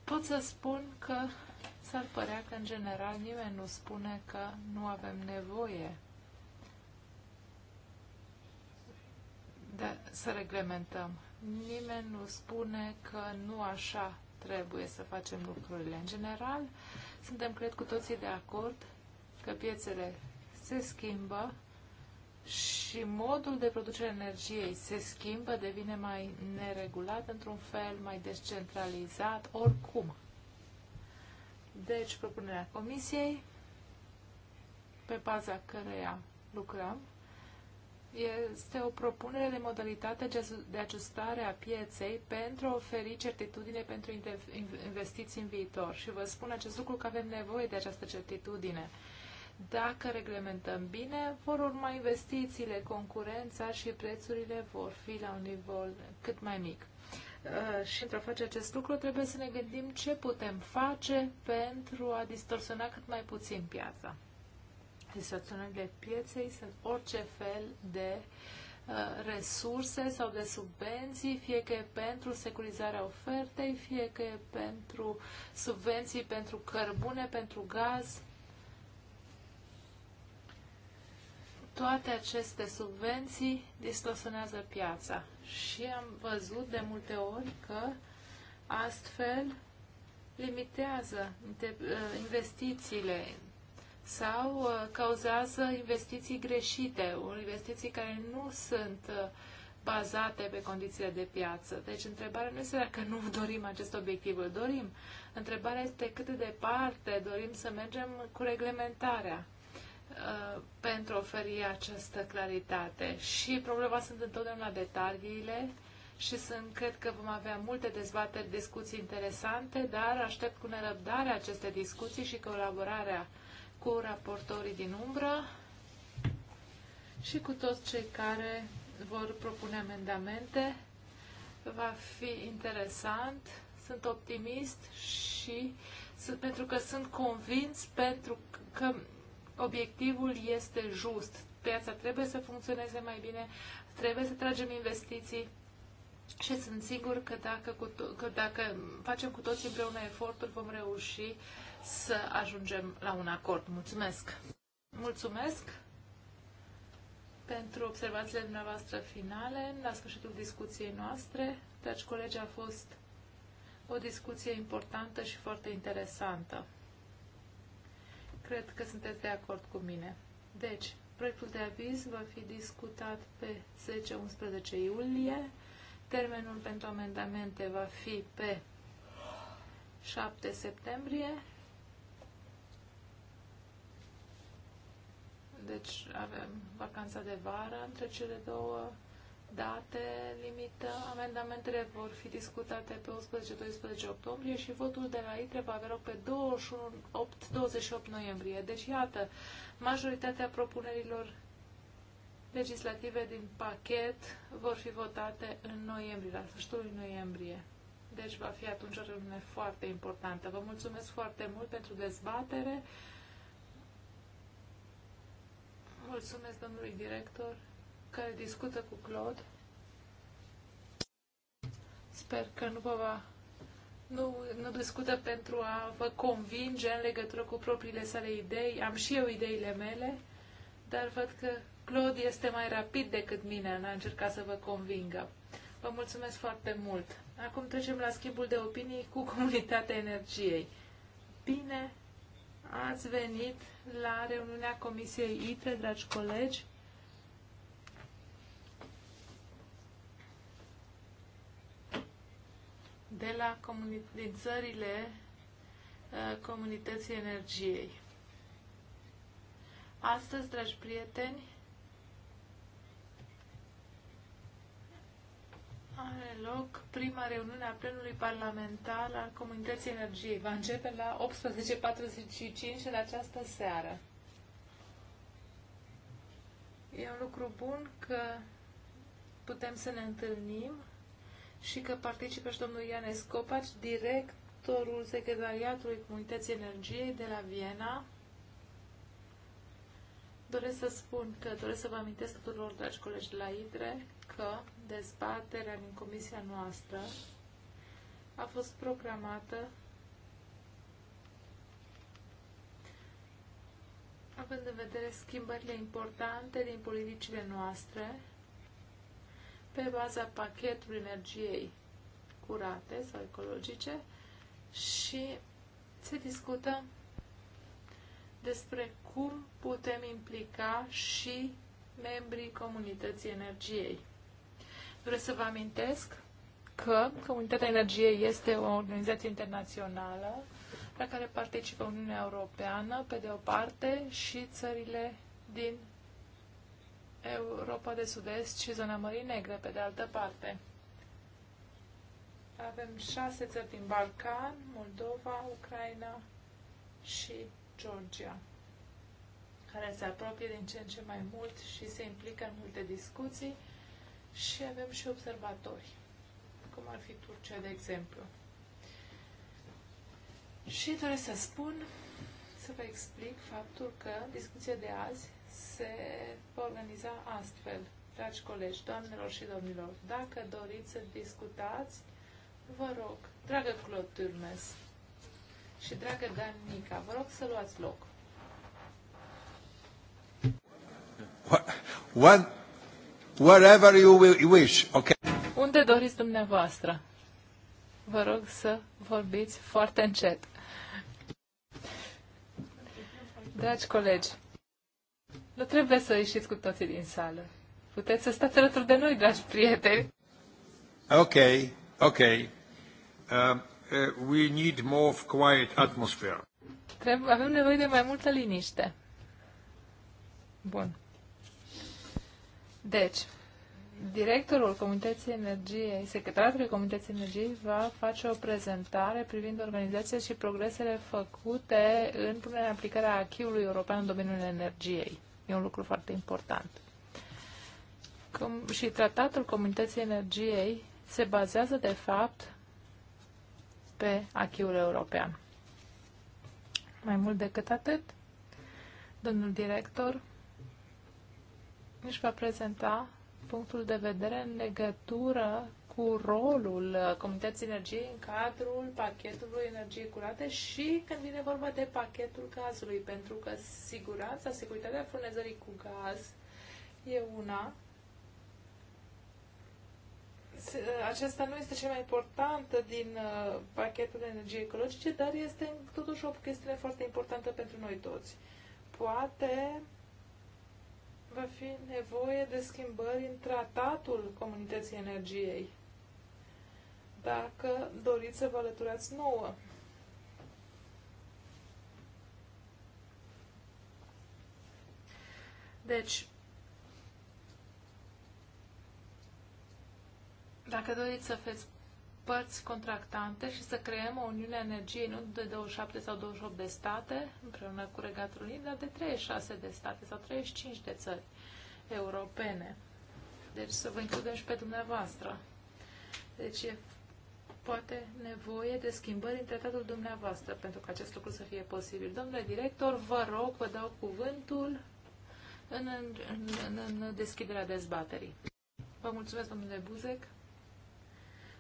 pot să spun că s-ar părea că, în general, nimeni nu spune că nu avem nevoie de să reglementăm. Nimeni nu spune că nu așa trebuie să facem lucrurile. În general, suntem, cred, cu toții de acord că piețele se schimbă, și modul de producere a energiei se schimbă, devine mai neregulat, într-un fel mai descentralizat, oricum. Deci, propunerea comisiei, pe baza căreia lucrăm, este o propunere de modalitate de ajustare a pieței pentru a oferi certitudine pentru investiții în viitor. Și vă spun acest lucru că avem nevoie de această certitudine dacă reglementăm bine, vor urma investițiile, concurența și prețurile vor fi la un nivel cât mai mic. Uh, și pentru a face acest lucru trebuie să ne gândim ce putem face pentru a distorsiona cât mai puțin piața. Distorsionările pieței sunt orice fel de uh, resurse sau de subvenții, fie că e pentru securizarea ofertei, fie că e pentru subvenții pentru cărbune, pentru gaz, toate aceste subvenții distorsionează piața. Și am văzut de multe ori că astfel limitează uh, investițiile sau uh, cauzează investiții greșite, investiții care nu sunt uh, bazate pe condițiile de piață. Deci întrebarea nu este dacă nu dorim acest obiectiv, îl dorim. Întrebarea este cât de departe dorim să mergem cu reglementarea Uh, pentru a oferi această claritate. Și problema sunt întotdeauna detaliile și sunt, cred că vom avea multe dezbateri, discuții interesante, dar aștept cu nerăbdare aceste discuții și colaborarea cu raportorii din umbră și cu toți cei care vor propune amendamente. Va fi interesant, sunt optimist și sunt, pentru că sunt convins pentru că obiectivul este just. Piața trebuie să funcționeze mai bine, trebuie să tragem investiții și sunt sigur că dacă, cu to- că dacă facem cu toți împreună eforturi, vom reuși să ajungem la un acord. Mulțumesc! Mulțumesc pentru observațiile dumneavoastră finale. La sfârșitul discuției noastre, dragi colegi, a fost o discuție importantă și foarte interesantă cred că sunteți de acord cu mine. Deci, proiectul de aviz va fi discutat pe 10-11 iulie. Termenul pentru amendamente va fi pe 7 septembrie. Deci avem vacanța de vară între cele două date limită. Amendamentele vor fi discutate pe 11-12 octombrie și votul de la ITRE va avea loc pe 28, 28 noiembrie. Deci, iată, majoritatea propunerilor legislative din pachet vor fi votate în noiembrie, la sfârșitul noiembrie. Deci va fi atunci o reuniune foarte importantă. Vă mulțumesc foarte mult pentru dezbatere. Mulțumesc domnului director care discută cu Claude. Sper că nu vă va nu, nu discută pentru a vă convinge în legătură cu propriile sale idei. Am și eu ideile mele, dar văd că Claude este mai rapid decât mine în a încerca să vă convingă. Vă mulțumesc foarte mult. Acum trecem la schimbul de opinii cu [LAUGHS] comunitatea energiei. Bine ați venit la reuniunea Comisiei ITRE, dragi colegi. de la comuni- din țările uh, comunității energiei. Astăzi, dragi prieteni, are loc prima reuniune a plenului parlamentar al Comunității Energiei. Va începe la 18.45 în această seară. E un lucru bun că putem să ne întâlnim și că participă și domnul Ianes Copaci, directorul Secretariatului Comunității Energiei de la Viena. Doresc să spun că doresc să vă amintesc tuturor, dragi colegi de la IDRE, că dezbaterea din comisia noastră a fost programată având în vedere schimbările importante din politicile noastre pe baza pachetului energiei curate sau ecologice și se discută despre cum putem implica și membrii comunității energiei. Vreau să vă amintesc că Comunitatea Energiei este o organizație internațională la care participă Uniunea Europeană, pe de o parte, și țările din Europa de Sud-Est și zona Mării Negre, pe de altă parte. Avem șase țări din Balcan, Moldova, Ucraina și Georgia, care se apropie din ce în ce mai mult și se implică în multe discuții și avem și observatori, cum ar fi Turcia, de exemplu. Și doresc să spun, să vă explic faptul că discuția de azi se va organiza astfel. Dragi colegi, doamnelor și domnilor, dacă doriți să discutați, vă rog, dragă Claude Turmes și dragă Danica, vă rog să luați loc. What, wherever you wish, okay. Unde doriți dumneavoastră? Vă rog să vorbiți foarte încet. Dragi colegi, nu trebuie să ieșiți cu toții din sală. Puteți să stați alături de noi, dragi prieteni. Ok, ok. Uh, uh, we need more quiet atmosphere. Trebuie, avem nevoie de mai multă liniște. Bun. Deci, directorul Comunității Energiei, secretarul Comunității Energiei va face o prezentare privind organizația și progresele făcute în punerea în aplicare a acquis European în domeniul energiei. E un lucru foarte important. Cum, și tratatul Comunității Energiei se bazează, de fapt, pe achiul european. Mai mult decât atât, domnul director își va prezenta punctul de vedere în legătură cu rolul uh, Comunității Energiei în cadrul pachetului Energie curate și când vine vorba de pachetul gazului, pentru că siguranța, securitatea furnizării cu gaz e una. Uh, aceasta nu este cea mai importantă din uh, pachetul energie ecologice, dar este totuși o chestiune foarte importantă pentru noi toți. Poate va fi nevoie de schimbări în tratatul comunității energiei dacă doriți să vă alăturați nouă. Deci, dacă doriți să fiți părți contractante și să creăm o Uniune a Energiei nu de 27 sau 28 de state, împreună cu Regatul Unit, dar de 36 de state sau 35 de țări europene. Deci să vă includem și pe dumneavoastră. Deci e poate nevoie de schimbări în tratatul dumneavoastră pentru ca acest lucru să fie posibil. Domnule director, vă rog, vă dau cuvântul în, în, în, în deschiderea dezbaterii. Vă mulțumesc, domnule Buzec.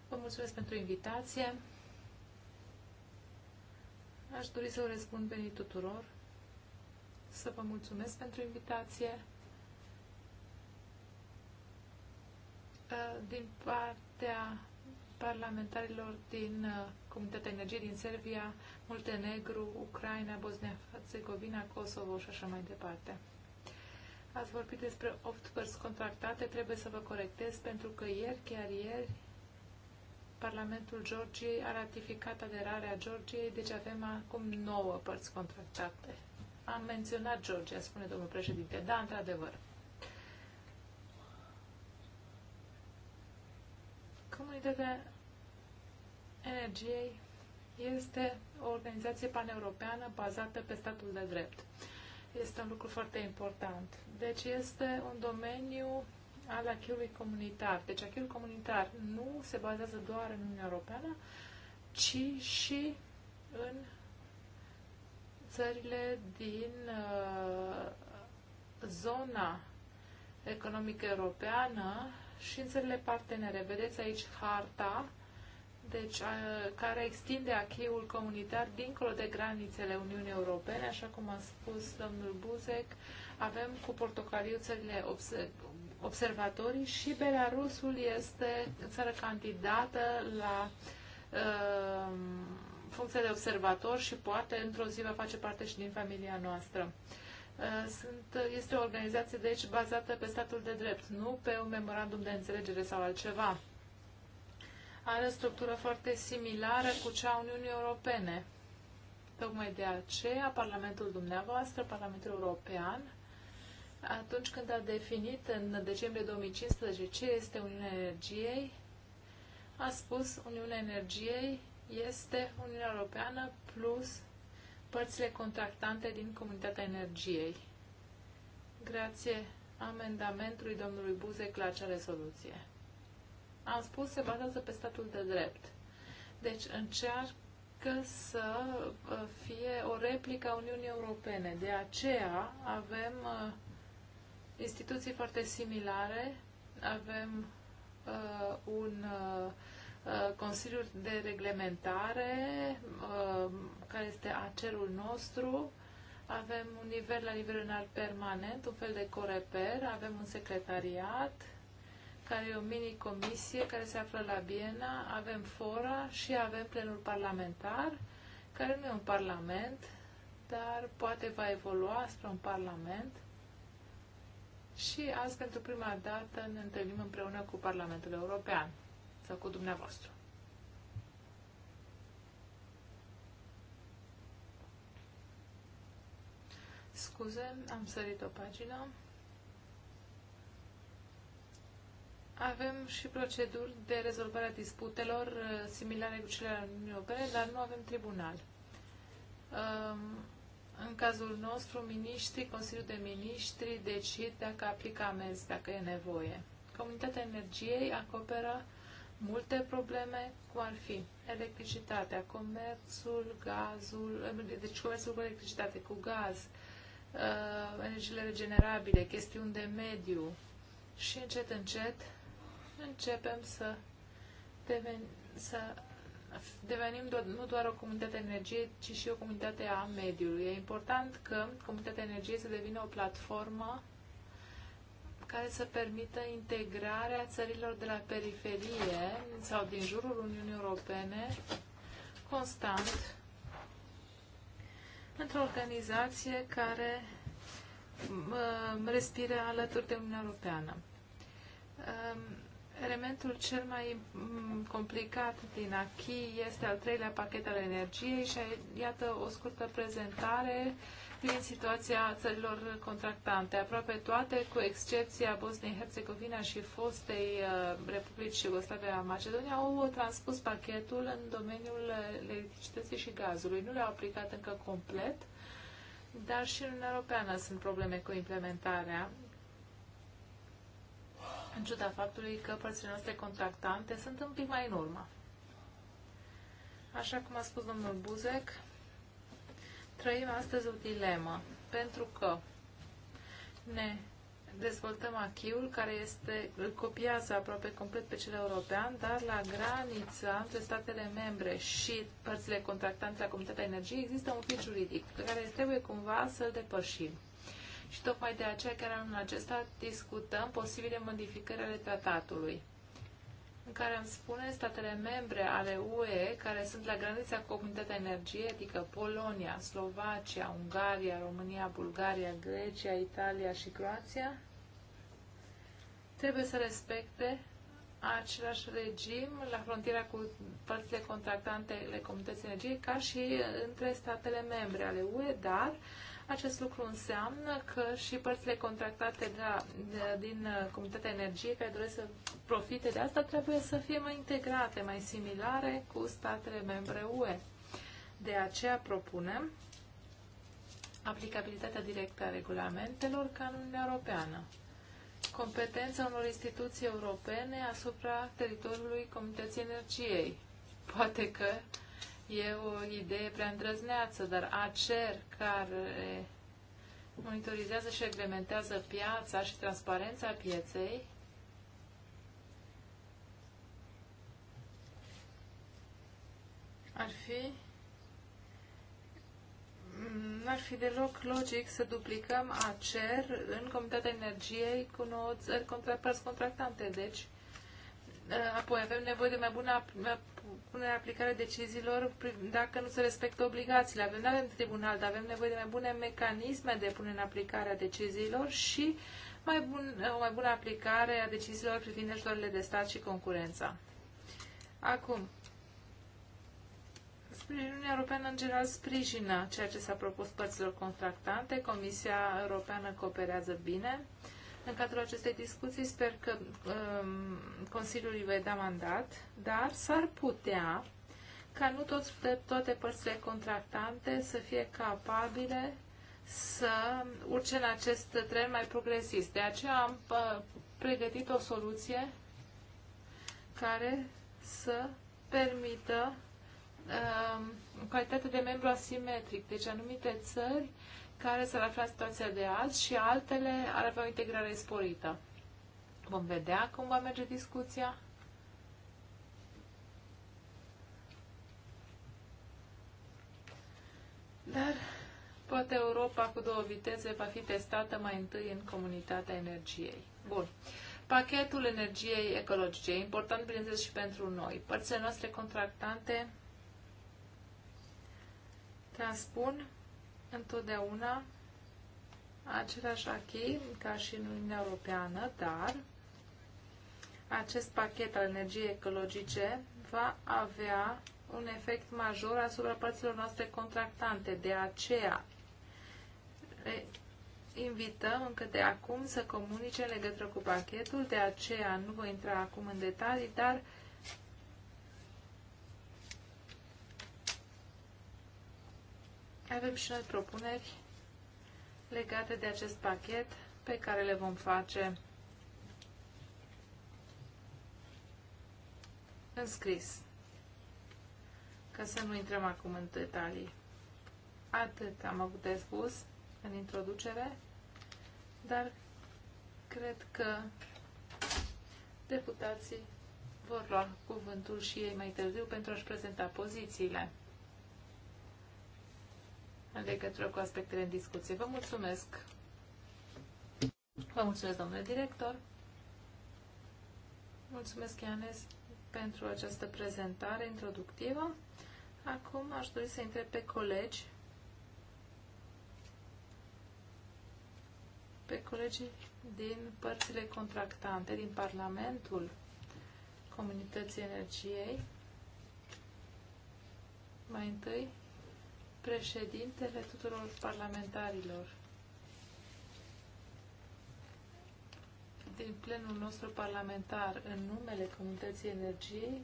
Vă mulțumesc pentru invitație. Aș dori să vă răspund venit tuturor, să vă mulțumesc pentru invitație. Din partea parlamentarilor din uh, Comunitatea Energiei din Serbia, Muntenegru, Ucraina, Bosnia-Herzegovina, Kosovo și așa mai departe. Ați vorbit despre 8 părți contractate, trebuie să vă corectez pentru că ieri, chiar ieri, Parlamentul Georgiei a ratificat aderarea Georgiei, deci avem acum 9 părți contractate. Am menționat Georgia, spune domnul președinte. Da, într-adevăr. Comunitatea energiei este o organizație paneuropeană bazată pe statul de drept. Este un lucru foarte important. Deci este un domeniu al achiului comunitar. Deci achiul comunitar nu se bazează doar în Uniunea Europeană, ci și în țările din uh, zona economică europeană și în țările partenere. Vedeți aici harta deci, a, care extinde acheiul comunitar dincolo de granițele Uniunii Europene, așa cum a spus domnul Buzek, avem cu portocaliu țările obse observatorii și Belarusul este țară candidată la uh, funcția de observator și poate într-o zi va face parte și din familia noastră. Uh, sunt, este o organizație, deci, bazată pe statul de drept, nu pe un memorandum de înțelegere sau altceva are o structură foarte similară cu cea a Uniunii Europene. Tocmai de aceea, Parlamentul dumneavoastră, Parlamentul European, atunci când a definit în decembrie 2015 ce este Uniunea Energiei, a spus Uniunea Energiei este Uniunea Europeană plus părțile contractante din Comunitatea Energiei. Grație amendamentului domnului Buzec la acea rezoluție am spus, se bazează pe statul de drept. Deci încearcă să uh, fie o replică a Uniunii Europene. De aceea avem uh, instituții foarte similare, avem uh, un uh, uh, Consiliu de Reglementare, uh, care este acelul nostru, avem un nivel la nivel înalt permanent, un fel de coreper, avem un secretariat, care e o mini-comisie care se află la Viena, avem fora și avem plenul parlamentar, care nu e un parlament, dar poate va evolua spre un parlament. Și azi, pentru prima dată, ne întâlnim împreună cu Parlamentul European sau cu dumneavoastră. Scuze, am sărit o pagină. Avem și proceduri de rezolvare a disputelor uh, similare cu cele ale Uniunii Europene, dar nu avem tribunal. Um, în cazul nostru, miniștrii, Consiliul de Miniștri decid dacă aplică amenzi, dacă e nevoie. Comunitatea Energiei acoperă multe probleme, cum ar fi electricitatea, comerțul, gazul, eh, deci comerțul cu electricitate, cu gaz, uh, energiile regenerabile, chestiuni de mediu și încet, încet începem să, deven, să devenim do nu doar o comunitate energie ci și o comunitate a mediului. E important că comunitatea energiei să devină o platformă care să permită integrarea țărilor de la periferie sau din jurul Uniunii Europene constant într-o organizație care uh, respire alături de Uniunea Europeană. Um, Elementul cel mai mm, complicat din Achi este al treilea pachet al energiei și iată o scurtă prezentare prin situația țărilor contractante. Aproape toate, cu excepția Bosniei, Herțegovina și fostei uh, Republici Iugoslavia Macedonia, au transpus pachetul în domeniul electricității și gazului. Nu le-au aplicat încă complet, dar și în Uniunea Europeană sunt probleme cu implementarea în ciuda faptului că părțile noastre contractante sunt un pic mai în urmă. Așa cum a spus domnul Buzek, trăim astăzi o dilemă, pentru că ne dezvoltăm achiul care este, îl copiază aproape complet pe cel european, dar la granița între statele membre și părțile contractante la Comunitatea Energiei există un fir juridic pe care trebuie cumva să-l depășim. Și tocmai de aceea, chiar anul acesta, discutăm posibile modificări ale tratatului, în care îmi spune statele membre ale UE, care sunt la granița comunitatea energetică, Polonia, Slovacia, Ungaria, România, Bulgaria, Grecia, Italia și Croația, trebuie să respecte același regim la frontiera cu părțile contractante ale comunității energiei ca și între statele membre ale UE, dar uh, acest lucru înseamnă că și părțile contractate de, de, din uh, Comunitatea Energiei care doresc să profite de asta trebuie să fie mai integrate, mai similare cu statele membre UE. De aceea propunem aplicabilitatea directă a regulamentelor ca în Uniunea Europeană, competența unor instituții europene asupra teritoriului Comunității Energiei. Poate că E o idee prea îndrăzneață, dar ACER, care monitorizează și reglementează piața și transparența pieței, ar fi n-ar fi deloc logic să duplicăm ACER în Comitatea Energiei cu nouă țări contrapărți contractante. Deci, Uh, apoi avem nevoie de mai bună punere în aplicare deciziilor dacă nu se respectă obligațiile. Avem, nu avem tribunal, dar avem nevoie de mai bune mecanisme de punere în aplicare a deciziilor și mai bun, uh, o mai bună aplicare a deciziilor privind ajutorile de stat și concurența. Acum, Uniunea Europeană în general sprijină ceea ce s-a propus părților contractante. Comisia Europeană cooperează bine. Uh, în cadrul acestei discuții sper că um, Consiliul îi vei da mandat, dar s-ar putea ca nu toți, de, toate părțile contractante să fie capabile să urce în acest tren mai progresist. De aceea am uh, pregătit o soluție care să permită uh, calitate de membru asimetric. Deci anumite țări care s-ar afla situația de azi și altele ar avea o integrare sporită. Vom vedea cum va merge discuția. Dar poate Europa cu două viteze va fi testată mai întâi în comunitatea energiei. Bun. Pachetul energiei ecologice e important, bineînțeles, și pentru noi. Părțile noastre contractante transpun întotdeauna același achei ca și în Uniunea Europeană, dar acest pachet al energiei ecologice va avea un efect major asupra părților noastre contractante. De aceea invităm încă de acum să comunice în legătură cu pachetul, de aceea nu voi intra acum în detalii, dar uh, avem și noi propuneri legate de acest pachet pe care le vom face în scris. Ca să nu intrăm acum în detalii. Atât am avut de spus în introducere, dar cred că deputații vor lua cuvântul și ei mai târziu pentru a-și prezenta pozițiile în legătură cu aspectele în discuție. Vă mulțumesc! Vă mulțumesc, domnule director! Mulțumesc, Ianes, pentru această prezentare introductivă. Acum aș dori să intre pe colegi pe colegii din părțile contractante, din Parlamentul Comunității Energiei. Mai întâi, președintele tuturor parlamentarilor din plenul nostru parlamentar în numele Comunității Energiei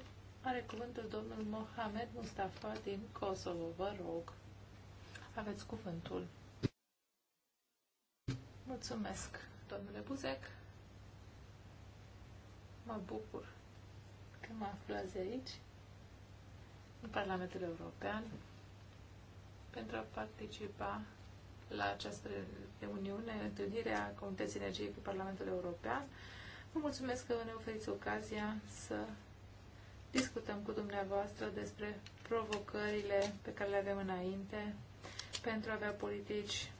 are cuvântul domnul Mohamed Mustafa din Kosovo. Vă rog, aveți cuvântul. Mulțumesc, domnule Buzec. Mă bucur că mă aflați aici, în Parlamentul European, pentru a participa la această reuniune, întâlnirea Comunității Energiei cu Parlamentul European. Vă mulțumesc că ne oferiți ocazia să discutăm cu dumneavoastră despre provocările pe care le avem înainte pentru a avea politici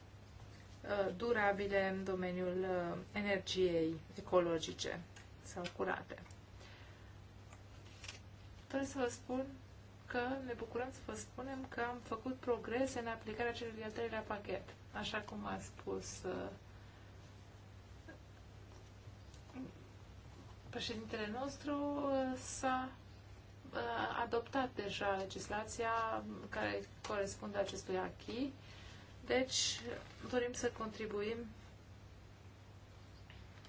uh, durabile în domeniul uh, energiei ecologice sau curate. Trebuie să vă spun că ne bucurăm să vă spunem că am făcut progrese în aplicarea celui de-al treilea pachet, așa cum a spus uh, președintele nostru uh, s-a uh, adoptat deja legislația care corespunde acestui achi. Deci, dorim să contribuim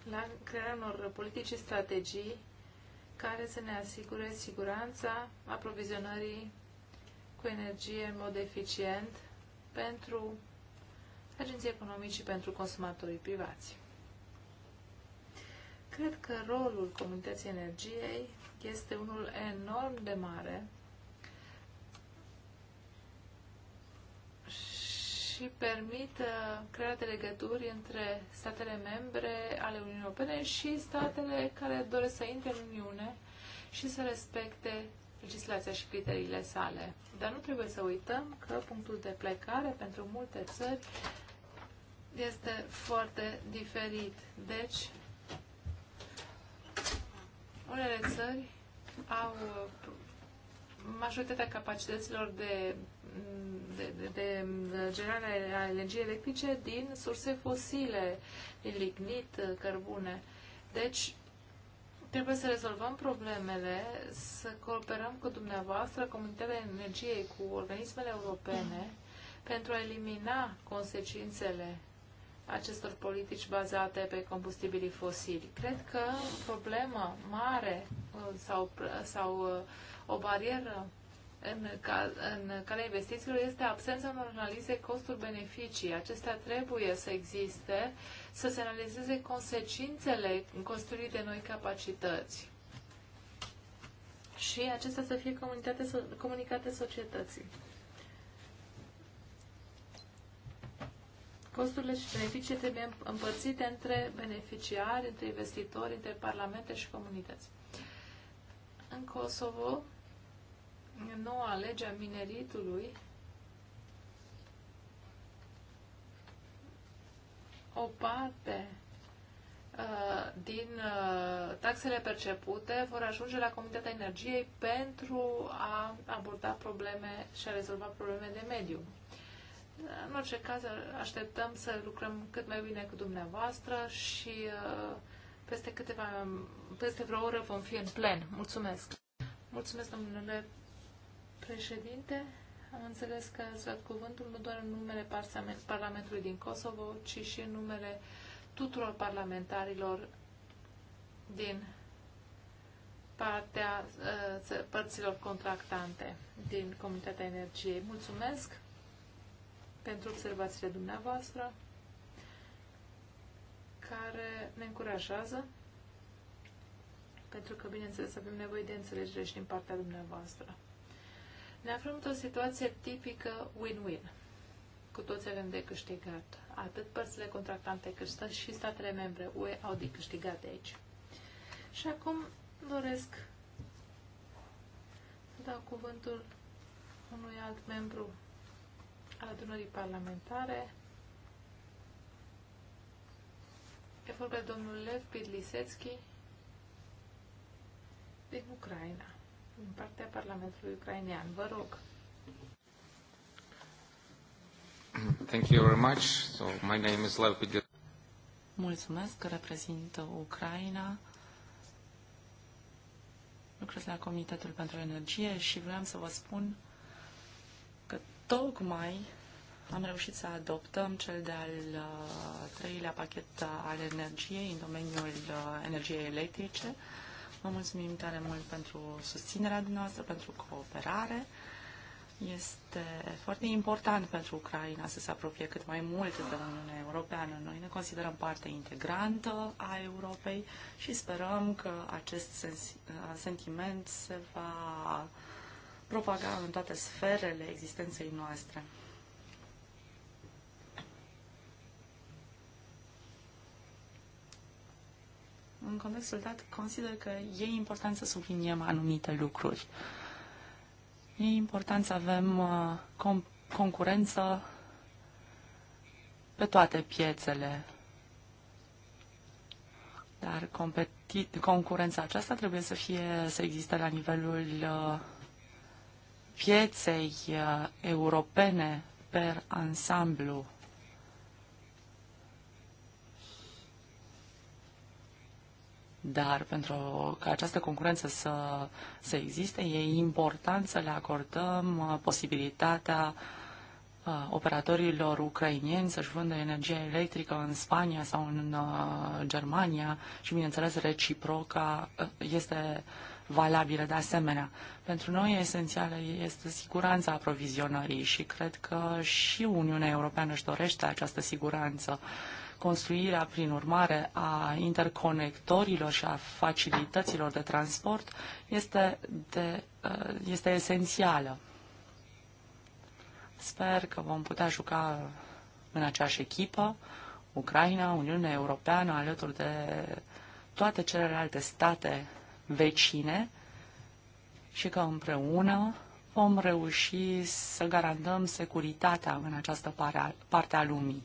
la crearea unor politici și strategii care să ne asigure siguranța aprovizionării cu energie în mod eficient pentru agenții economici și pentru consumatorii privați. Cred că rolul comunității energiei este unul enorm de mare și permit uh, crearea de legături între statele membre ale Uniunii Europene și statele care doresc să intre în Uniune și să respecte legislația și criteriile sale. Dar nu trebuie să uităm că punctul de plecare pentru multe țări este foarte diferit. Deci, unele țări au uh, majoritatea capacităților de de, de, de a energiei electrice din surse fosile, din lignit, uh, cărbune. Deci, trebuie să rezolvăm problemele, să cooperăm cu dumneavoastră, Comunitatea Energiei, cu organismele europene, pentru a elimina consecințele acestor politici bazate pe combustibilii fosili. Cred că problema problemă mare uh, sau, uh, sau o barieră în, în calea investițiilor este absența unor analize costuri-beneficii. Acestea trebuie să existe, să se analizeze consecințele construirii de noi capacități și acestea să fie comunicate societății. Costurile și beneficiile trebuie împărțite între beneficiari, între investitori, între parlamente și comunități. În Kosovo, noua lege a mineritului o parte uh, din uh, taxele percepute vor ajunge la Comunitatea Energiei pentru a aborda probleme și a rezolva probleme de mediu. În orice caz, așteptăm să lucrăm cât mai bine cu dumneavoastră și uh, peste, câteva, peste vreo oră vom fi în plen. Mulțumesc! Mulțumesc, domnule președinte. Am înțeles că ați luat cuvântul nu doar în numele Parlamentului din Kosovo, ci și în numele tuturor parlamentarilor din partea uh, părților contractante din Comunitatea Energiei. Mulțumesc pentru observațiile dumneavoastră care ne încurajează pentru că, bineînțeles, avem nevoie de înțelegere și din partea dumneavoastră. Ne aflăm într-o situație tipică win-win. Cu toți avem de câștigat. Atât părțile contractante cât și statele membre UE au de câștigat de aici. Și acum doresc să dau cuvântul unui alt membru al adunării parlamentare. E vorba de domnul Lev Pidlisetski din Ucraina din partea Parlamentului Ucrainean. Vă rog. Thank you very much. So my name is Lev Mulțumesc că reprezintă Ucraina. Lucrez la Comitetul pentru Energie și vreau să vă spun că tocmai am reușit să adoptăm cel de-al uh, treilea pachet al energiei în domeniul uh, energiei electrice. Vă mulțumim tare mult pentru susținerea dumneavoastră, pentru cooperare. Este foarte important pentru Ucraina să se apropie cât mai mult de Uniunea Europeană. Noi ne considerăm parte integrantă a Europei și sperăm că acest sentiment se va propaga în toate sferele existenței noastre. în contextul dat, consider că e important să subliniem anumite lucruri. E important să avem uh, com- concurență pe toate piețele, dar concurența aceasta trebuie să fie să existe la nivelul uh, pieței uh, europene per ansamblu Dar pentru ca această concurență să, să existe, e important să le acordăm uh, posibilitatea uh, operatorilor ucrainieni să-și vândă energie electrică în Spania sau în uh, Germania și, bineînțeles, reciproca este valabilă de asemenea. Pentru noi esențială este siguranța aprovizionării și cred că și Uniunea Europeană își dorește această siguranță. Uh, construirea, prin urmare, a interconectorilor și a facilităților de transport este, de, uh, este esențială. Sper că vom putea juca în aceeași echipă, Ucraina, Uniunea Europeană, alături de toate celelalte state vecine și că împreună vom reuși să garantăm securitatea în această parte a lumii.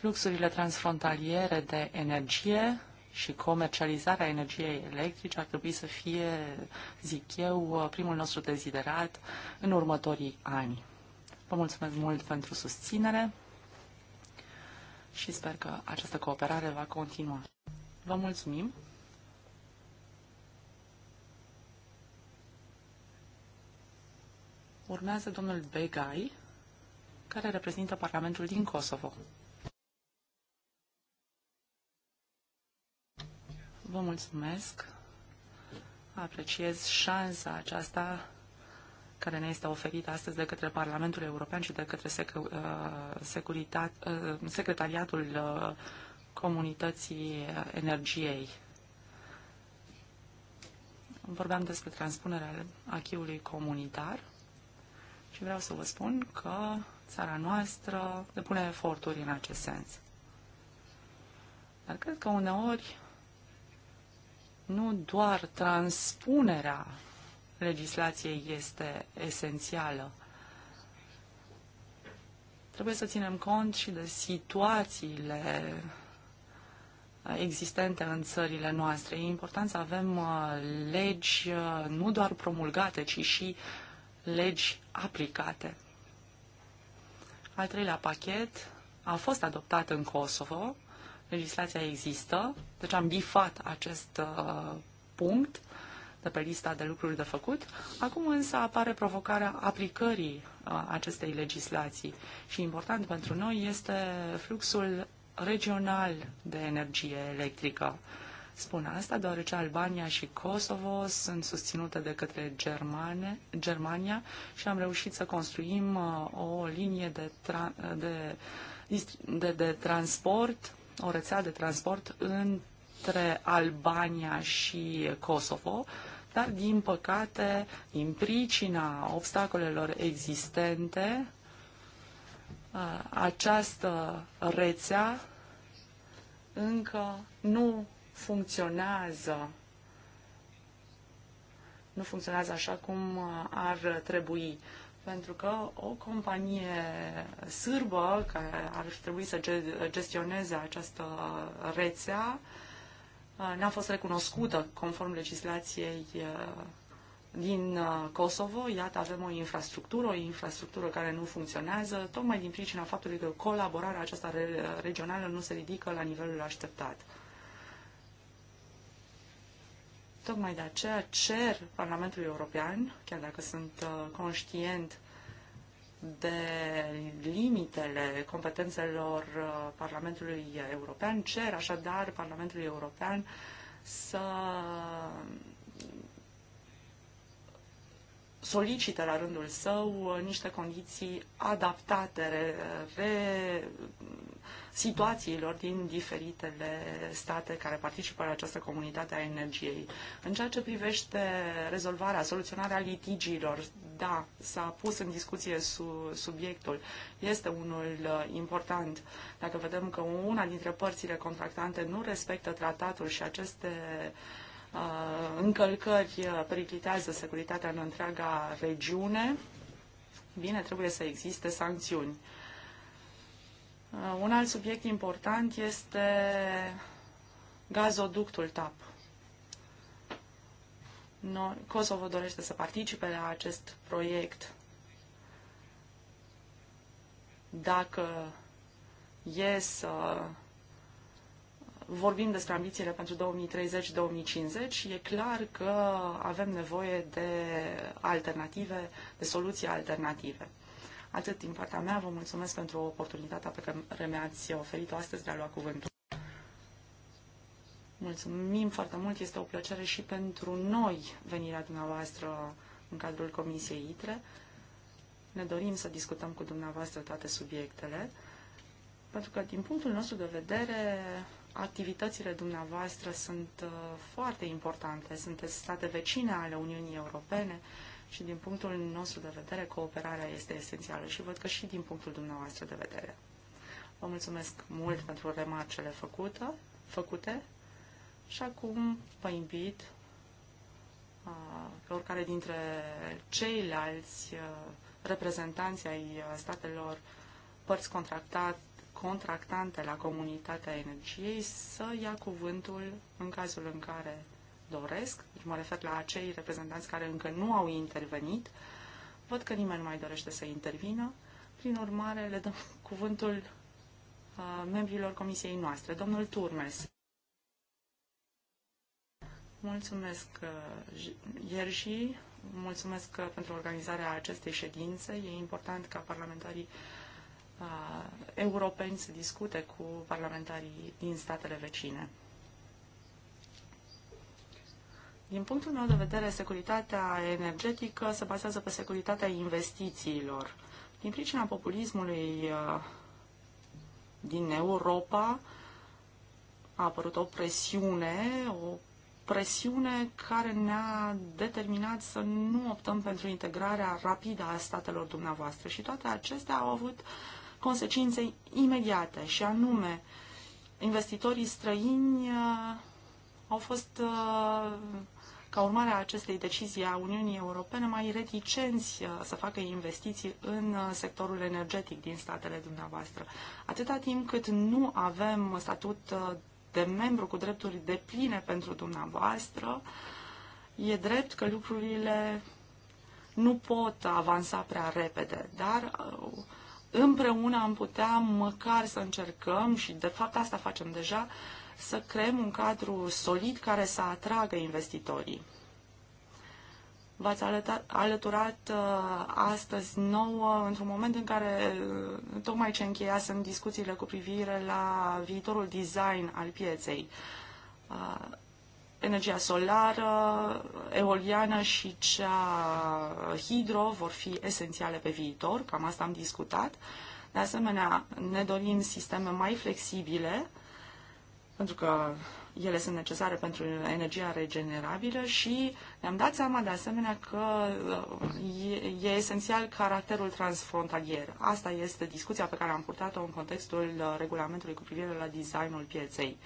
Fluxurile transfrontaliere de energie și comercializarea energiei electrice ar trebui să fie, zic eu, primul nostru deziderat în următorii ani. Vă mulțumesc mult pentru susținere și sper că această cooperare va continua. Vă mulțumim! Urmează domnul Begai, care reprezintă Parlamentul din Kosovo. Vă mulțumesc. Apreciez șansa aceasta care ne este oferită astăzi de către Parlamentul European și de către sec- uh, securitate, uh, Secretariatul uh, Comunității Energiei. Vorbeam despre transpunerea achiului comunitar și vreau să vă spun că țara noastră depune eforturi în acest sens. Dar cred că uneori nu doar transpunerea legislației este esențială. Trebuie să ținem cont și de situațiile existente în țările noastre. E important să avem uh, legi uh, nu doar promulgate, ci și legi aplicate. Al treilea pachet a fost adoptat în Kosovo legislația există, deci am bifat acest uh, punct de pe lista de lucruri de făcut. Acum însă apare provocarea aplicării uh, acestei legislații și important pentru noi este fluxul regional de energie electrică. Spun asta deoarece Albania și Kosovo sunt susținute de către Germane, Germania și am reușit să construim uh, o linie de, tra- de, de, de transport o rețea de transport între Albania și Kosovo, dar din păcate, din pricina obstacolelor existente, uh, această rețea încă nu funcționează nu funcționează așa cum ar trebui pentru că o companie sârbă care ar trebui să gestioneze această rețea uh, n-a fost recunoscută conform legislației uh, din uh, Kosovo. Iată, avem o infrastructură, o infrastructură care nu funcționează, tocmai din pricina faptului că colaborarea aceasta regională nu se ridică la nivelul așteptat. Tocmai de aceea cer Parlamentului European, chiar dacă sunt uh, conștient de limitele competențelor uh, Parlamentului European, cer așadar Parlamentului European să solicite la rândul său uh, niște condiții adaptate, re, situațiilor din diferitele state care participă la această comunitate a energiei. În ceea ce privește rezolvarea, soluționarea litigiilor, da, s-a pus în discuție su- subiectul. Este unul uh, important. Dacă vedem că una dintre părțile contractante nu respectă tratatul și aceste uh, încălcări uh, periclitează securitatea în întreaga regiune, bine, trebuie să existe sancțiuni. Uh, un alt subiect important este gazoductul TAP. No, Kosovo dorește să participe la acest proiect. Dacă e să vorbim despre ambițiile pentru 2030-2050, e clar că avem nevoie de alternative, de soluții alternative. Atât din partea mea, vă mulțumesc pentru oportunitatea pe care mi-ați oferit-o astăzi de a lua cuvântul. Mulțumim foarte mult, este o plăcere și pentru noi venirea dumneavoastră în cadrul Comisiei ITRE. Ne dorim să discutăm cu dumneavoastră toate subiectele, pentru că, din punctul nostru de vedere, activitățile dumneavoastră sunt uh, foarte importante. Sunteți state vecine ale Uniunii Europene, și din punctul nostru de vedere, cooperarea este esențială și văd că și din punctul dumneavoastră de vedere. Vă mulțumesc mult pentru remarcele făcută, făcute și acum vă invit pe oricare dintre ceilalți reprezentanți ai statelor părți contractat, contractante la comunitatea energiei să ia cuvântul în cazul în care doresc, deci mă refer la acei reprezentanți care încă nu au intervenit, văd că nimeni nu mai dorește să intervină, prin urmare le dăm [LAUGHS] cuvântul uh, membrilor comisiei noastre. Domnul Turmes. Mulțumesc, uh, Ierji, mulțumesc uh, pentru organizarea acestei ședințe. E important ca parlamentarii uh, europeni să discute cu parlamentarii din statele vecine. Din punctul meu de vedere, securitatea energetică se bazează pe securitatea investițiilor. Din pricina populismului uh, din Europa a apărut o presiune, o presiune care ne-a determinat să nu optăm pentru integrarea rapidă a statelor dumneavoastră. Și toate acestea au avut consecințe imediate, și anume, investitorii străini uh, au fost uh, ca urmare a acestei decizii a Uniunii Europene, mai reticenți uh, să facă investiții în uh, sectorul energetic din statele dumneavoastră. Atâta timp cât nu avem statut uh, de membru cu drepturi de pline pentru dumneavoastră, e drept că lucrurile nu pot avansa prea repede, dar împreună am putea măcar să încercăm și de fapt asta facem deja, să creăm un cadru solid care să atragă investitorii. V-ați alăturat uh, astăzi nouă, într-un moment în care uh, tocmai ce încheiasem discuțiile cu privire la viitorul design al pieței. Uh, energia solară, eoliană și cea hidro vor fi esențiale pe viitor, cam asta am discutat. De asemenea, ne dorim sisteme mai flexibile pentru că ele sunt necesare pentru energia regenerabilă și ne-am dat seama de asemenea că uh, e, e esențial caracterul transfrontalier. Asta este discuția pe care am purtat-o în contextul uh, regulamentului cu privire la designul pieței.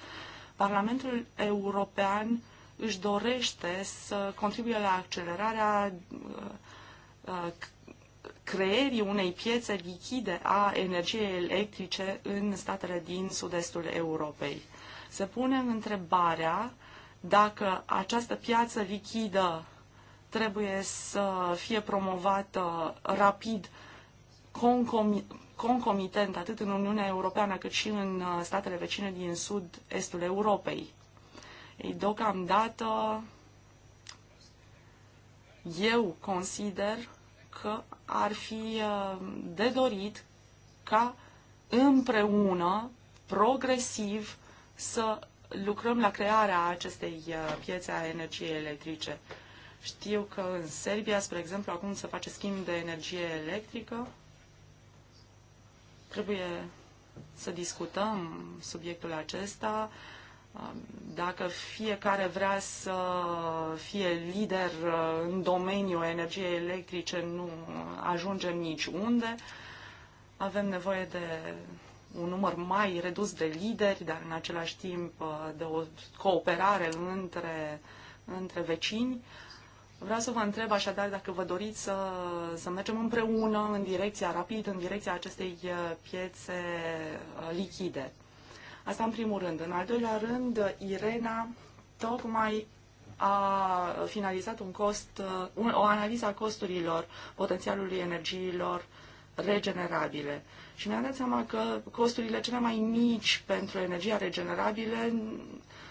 Parlamentul European își dorește să contribuie la accelerarea uh, creierii unei piețe lichide a energiei electrice în statele din sud-estul Europei se pune întrebarea dacă această piață lichidă trebuie să fie promovată rapid, concomitent, atât în Uniunea Europeană cât și în uh, statele vecine din sud-estul Europei. Ei, deocamdată, eu consider că ar fi uh, de dorit ca împreună, progresiv, să lucrăm la crearea acestei uh, piețe a energiei electrice. Știu că în Serbia, spre exemplu, acum se face schimb de energie electrică. Trebuie să discutăm subiectul acesta. Um, dacă fiecare vrea să fie lider uh, în domeniul energiei electrice, nu ajungem niciunde. Avem nevoie de un număr mai redus de lideri, dar în același timp uh, de o cooperare între, între vecini. Vreau să vă întreb așadar dacă vă doriți să, să mergem împreună în direcția rapid, în direcția acestei uh, piețe uh, lichide. Asta în primul rând. În al doilea rând, Irena tocmai a finalizat un cost, un, o analiză a costurilor potențialului energiilor uh, regenerabile. Și ne-am dat seama că costurile cele mai mici pentru energia regenerabile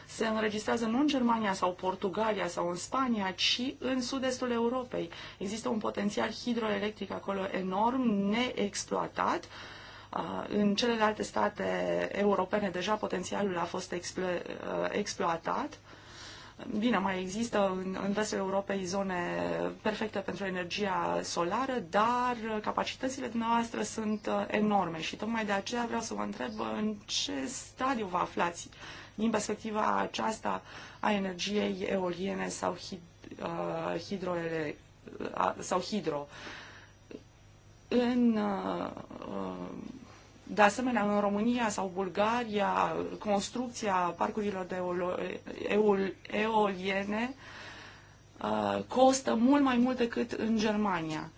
se înregistrează nu în Germania sau Portugalia sau în Spania, ci în sud-estul Europei. Există un potențial hidroelectric acolo enorm, neexploatat. În celelalte state europene deja potențialul a fost explo- exploatat Bine, mai există în, în vestul Europei zone perfecte pentru energia solară, dar capacitățile dumneavoastră sunt uh, enorme și tocmai de aceea vreau să vă întreb uh, în ce stadiu vă aflați din perspectiva aceasta a energiei eoliene sau, hid, uh, hidro, uh, sau hidro. În uh, uh de asemenea, în România sau Bulgaria, construcția parcurilor de eol, eoliene uh, costă mult mai mult decât în Germania.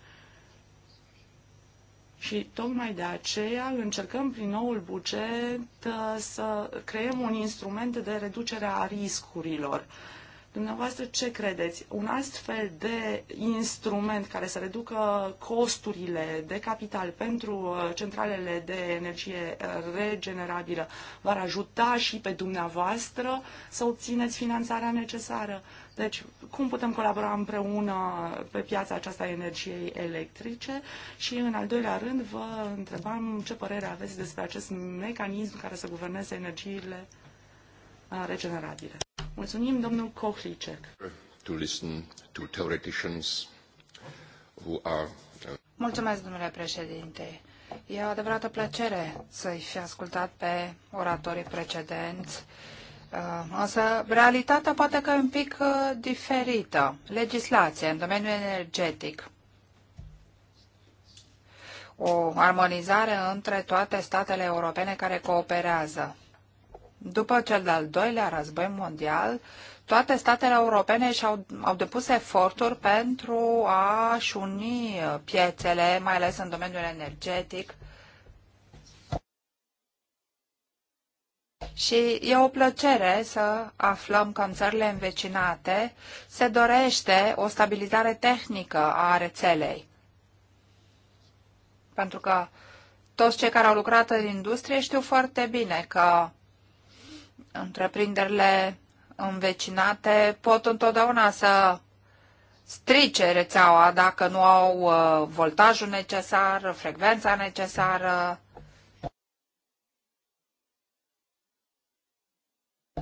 Și tocmai de aceea încercăm prin noul buget uh, să creăm un instrument de reducere a riscurilor. Uh, Dumneavoastră, ce credeți? Un astfel de instrument care să reducă costurile de capital pentru uh, centralele de energie uh, regenerabilă va ajuta și pe dumneavoastră să obțineți finanțarea necesară? Deci, cum putem colabora împreună pe piața aceasta a energiei electrice? Și, în al doilea rând, vă întrebam ce părere aveți despre acest mecanism care să guverneze energiile regenerabile. Mulțumim, domnul Kohlicek. To listen to theoreticians who are... Uh, Mulțumesc, domnule președinte. E o adevărată plăcere să-i fi ascultat pe oratorii precedenți, uh, însă realitatea poate că e un pic uh, diferită. Legislație în domeniul energetic, o armonizare între toate statele europene care cooperează. După cel de-al doilea război mondial, toate statele europene și-au au depus eforturi pentru a-și uni uh, piețele, mai ales în domeniul energetic. Și e o plăcere să aflăm că în țările învecinate se dorește o stabilizare tehnică a rețelei. Pentru că toți cei care au lucrat în industrie știu foarte bine că Întreprinderile învecinate pot întotdeauna să strice rețeaua dacă nu au uh, voltajul necesar, frecvența necesară.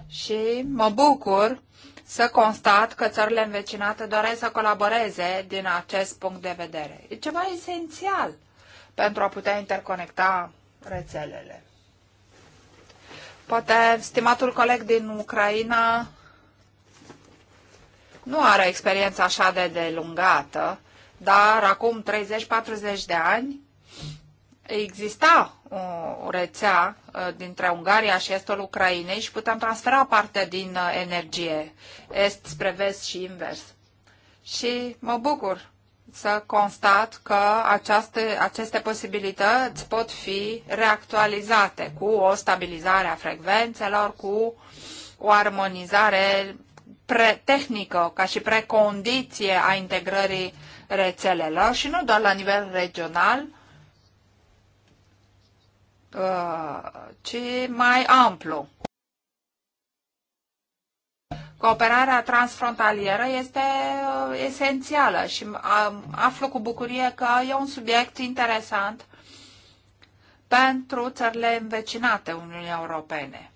Și mă bucur să constat că țările învecinate doresc să colaboreze din acest punct de vedere. E ceva esențial pentru a putea interconecta rețelele. Poate stimatul coleg din Ucraina nu are experiență așa de delungată, dar acum 30-40 de ani exista o rețea uh, dintre Ungaria și estul Ucrainei și putem transfera parte din uh, energie est spre vest și invers. Și mă bucur să constat că aceaste, aceste posibilități pot fi reactualizate cu o stabilizare a frecvențelor, cu o armonizare pre tehnică ca și precondiție a integrării rețelelor și nu doar la nivel regional, uh, ci mai amplu. Cooperarea transfrontalieră este uh, esențială și aflu cu bucurie că e un subiect interesant pentru țările învecinate Uniunii Europene.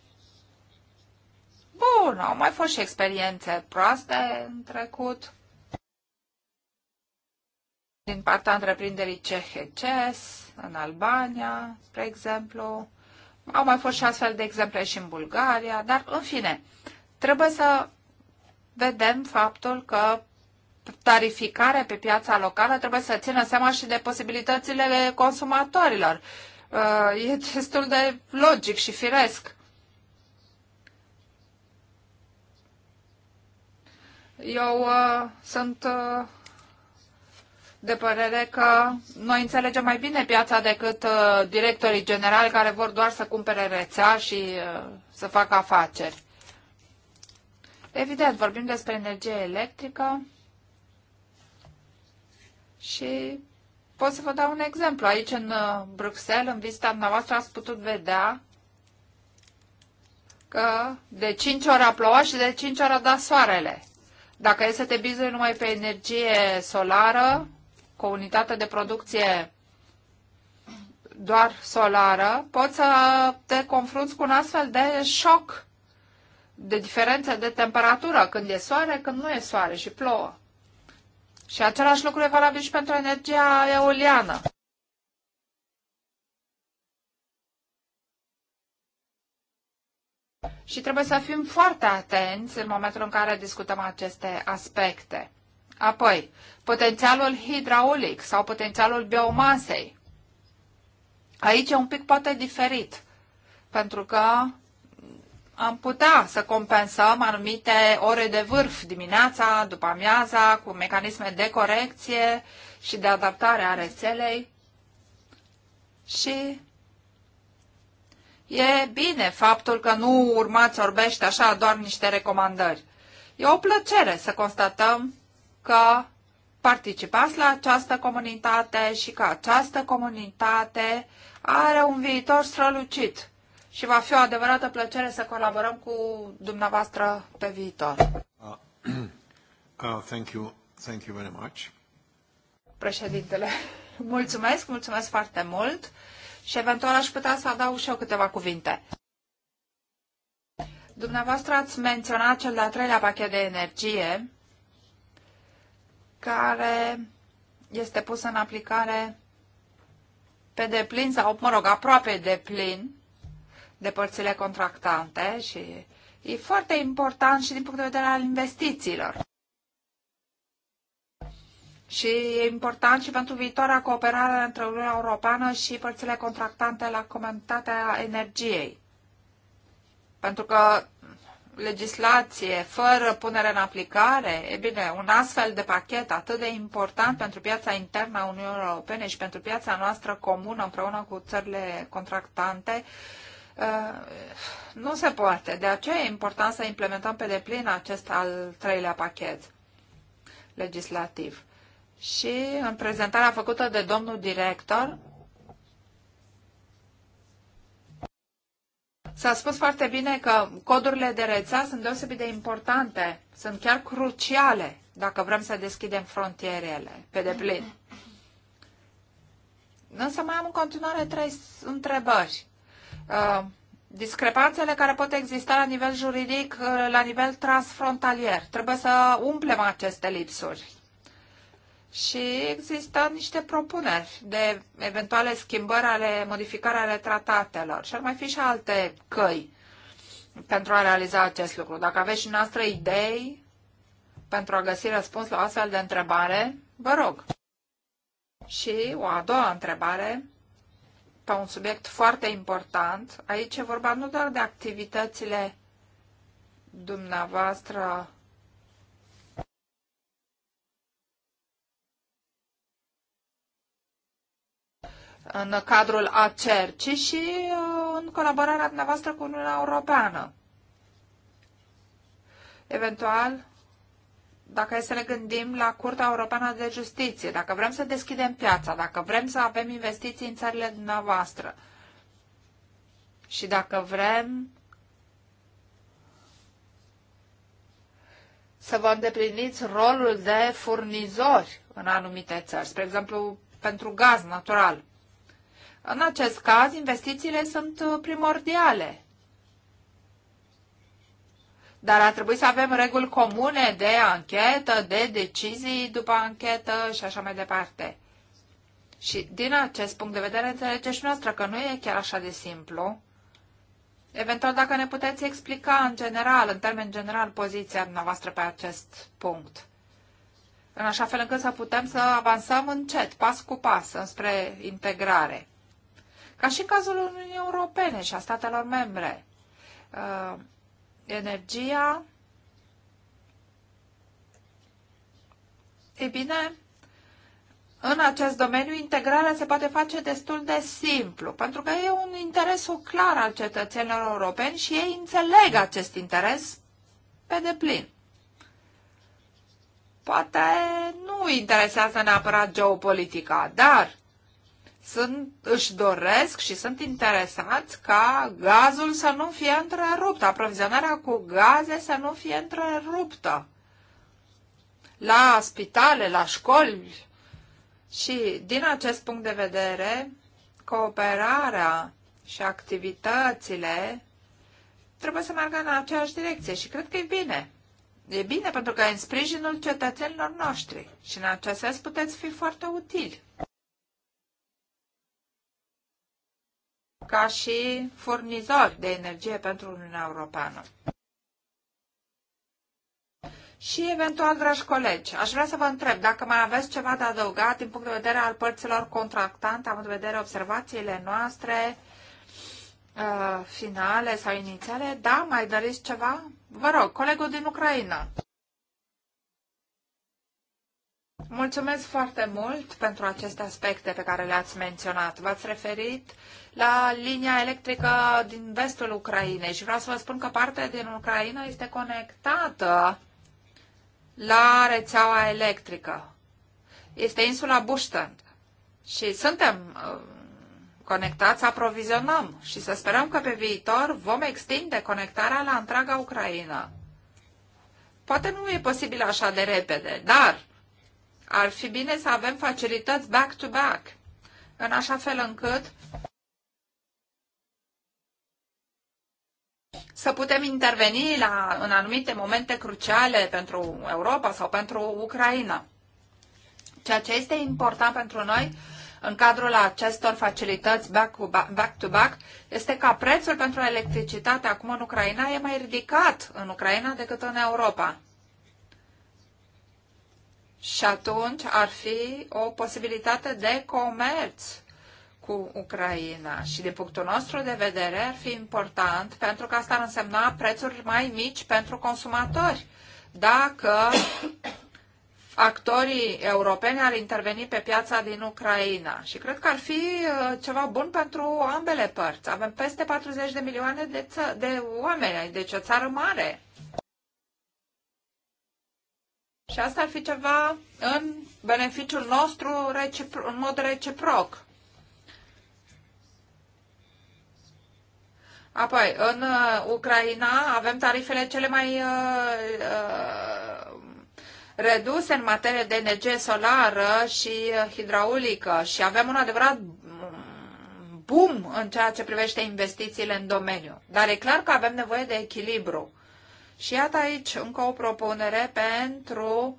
Bun, au mai fost și experiențe proaste în trecut din partea întreprinderii CHCS în Albania, spre exemplu. Au mai fost și astfel de exemple și în Bulgaria, dar în fine, trebuie să vedem faptul că tarificarea pe piața locală trebuie să țină seama și de posibilitățile consumatorilor. Uh, e destul de logic și firesc. Eu uh, sunt uh, de părere că noi înțelegem mai bine piața decât uh, directorii generali care vor doar să cumpere rețea și uh, să facă afaceri. Evident, vorbim despre energie electrică și pot să vă dau un exemplu. Aici, în uh, Bruxelles, în vizita noastră, ați putut vedea că de 5 ori a plouat și de 5 ori a dat soarele. Dacă e să te bizui numai pe energie solară, cu o unitate de producție doar solară, poți să te confrunți cu un astfel de șoc de diferențe de temperatură, când e soare, când nu e soare și plouă. Și același lucru e valabil și pentru energia eoliană. Și trebuie să fim foarte atenți în momentul în care discutăm aceste aspecte. Apoi, potențialul hidraulic sau potențialul biomasei. Aici e un pic poate diferit, pentru că am putea să compensăm anumite ore de vârf dimineața, după amiaza, cu mecanisme de corecție și de adaptare a rețelei. Și e bine faptul că nu urmați orbește așa doar niște recomandări. E o plăcere să constatăm că participați la această comunitate și că această comunitate are un viitor strălucit și va fi o adevărată plăcere să colaborăm cu dumneavoastră pe viitor. Uh, [CLEARS THROAT] uh, thank you. Thank you very much. Președintele, [LAUGHS] mulțumesc, mulțumesc foarte mult și eventual aș putea să adaug și eu câteva cuvinte. Dumneavoastră ați menționat cel de-al treilea pachet de energie care este pus în aplicare pe deplin sau, mă rog, aproape de plin de părțile contractante și e foarte important și din punct de vedere al investițiilor. Și e important și pentru viitoarea cooperare între Uniunea Europeană și părțile contractante la Comunitatea Energiei. Pentru că legislație fără punere în aplicare, e bine, un astfel de pachet atât de important pentru piața internă a Uniunii Europene și pentru piața noastră comună împreună cu țările contractante, uh, Uh, nu se poate. De aceea e important să implementăm pe deplin acest al treilea pachet legislativ. Și în prezentarea făcută de domnul director, S-a spus foarte bine că codurile de rețea sunt deosebit de importante, sunt chiar cruciale dacă vrem să deschidem frontierele pe deplin. Însă mai am în continuare trei întrebări. Uh, discrepanțele care pot exista la nivel juridic, uh, la nivel transfrontalier. Trebuie să umplem aceste lipsuri. Și există niște propuneri de eventuale schimbări ale, modificări ale tratatelor. Și ar mai fi și alte căi pentru a realiza acest lucru. Dacă aveți și noastre idei pentru a găsi răspuns la o astfel de întrebare, vă rog. Și o a doua întrebare pe un subiect foarte important. Aici e vorba nu doar de activitățile dumneavoastră în cadrul ACER, ci și uh, în colaborarea dumneavoastră cu Uniunea Europeană. Eventual, dacă e să ne gândim la Curtea Europeană de Justiție, dacă vrem să deschidem piața, dacă vrem să avem investiții în țările dumneavoastră și dacă vrem să vă îndepliniți rolul de furnizori în anumite țări, spre exemplu pentru gaz natural. În acest caz, investițiile sunt primordiale dar ar trebui să avem reguli comune de anchetă, de decizii după anchetă și așa mai departe. Și din acest punct de vedere înțelegeți și noastră că nu e chiar așa de simplu. Eventual, dacă ne puteți explica în general, în termen general, poziția dumneavoastră pe acest punct. În așa fel încât să putem să avansăm încet, pas cu pas, înspre integrare. Ca și în cazul Uniunii Europene și a statelor membre. Uh, energia. E bine, în acest domeniu integrarea se poate face destul de simplu, pentru că e un interes clar al cetățenilor europeni și ei înțeleg acest interes pe deplin. Poate nu interesează neapărat geopolitica, dar sunt, își doresc și sunt interesați ca gazul să nu fie întrerupt, aprovizionarea cu gaze să nu fie întreruptă. La spitale, la școli. Și din acest punct de vedere, cooperarea și activitățile trebuie să meargă în aceeași direcție și cred că e bine. E bine pentru că e în sprijinul cetățenilor noștri și în acest sens puteți fi foarte utili. ca și furnizori de energie pentru Uniunea Europeană. Și eventual, dragi colegi, aș vrea să vă întreb dacă mai aveți ceva de adăugat din punct de vedere al părților contractante, având în vedere observațiile noastre uh, finale sau inițiale. Da, mai doriți ceva? Vă rog, colegul din Ucraina. Mulțumesc foarte mult pentru aceste aspecte pe care le-ați menționat. V-ați referit la linia electrică din vestul Ucrainei și vreau să vă spun că partea din Ucraina este conectată la rețeaua electrică. Este insula Buștănd și suntem uh, conectați, aprovizionăm și să sperăm că pe viitor vom extinde conectarea la întreaga Ucraina. Poate nu e posibil așa de repede, dar ar fi bine să avem facilități back-to-back, -back, în așa fel încât să putem interveni la, în anumite momente cruciale pentru Europa sau pentru Ucraina. Ceea ce este important pentru noi în cadrul acestor facilități back-to-back -back, este ca prețul pentru electricitate acum în Ucraina e mai ridicat în Ucraina decât în Europa și atunci ar fi o posibilitate de comerț cu Ucraina și din punctul nostru de vedere ar fi important pentru că asta ar însemna prețuri mai mici pentru consumatori. Dacă actorii europeni ar interveni pe piața din Ucraina. Și cred că ar fi uh, ceva bun pentru ambele părți. Avem peste 40 de milioane de, ță- de oameni, deci o țară mare. Și asta ar fi ceva în beneficiul nostru în mod reciproc. Apoi, în uh, Ucraina avem tarifele cele mai uh, uh, reduse în materie de energie solară și hidraulică și avem un adevărat boom în ceea ce privește investițiile în domeniu. Dar e clar că avem nevoie de echilibru. Și iată aici încă o propunere pentru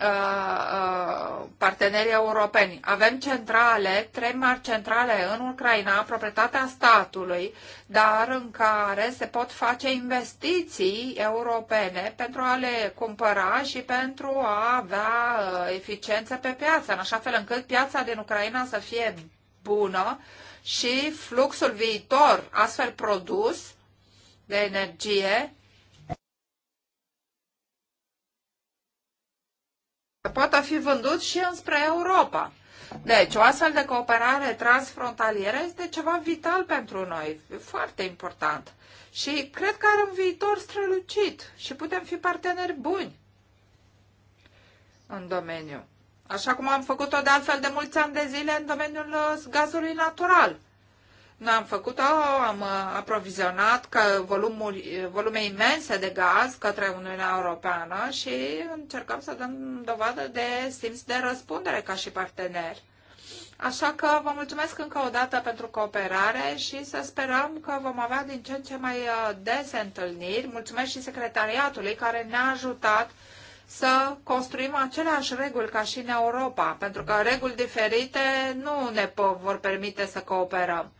uh, uh, partenerii europeni. Avem centrale, trei mari centrale în Ucraina, proprietatea statului, dar în care se pot face investiții europene pentru a le cumpăra și pentru a avea uh, eficiență pe piață, în așa fel încât piața din Ucraina să fie bună și fluxul viitor astfel produs de energie Poate fi vândut și înspre Europa. Deci, o astfel de cooperare transfrontalieră este ceva vital pentru noi, foarte important. Și cred că are un viitor strălucit și putem fi parteneri buni în domeniu. Așa cum am făcut-o de altfel de mulți ani de zile în domeniul uh, gazului natural. Noi am făcut-o, am uh, aprovizionat că volumul, volume imense de gaz către Uniunea Europeană și încercăm să dăm dovadă de simț de răspundere ca și parteneri. Așa că vă mulțumesc încă o dată pentru cooperare și să sperăm că vom avea din ce în ce mai uh, des întâlniri. Mulțumesc și secretariatului care ne-a ajutat să construim aceleași reguli ca și în Europa, pentru că reguli diferite nu ne vor permite să cooperăm.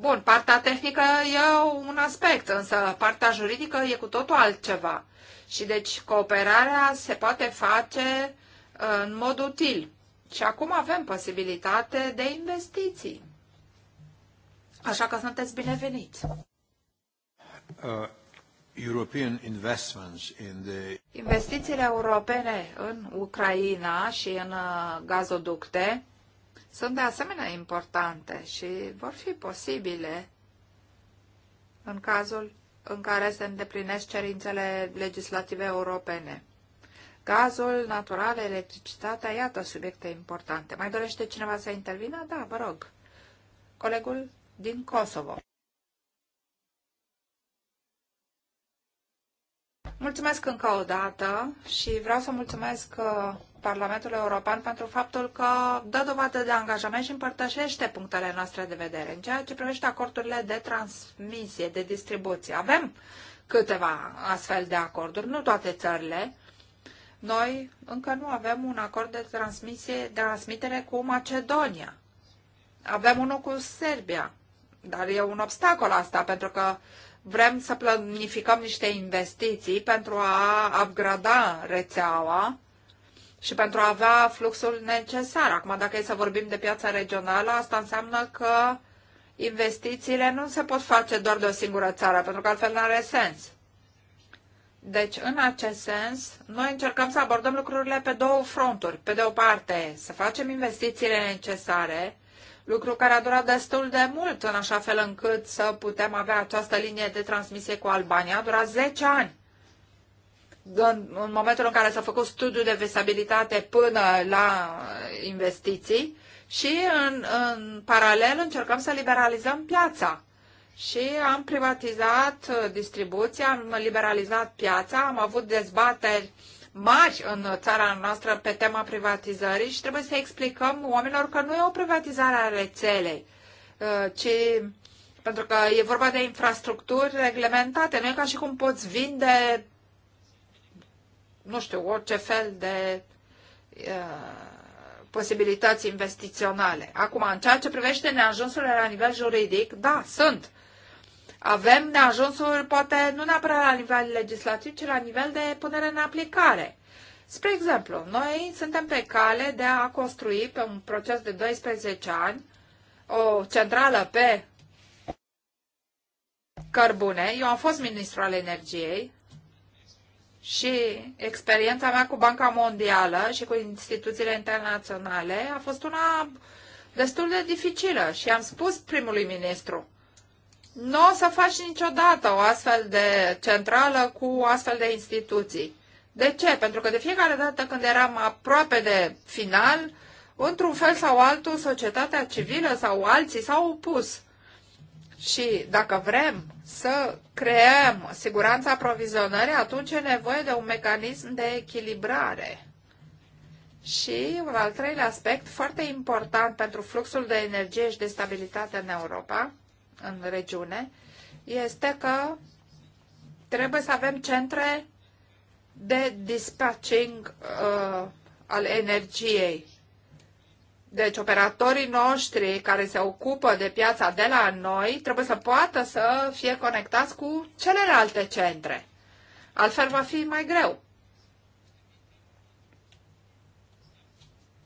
Bun, partea tehnică e un aspect, însă partea juridică e cu totul altceva. Și deci cooperarea se poate face uh, în mod util. Și acum avem posibilitate de investiții. Așa că sunteți bineveniți. Uh, European investments in the... Investițiile europene în Ucraina și în uh, gazoducte sunt de asemenea importante și vor fi posibile în cazul în care se îndeplinesc cerințele legislative europene. Gazul, natural, electricitatea, iată subiecte importante. Mai dorește cineva să intervină? Da, vă rog. Colegul din Kosovo. Mulțumesc încă o dată și vreau să mulțumesc uh, Parlamentul European pentru faptul că dă dovadă de angajament și împărtășește punctele noastre de vedere în ceea ce privește acordurile de transmisie, de distribuție. Avem câteva astfel de acorduri, nu toate țările. Noi încă nu avem un acord de transmisie, de transmitere cu Macedonia. Avem unul cu Serbia, dar e un obstacol asta, pentru că uh, vrem să planificăm niște investiții pentru a upgrada rețeaua și pentru a avea fluxul necesar. Acum, dacă e să vorbim de piața regională, asta înseamnă că investițiile nu se pot face doar de o singură țară, pentru că altfel nu are sens. Deci, în acest sens, noi încercăm să abordăm lucrurile pe două fronturi. Pe de o parte, să facem investițiile necesare lucru care a durat destul de mult în așa fel încât să putem avea această linie de transmisie cu Albania. A durat 10 ani. În, momentul în care s-a făcut studiul de visabilitate până la investiții și în, în paralel încercăm să liberalizăm piața. Și am privatizat uh, distribuția, am liberalizat piața, am avut dezbateri uh, mari în țara noastră pe tema privatizării și trebuie să explicăm oamenilor că nu e o privatizare a rețelei, uh, ci pentru că e vorba de infrastructuri reglementate. Nu e ca și cum poți vinde, nu știu, orice fel de uh, posibilități investiționale. Acum, în ceea ce privește neajunsurile la nivel juridic, da, sunt. Avem neajunsuri, poate nu neapărat la nivel legislativ, ci la nivel de punere în aplicare. Spre exemplu, noi suntem pe cale de a construi pe un proces de 12 ani o centrală pe cărbune. Eu am fost ministru al energiei și experiența mea cu Banca Mondială și cu instituțiile internaționale a fost una destul de dificilă și am spus primului ministru nu o să faci niciodată o astfel de centrală cu o astfel de instituții. De ce? Pentru că de fiecare dată când eram aproape de final, într-un fel sau altul, societatea civilă sau alții s-au opus. Și dacă vrem să creăm siguranța aprovizionării, atunci e nevoie de un mecanism de echilibrare. Și un al treilea aspect foarte important pentru fluxul de energie și de stabilitate în Europa în regiune este că trebuie să avem centre de dispatching uh, al energiei. Deci operatorii noștri care se ocupă de piața de la noi trebuie să poată să fie conectați cu celelalte centre. Altfel va fi mai greu.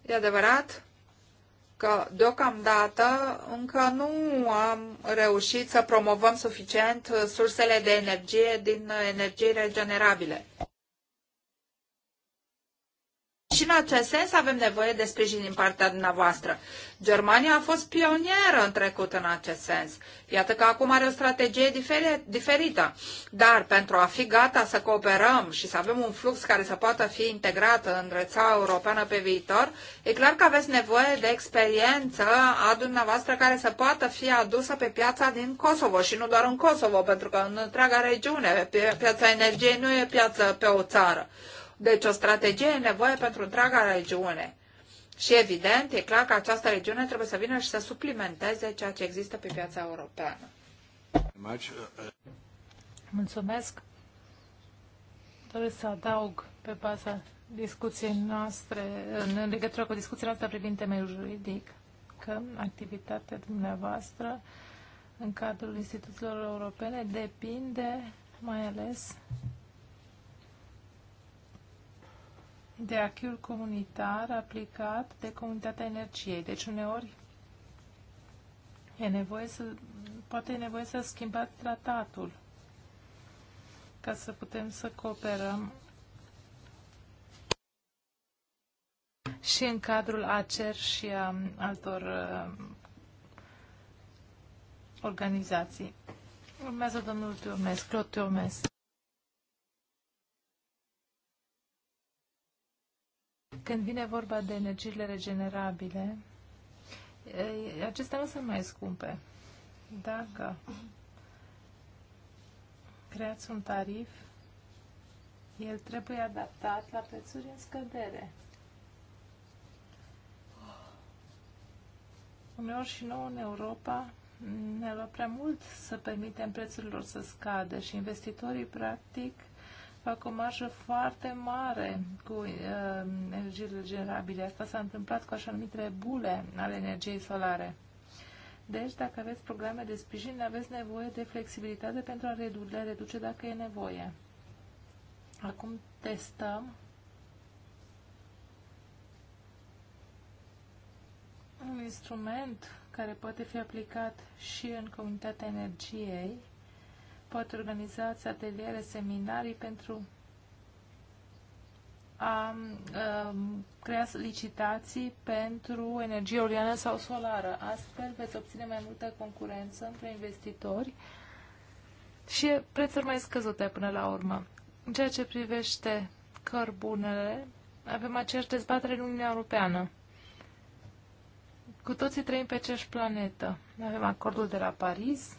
E adevărat că deocamdată încă nu am reușit să promovăm suficient sursele de energie din energii regenerabile și în acest sens avem nevoie de sprijin din partea dumneavoastră. Germania a fost pionieră în trecut în acest sens. Iată că acum are o strategie diferită. Dar pentru a fi gata să cooperăm și să avem un flux care să poată fi integrat în rețeaua europeană pe viitor, e clar că aveți nevoie de experiență a dumneavoastră care să poată fi adusă pe piața din Kosovo și nu doar în Kosovo, pentru că în întreaga regiune piața energiei nu e piață pe o țară. Deci o strategie e nevoie pentru întreaga regiune. Și evident, e clar că această regiune trebuie să vină și să suplimenteze ceea ce există pe piața europeană. Mulțumesc. Doresc să adaug pe baza discuției noastre, în legătură cu discuția noastră privind temeiul juridic, că activitatea dumneavoastră în cadrul instituțiilor europene depinde mai ales de acquis comunitar aplicat de comunitatea energiei. Deci uneori e nevoie să, poate e nevoie să schimbăm tratatul ca să putem să cooperăm și în cadrul ACER și a altor uh, organizații. Urmează domnul Tiomes, Clot Tiomes. Când vine vorba de energiile regenerabile, acestea nu sunt mai scumpe. Dacă creați un tarif, el trebuie adaptat la prețuri în scădere. Uneori și nouă în Europa ne-a luat prea mult să permitem prețurilor să scadă și investitorii, practic, fac o marjă foarte mare cu uh, energiile regenerabile. Asta s-a întâmplat cu așa numitele bule ale energiei solare. Deci, dacă aveți programe de sprijin, aveți nevoie de flexibilitate pentru a le reduce dacă e nevoie. Acum testăm un instrument care poate fi aplicat și în comunitatea energiei poate organizați ateliere, seminarii pentru a um, crea licitații pentru energie oriană sau solară. Astfel veți obține mai multă concurență între investitori și prețuri mai scăzute până la urmă. În ceea ce privește cărbunele, avem aceeași dezbatere în Uniunea Europeană. Cu toții trăim pe aceeași planetă. Avem acordul de la Paris,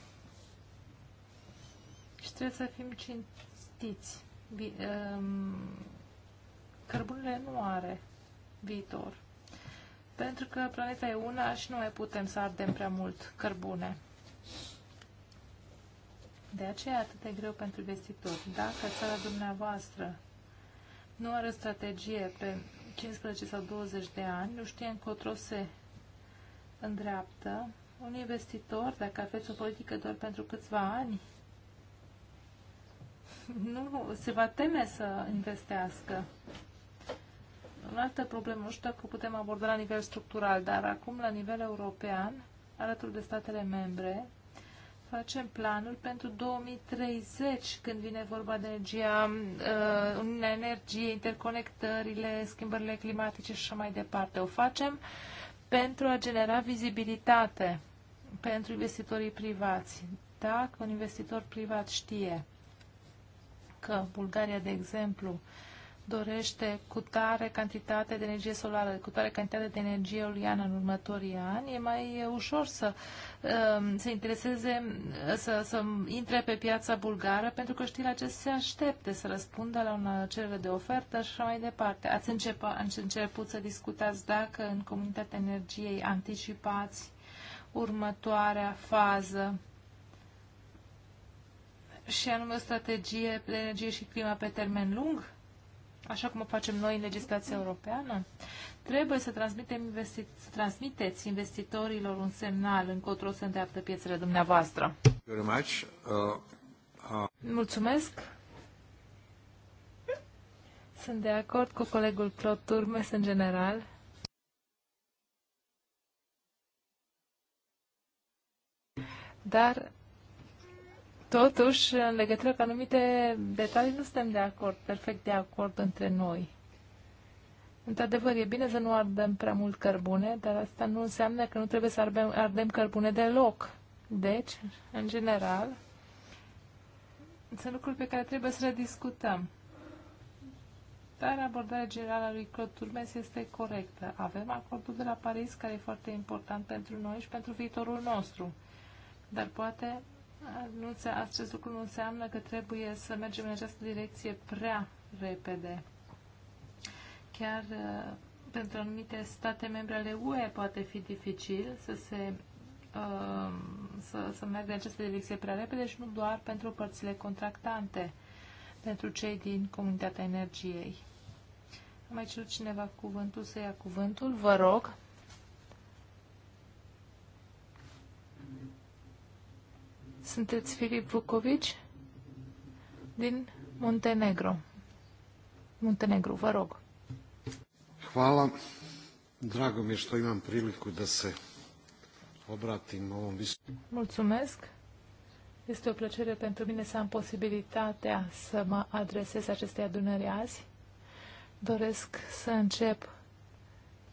și trebuie să fim cinstiți. Um, Cărbunele nu are viitor. Pentru că planeta e una și nu mai putem să ardem prea mult cărbune. De aceea e atât de greu pentru investitori. Dacă țara dumneavoastră nu are strategie pe 15 sau 20 de ani, nu știe încotro se îndreaptă, un investitor, dacă aveți o politică doar pentru câțiva ani, nu se va teme să investească. O altă problemă, nu știu dacă putem aborda la nivel structural, dar acum la nivel european, alături de statele membre, facem planul pentru 2030, când vine vorba de energia, uh, energie, interconectările, schimbările climatice și așa mai departe. O facem pentru a genera vizibilitate pentru investitorii privați. Dacă un investitor privat știe că Bulgaria, de exemplu, dorește cu tare cantitate de energie solară, cu tare cantitate de energie eoliană în următorii ani, e mai ușor să um, se intereseze, să, să intre pe piața bulgară, pentru că la ce se aștepte să răspundă la una cerere de ofertă și așa mai departe. Ați început, ați început să discutați dacă în comunitatea energiei anticipați următoarea fază și anume o strategie de energie și clima pe termen lung, așa cum o facem noi în legislația europeană, trebuie să, transmitem investi- să transmiteți investitorilor un semnal încotro să îndreaptă piețele dumneavoastră. Uh, uh, Mulțumesc! Sunt de acord cu colegul Claude Turmes în general. Dar Totuși, în legătură cu anumite detalii, nu suntem de acord, perfect de acord între noi. Într-adevăr, e bine să nu ardem prea mult cărbune, dar asta nu înseamnă că nu trebuie să ardem, ardem cărbune deloc. Deci, în general, sunt lucruri pe care trebuie să le discutăm. Dar abordarea generală a lui Claude Turmes este corectă. Avem acordul de la Paris, care e foarte important pentru noi și pentru viitorul nostru. Dar poate nu se, acest lucru nu înseamnă că trebuie să mergem în această direcție prea repede. Chiar uh, pentru anumite state membre ale UE poate fi dificil să se uh, să, să meargă în această direcție prea repede și nu doar pentru părțile contractante, pentru cei din comunitatea energiei. Am mai cerut cineva cuvântul să ia cuvântul. Vă rog. Sunteți Filip Vucovici din Muntenegro. Muntenegru, vă rog. Hvala. Drago mi je što imam priliku da se obratim ovom visu. Mulțumesc. Este o plăcere pentru mine să am posibilitatea să mă adresez acestei adunări azi. Doresc să încep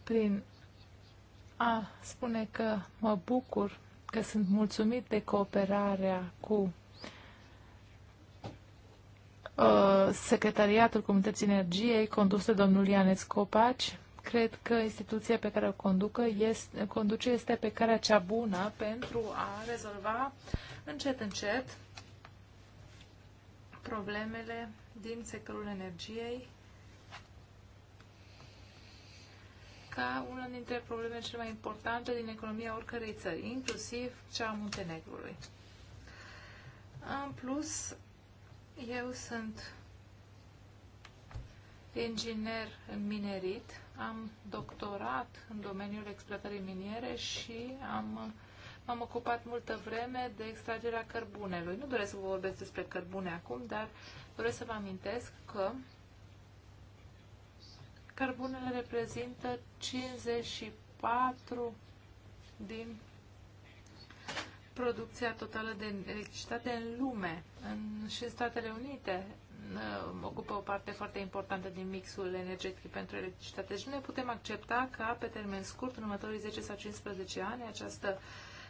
prin a spune că mă bucur că sunt mulțumit de cooperarea cu uh, Secretariatul Comunității Energiei, condus de domnul Ianes Copaci. Cred că instituția pe care o conducă este, conduce este pe care cea bună pentru a rezolva încet, încet problemele din sectorul energiei ca una dintre problemele cele mai importante din economia oricărei țări, inclusiv cea a Muntenegrului. În plus, eu sunt inginer în minerit, am doctorat în domeniul exploatării miniere și am, am ocupat multă vreme de extragerea cărbunelui. Nu doresc să vă vorbesc despre cărbune acum, dar doresc să vă amintesc că Cărbunele reprezintă 54 din producția totală de electricitate în lume. În, și în Statele Unite uh, ocupă o parte foarte importantă din mixul energetic pentru electricitate. Și nu ne putem accepta ca, pe termen scurt, în următorii 10 sau 15 ani, această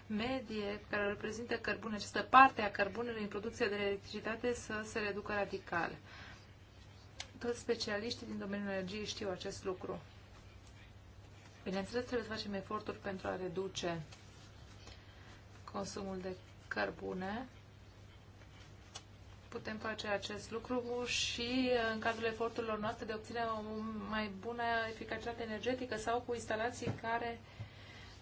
medie care reprezintă cărbune, această parte a cărbunelui în producția de electricitate să se reducă radical. Toți specialiștii din domeniul energiei știu acest lucru. Bineînțeles, trebuie să facem eforturi pentru a reduce consumul de cărbune. Putem face acest lucru și în cazul eforturilor noastre de obține o mai bună eficacitate energetică sau cu instalații care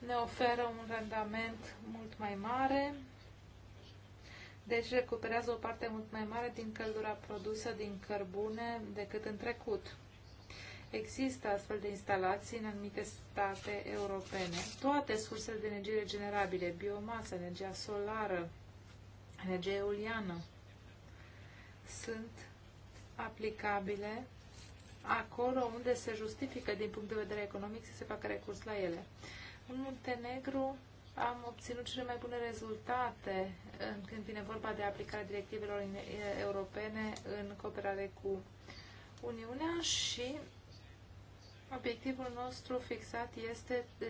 ne oferă un randament mult mai mare deci recuperează o parte mult mai mare din căldura produsă din cărbune decât în trecut. Există astfel de instalații în anumite state europene. Toate sursele de energie regenerabile, biomasă, energia solară, energia eoliană, sunt aplicabile acolo unde se justifică din punct de vedere economic să se facă recurs la ele. În Muntenegru am obținut cele mai bune rezultate când vine vorba de aplicarea directivelor europene în cooperare cu Uniunea și obiectivul nostru fixat este de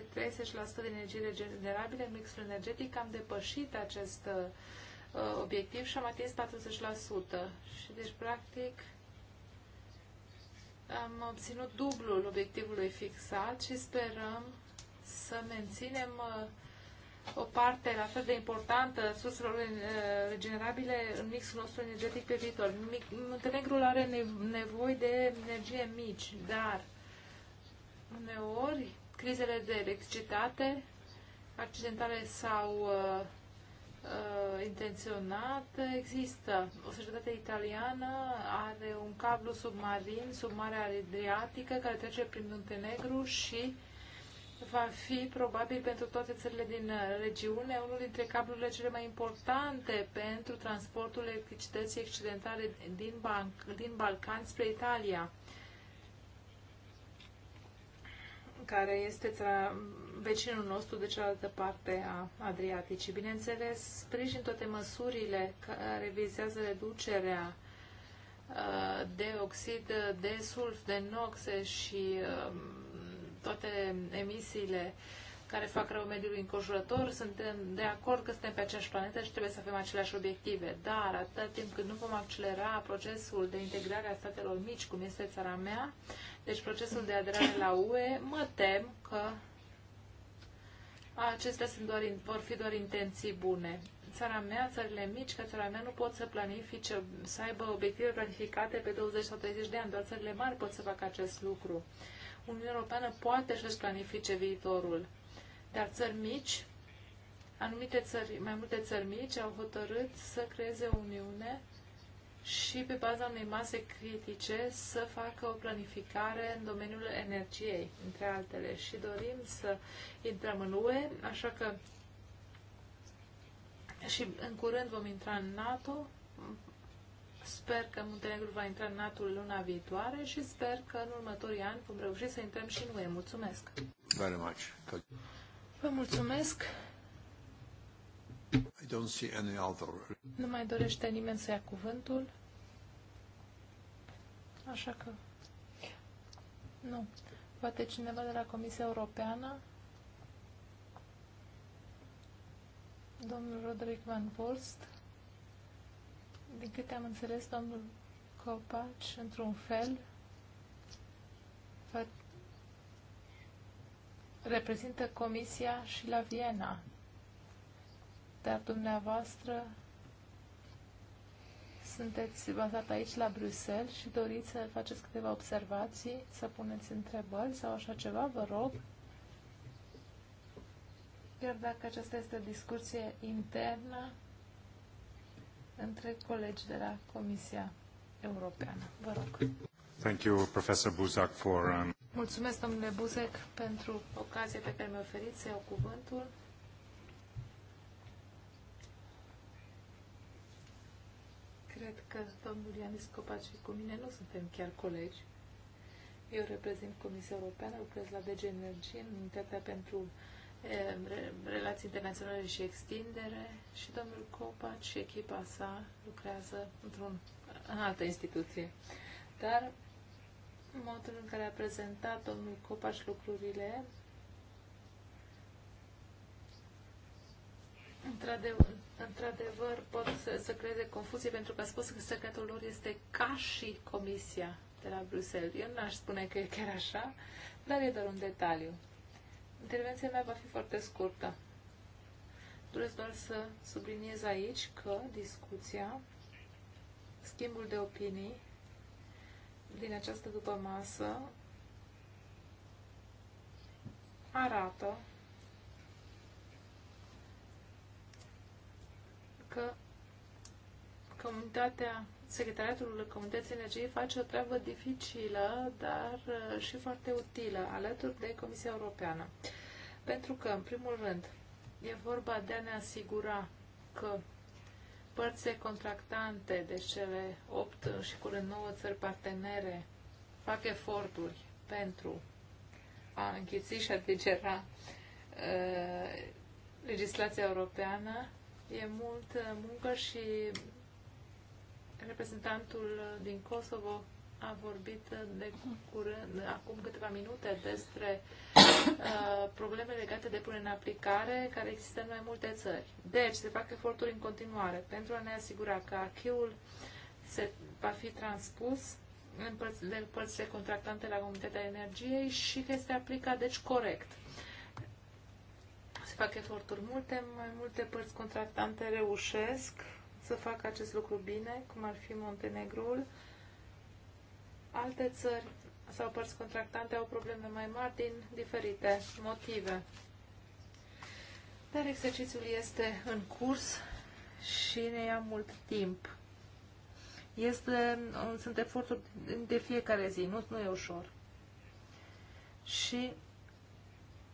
30% de energie regenerabile în mixul energetic. Am depășit acest uh, obiectiv și am atins 40%. Și deci, practic, am obținut dublul obiectivului fixat și sperăm să menținem uh, o parte la fel de importantă a surselor regenerabile în mixul nostru energetic pe viitor. Muntenegrul are nevoie de energie mici, dar uneori crizele de electricitate accidentale sau uh, uh, intenționat există. O societate italiană are un cablu submarin sub Marea Adriatică care trece prin Muntenegru și uh, va fi probabil pentru toate țările din uh, regiune unul dintre cablurile cele mai importante pentru transportul electricității accidentale din, Ban- din Balcan spre Italia, care este tra- vecinul nostru de cealaltă parte a Adriaticii. Bineînțeles, sprijin toate măsurile care vizează reducerea uh, de oxid de sulf, de noxe și um, toate emisiile care fac rău mediului înconjurător, suntem de acord că suntem pe aceeași planetă și trebuie să avem aceleași obiective. Dar atât timp cât nu vom accelera procesul de integrare a statelor mici, cum este țara mea, deci procesul de aderare la UE, mă tem că acestea sunt doar, vor fi doar intenții bune. Țara mea, țările mici, ca țara mea nu pot să planifice, să aibă obiective planificate pe 20 sau 30 de ani. Doar țările mari pot să facă acest lucru. Uniunea Europeană poate să-și planifice viitorul. Dar țări mici, anumite țări, mai multe țări mici au hotărât să creeze o Uniune și pe baza unei mase critice să facă o planificare în domeniul energiei, între altele. Și dorim să intrăm în UE, așa că și în curând vom intra în NATO, Sper că Muntenegru va intra în NATO luna viitoare și sper că în următorii ani vom reuși să intrăm și noi. Mulțumesc! Very much. Vă mulțumesc! I don't see any other. Nu mai dorește nimeni să ia cuvântul? Așa că... Nu. Poate cineva de la Comisia Europeană? Domnul Roderick Van Volst? Din câte am înțeles, domnul Copaci, într-un fel, reprezintă comisia și la Viena. Dar dumneavoastră sunteți bazat aici la Bruxelles și doriți să faceți câteva observații, să puneți întrebări sau așa ceva, vă rog. Iar dacă aceasta este o discuție internă, între colegi de la Comisia Europeană. Vă rog. Thank you, Professor Buzak, for... Um... Mulțumesc, domnule Buzek, pentru ocazia pe care mi-a oferit să iau cuvântul. Cred că domnul Ianis Copaci și cu mine nu suntem chiar colegi. Eu reprezint Comisia Europeană, lucrez la DG Energie în unitatea pentru uh, relații internaționale și extindere și domnul Copac și echipa sa lucrează într-un în altă instituție. Dar modul în care a prezentat domnul Copac lucrurile, într-adevăr, într-adevăr pot să, să creeze confuzie pentru că a spus că secretul lor este ca și comisia de la Bruxelles. Eu n-aș spune că e chiar așa, dar e doar un detaliu. Intervenția mea va fi foarte scurtă. Doresc doar să subliniez aici că discuția, schimbul de opinii din această după masă arată că comunitatea Secretariatul Comunității Energiei face o treabă dificilă, dar uh, și foarte utilă, alături de Comisia Europeană. Pentru că, în primul rând, e vorba de a ne asigura că părțile contractante, de deci cele 8 și curând 9 țări partenere, fac eforturi pentru a înghiți și a digera uh, legislația europeană. E mult uh, muncă și Reprezentantul din Kosovo a vorbit de curând, acum câteva minute despre uh, probleme legate de pune în aplicare care există în mai multe țări. Deci se fac eforturi în continuare pentru a ne asigura că acquis se va fi transpus în părți, de părțile contractante la Comunitatea Energiei și că este aplicat, deci, corect. Se fac eforturi multe, mai multe părți contractante reușesc să facă acest lucru bine, cum ar fi Montenegrul. Alte țări sau părți contractante au probleme mai mari din diferite motive. Dar exercițiul este în curs și ne ia mult timp. Este, sunt eforturi de fiecare zi, nu, nu e ușor. Și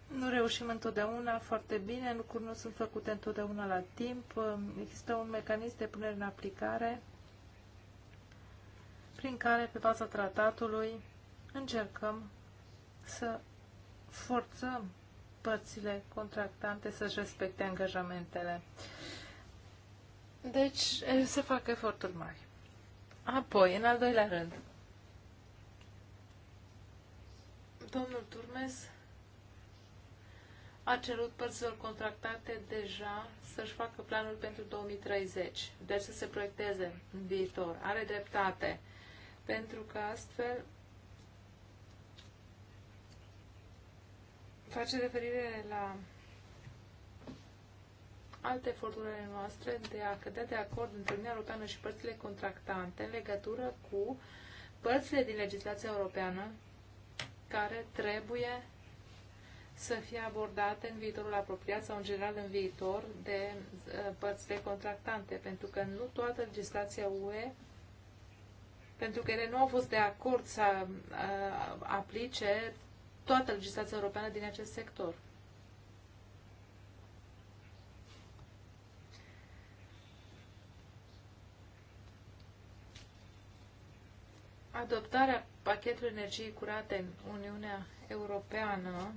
nu reușim întotdeauna foarte bine, lucruri nu sunt făcute întotdeauna la timp. Există un mecanism de punere în aplicare prin care, pe baza tratatului, încercăm să forțăm părțile contractante să-și respecte angajamentele. Deci, se fac eforturi mari. Apoi, în al doilea rând, domnul Turmes a cerut părților contractate deja să-și facă planul pentru 2030, deci să se proiecteze în viitor. Are dreptate, pentru că astfel face referire la alte eforturile noastre de a cădea de acord între Uniunea Europeană și părțile contractante în legătură cu părțile din legislația europeană care trebuie să fie abordate în viitorul apropiat sau în general în viitor de uh, părțile contractante, pentru că nu toată legislația UE, pentru că ele nu au fost de acord să uh, aplice toată legislația europeană din acest sector. Adoptarea pachetului energiei curate în Uniunea Europeană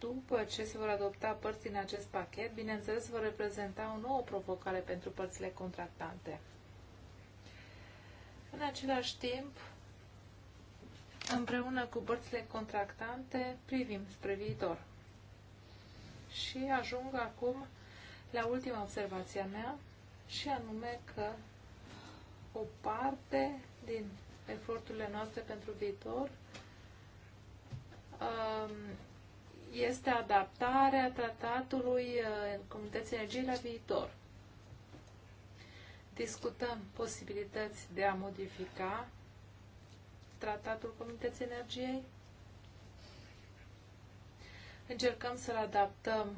după ce se vor adopta părți în acest pachet, bineînțeles vor reprezenta o nouă provocare pentru părțile contractante. În același timp, împreună cu părțile contractante, privim spre viitor. Și ajung acum la ultima observație a mea, și anume că o parte din eforturile noastre pentru viitor um, este adaptarea tratatului uh, Comunității Energiei la viitor. Discutăm posibilități de a modifica tratatul Comunității Energiei. Încercăm să-l adaptăm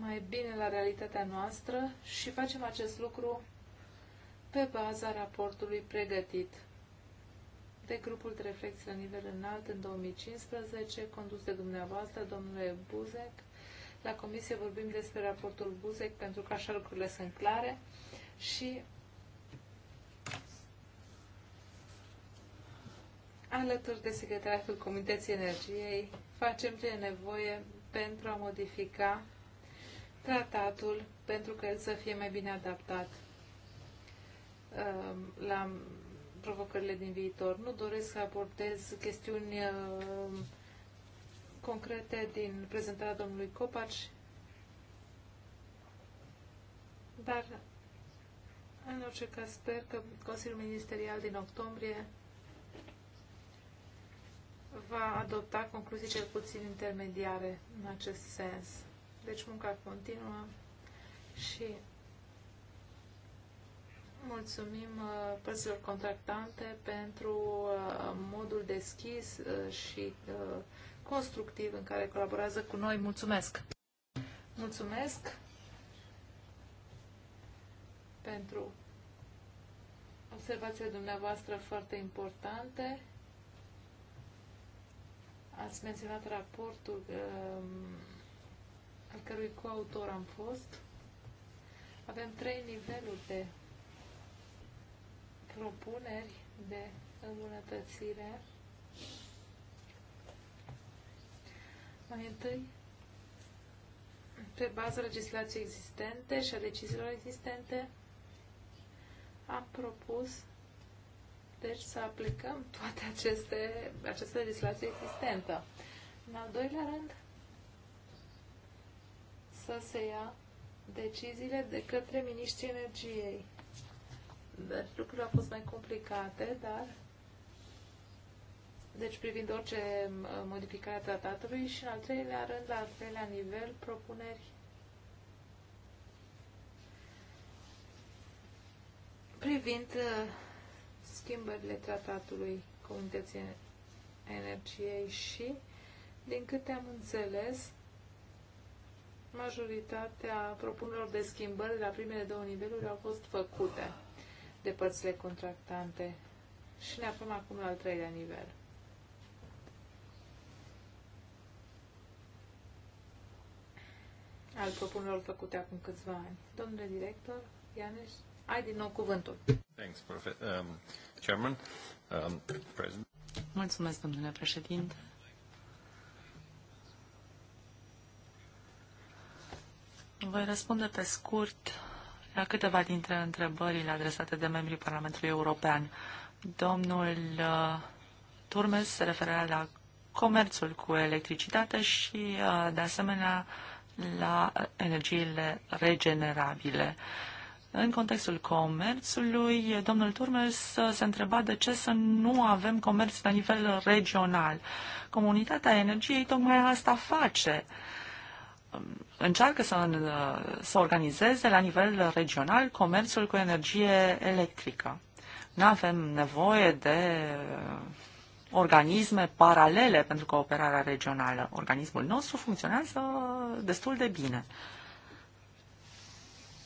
mai bine la realitatea noastră și facem acest lucru pe baza raportului pregătit de grupul de reflexie la nivel înalt în 2015, condus de dumneavoastră, domnule Buzek. La comisie vorbim despre raportul Buzek, pentru că așa lucrurile sunt clare și alături de Secretariatul Comunității Energiei facem ce e nevoie pentru a modifica tratatul pentru că el să fie mai bine adaptat um, la provocările din viitor. Nu doresc să abordez chestiuni uh, concrete din prezentarea domnului Copaci, dar în orice caz sper că Consiliul Ministerial din octombrie va adopta concluzii cel puțin intermediare în acest sens. Deci munca continuă și Mulțumim uh, părților contractante pentru uh, modul deschis uh, și constructiv în care colaborează cu noi. Mulțumesc! Mulțumesc pentru observațiile dumneavoastră foarte importante. Ați menționat raportul um, al cărui coautor am fost. Avem trei niveluri de propuneri de îmbunătățire. Mai întâi, pe baza legislației existente și a deciziilor existente, am propus deci să aplicăm toate aceste, aceste legislații existentă. În al doilea rând, să se ia deciziile de către Ministrii Energiei. Deci lucrurile au fost mai complicate, dar... Deci privind orice modificare a tratatului și în al treilea rând, la al treilea nivel, propuneri privind uh, schimbările tratatului Comunității Energiei și, din câte am înțeles, majoritatea propunerilor de schimbări la primele două niveluri au fost făcute de părțile contractante și ne aflăm acum la al treilea nivel. al propunerilor făcute acum câțiva ani. Domnule director, Ianes, ai din nou cuvântul. Thanks, um, Chairman. Um, president. Mulțumesc, domnule președinte. Voi răspunde pe scurt la câteva dintre întrebările adresate de membrii Parlamentului European. Domnul uh, Turmes se referea la comerțul cu electricitate și, uh, de asemenea, la energiile regenerabile. În contextul comerțului, domnul Turmes uh, se întreba de ce să nu avem comerț la nivel regional. Comunitatea energiei tocmai asta face. Uh, încearcă să, să organizeze la nivel regional comerțul cu energie electrică. Nu avem nevoie de uh, organisme paralele pentru cooperarea regională. Organismul nostru funcționează destul de bine.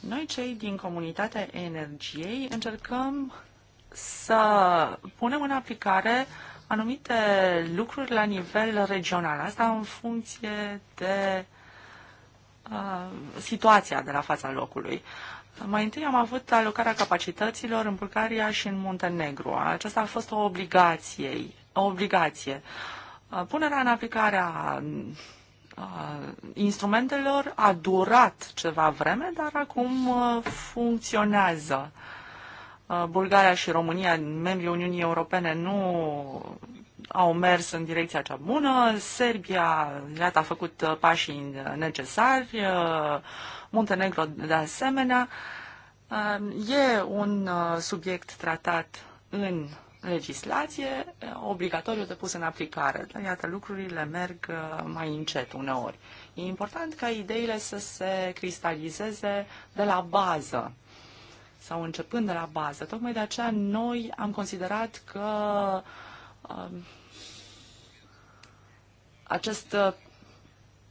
Noi, cei din comunitatea energiei, încercăm să punem în aplicare anumite lucruri la nivel regional. Asta în funcție de uh, situația de la fața locului. Mai întâi am avut alocarea capacităților în Bulgaria și în Muntenegru. Aceasta a fost o obligație. O obligație. Punerea în aplicare a instrumentelor a durat ceva vreme, dar acum funcționează. Bulgaria și România, membrii Uniunii Europene, nu au mers în direcția cea bună, Serbia, iată, a făcut uh, pașii uh, necesari, uh, Muntenegro de asemenea. E un subiect tratat în legislație, obligatoriu de pus în aplicare. Iată, lucrurile merg mai încet uneori. E important ca ideile să se cristalizeze de la bază sau începând de la bază. Tocmai de aceea noi am considerat că um, acest, uh,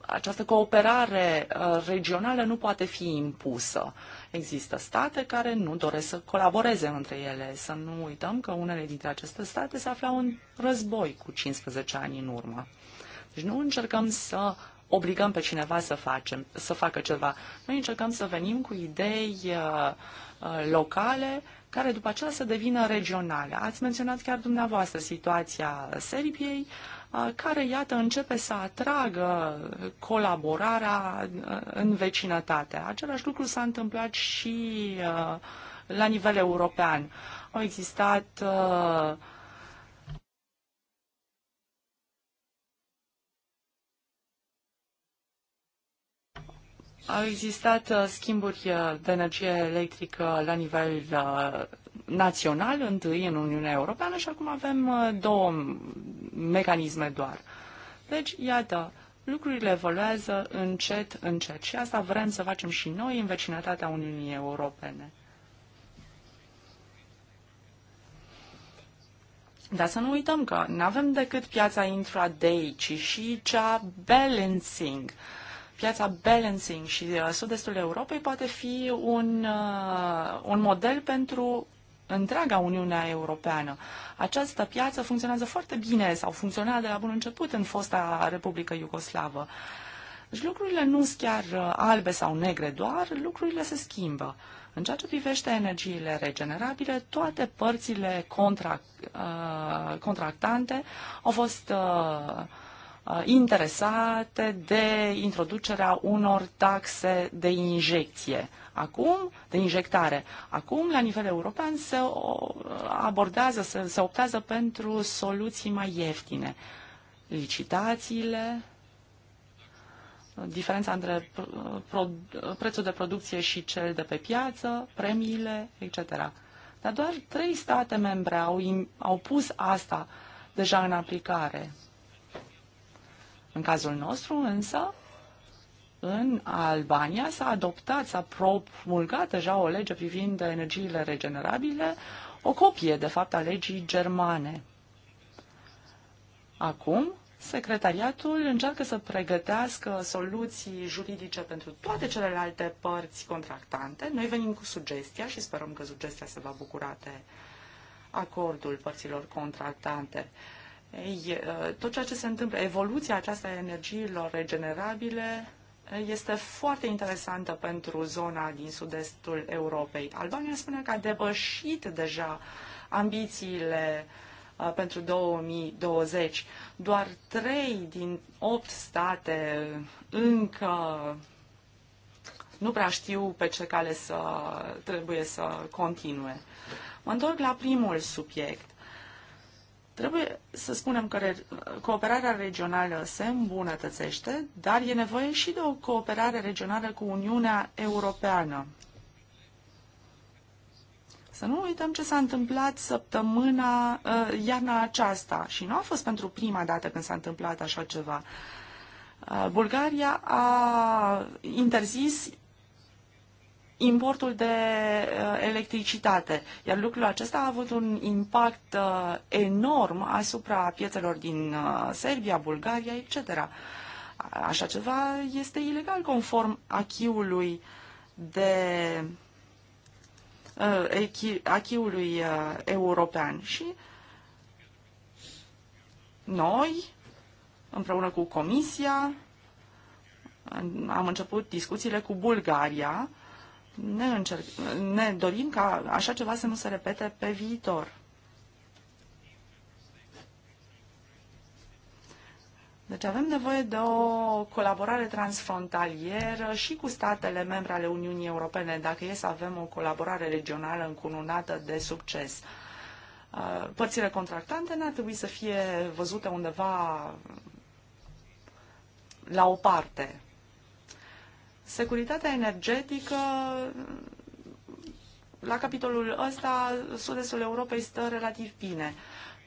această cooperare uh, regională nu poate fi impusă. Există state care nu doresc să colaboreze între ele. Să nu uităm că unele dintre aceste state se aflau în război cu 15 ani în urmă. Deci nu încercăm să obligăm pe cineva să, facem, să facă ceva. Noi încercăm să venim cu idei uh, uh, locale care după aceea să devină regionale. Ați menționat chiar dumneavoastră situația Serbiei. Uh, care, iată, începe să atragă colaborarea în vecinătate. Același lucru s-a întâmplat și la nivel european. Au existat Au existat schimburi de energie electrică la nivel național, întâi în Uniunea Europeană și acum avem două mecanisme doar. Deci, iată, lucrurile evoluează încet, încet și asta vrem să facem și noi în vecinătatea Uniunii Europene. Dar să nu uităm că nu avem decât piața intraday, ci și cea balancing. Piața balancing și uh, sud-estul Europei poate fi un, uh, un model pentru întreaga Uniunea Europeană. Această piață funcționează foarte bine sau funcționa de la bun început în fosta Republică Iugoslavă. Deci lucrurile nu sunt chiar uh, albe sau negre, doar lucrurile se schimbă. În ceea ce privește energiile regenerabile, toate părțile contract, uh, contractante au fost uh, interesate de introducerea unor taxe de injecție Acum, de injectare. Acum, la nivel european, se abordează, se, se optează pentru soluții mai ieftine. Licitațiile, diferența între prețul de producție și cel de pe piață, premiile, etc. Dar doar trei state membre au, au pus asta deja în aplicare. În cazul nostru, însă, în Albania s-a adoptat, s-a promulgat deja o lege privind energiile regenerabile, o copie, de fapt, a legii germane. Acum, Secretariatul încearcă să pregătească soluții juridice pentru toate celelalte părți contractante. Noi venim cu sugestia și sperăm că sugestia se va bucura de acordul părților contractante. Ei, ă, tot ceea ce se întâmplă, evoluția aceasta a energiilor regenerabile este foarte interesantă pentru zona din sud-estul Europei. Albania spune că a depășit deja ambițiile uh, pentru 2020. Doar trei din opt state încă nu prea știu pe ce cale să trebuie să continue. Mă întorc la primul subiect. Trebuie să spunem că cooperarea regională se îmbunătățește, dar e nevoie și de o cooperare regională cu Uniunea Europeană. Să nu uităm ce s-a întâmplat săptămâna, uh, iarna aceasta. Și nu a fost pentru prima dată când s-a întâmplat așa ceva. Uh, Bulgaria a interzis importul de uh, electricitate. Iar lucrul acesta a avut un impact uh, enorm asupra piețelor din uh, Serbia, Bulgaria, etc. Așa ceva este ilegal conform achiului de achiului european și noi, împreună cu Comisia, am început discuțiile cu Bulgaria ne, încerc, ne dorim ca așa ceva să nu se repete pe viitor. Deci avem nevoie de o colaborare transfrontalieră și cu statele membre ale Uniunii Europene, dacă e să avem o colaborare regională încununată de succes. Părțile contractante n-ar trebui să fie văzute undeva la o parte. Securitatea energetică, la capitolul ăsta, sud-estul Europei stă relativ bine.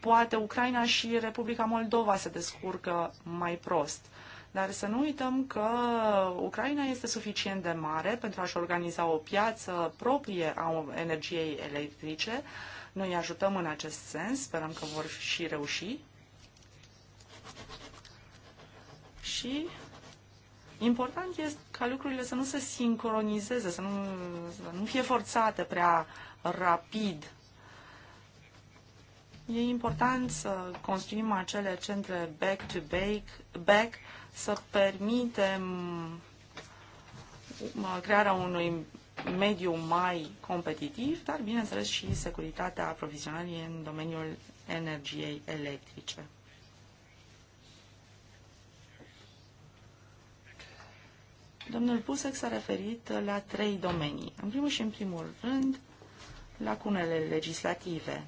Poate Ucraina și Republica Moldova se descurcă mai prost. Dar să nu uităm că Ucraina este suficient de mare pentru a-și organiza o piață proprie a energiei electrice. Noi ajutăm în acest sens, sperăm că vor și reuși. Și Important este ca lucrurile să nu se sincronizeze, să nu, să nu fie forțate prea rapid. E important să construim acele centre back-to-back, back, să permitem uh, crearea unui mediu mai competitiv, dar bineînțeles și securitatea aprovizionării în domeniul energiei electrice. Domnul Pusec s-a referit la trei domenii. În primul și în primul rând, lacunele legislative.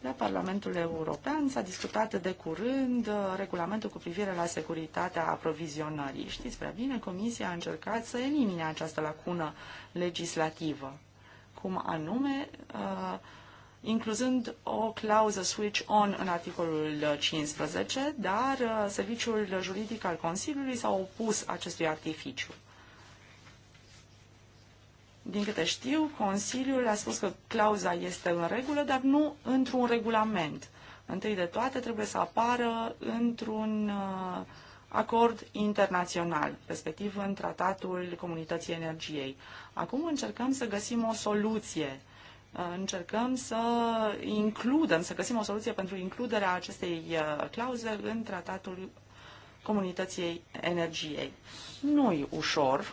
La Parlamentul European s-a discutat de curând uh, regulamentul cu privire la securitatea aprovizionării. Știți prea bine, Comisia a încercat să elimine această lacună legislativă. Cum anume, uh, incluzând o clauză switch on în articolul 15, dar uh, serviciul juridic al Consiliului s-a opus acestui artificiu. Din câte știu, Consiliul a spus că clauza este în regulă, dar nu într-un regulament. Întâi de toate trebuie să apară într-un uh, acord internațional, respectiv în Tratatul Comunității Energiei. Acum încercăm să găsim o soluție uh, Uh, încercăm să includem, să găsim o soluție pentru includerea acestei uh, clauze în tratatul comunității energiei. nu ușor.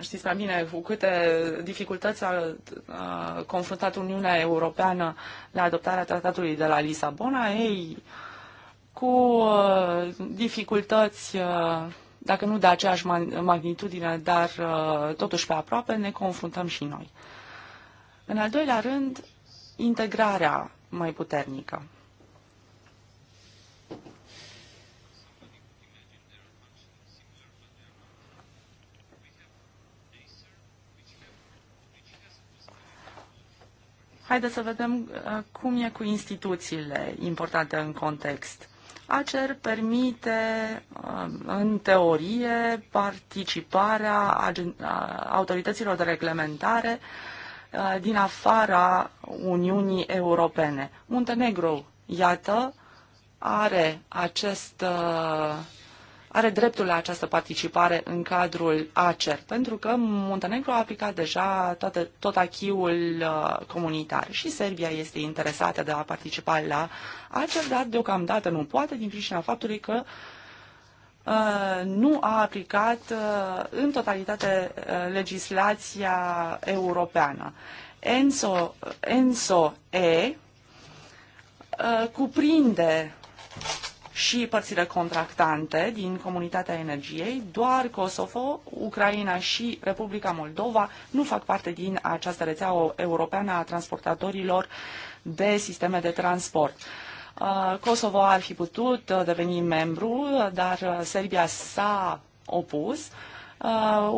Știți prea bine cu câte dificultăți a, a confruntat Uniunea Europeană la adoptarea tratatului de la Lisabona. Ei, cu a, uh, dificultăți a, dacă nu de aceeași magnitudine, dar uh, totuși pe aproape, ne confruntăm și noi. În al doilea rând, integrarea mai puternică. Haideți să vedem uh, cum e cu instituțiile importante în context. Acer permite, uh, în teorie, participarea autorităților de reglementare uh, din afara Uniunii Europene. Muntenegro, iată, are acest uh, are dreptul la această participare în cadrul ACER, pentru că Muntenegru a aplicat deja toată, tot achiul uh, comunitar și Serbia este interesată de a participa la ACER, dar deocamdată nu poate din pricina faptului că uh, nu a aplicat uh, în totalitate legislația europeană. ENSO, ENSO E cuprinde și părțile contractante din comunitatea energiei, doar Kosovo, Ucraina și Republica Moldova nu fac parte din această rețea europeană a transportatorilor de sisteme de transport. Uh, Kosovo ar fi putut uh, deveni membru, uh, dar Serbia s-a opus.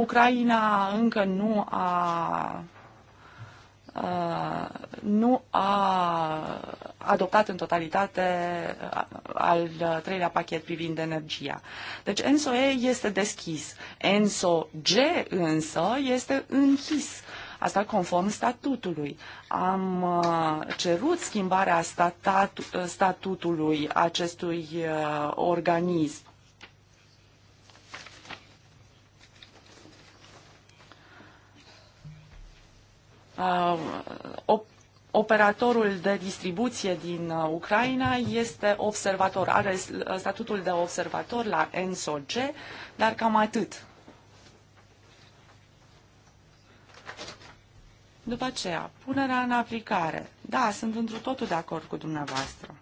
Ucraina încă nu a Uh, nu a adoptat în totalitate uh, al treilea pachet privind energia. Deci ENSO-E este deschis. ENSO-G însă este închis. Asta conform statutului. Am uh, cerut schimbarea statutului acestui organism Um, operatorul de distribuție din uh, Ucraina este observator, are uh, statutul de observator la NSOG, dar cam atât. După aceea, punerea în aplicare. Da, sunt într totul de acord cu dumneavoastră.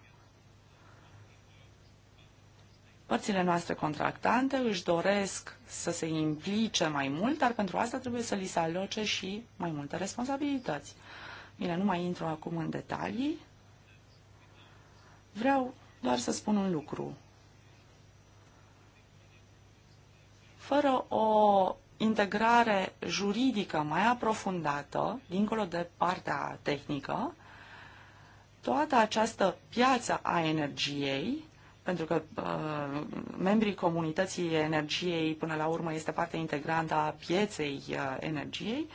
Părțile noastre contractante își doresc să se implice mai mult, dar pentru asta trebuie să li se aloce și mai multe responsabilități. Bine, nu mai intru acum în detalii. Vreau doar să spun un lucru. Fără o integrare juridică mai aprofundată, dincolo de partea tehnică, toată această piață a energiei pentru că uh, membrii comunității energiei, până la urmă, este parte integrantă a pieței uh, energiei.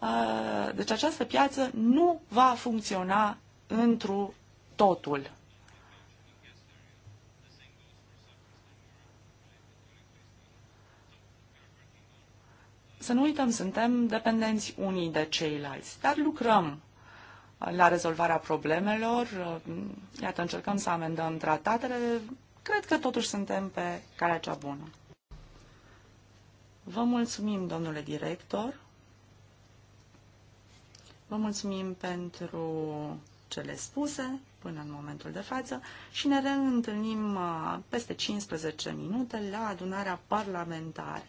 Uh, deci această piață nu va funcționa întru totul. Să nu uităm, suntem dependenți unii de ceilalți, dar lucrăm la rezolvarea problemelor. Iată, încercăm să amendăm tratatele. Cred că totuși suntem pe calea cea bună. Vă mulțumim, domnule director. Vă mulțumim pentru cele spuse până în momentul de față și ne reîntâlnim uh, peste 15 minute la adunarea parlamentară.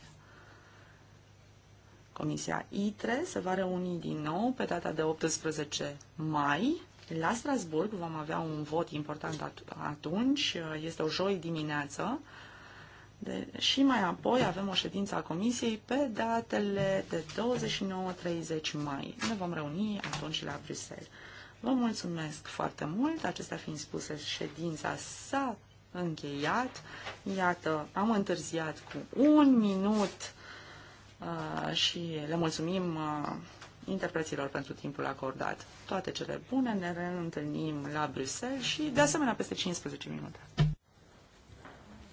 Comisia ITRE se va reuni din nou pe data de 18 mai. La Strasburg vom avea un vot important atunci, este o joi dimineață. De, și mai apoi avem o ședință a Comisiei pe datele de 29-30 mai. Ne vom reuni atunci la Bruxelles. Vă mulțumesc foarte mult. Acestea fiind spuse, ședința s-a încheiat. Iată, am întârziat cu un minut Uh, și le mulțumim uh, interpreților pentru timpul acordat. Toate cele bune, ne reîntâlnim la Bruxelles și de asemenea peste 15 minute.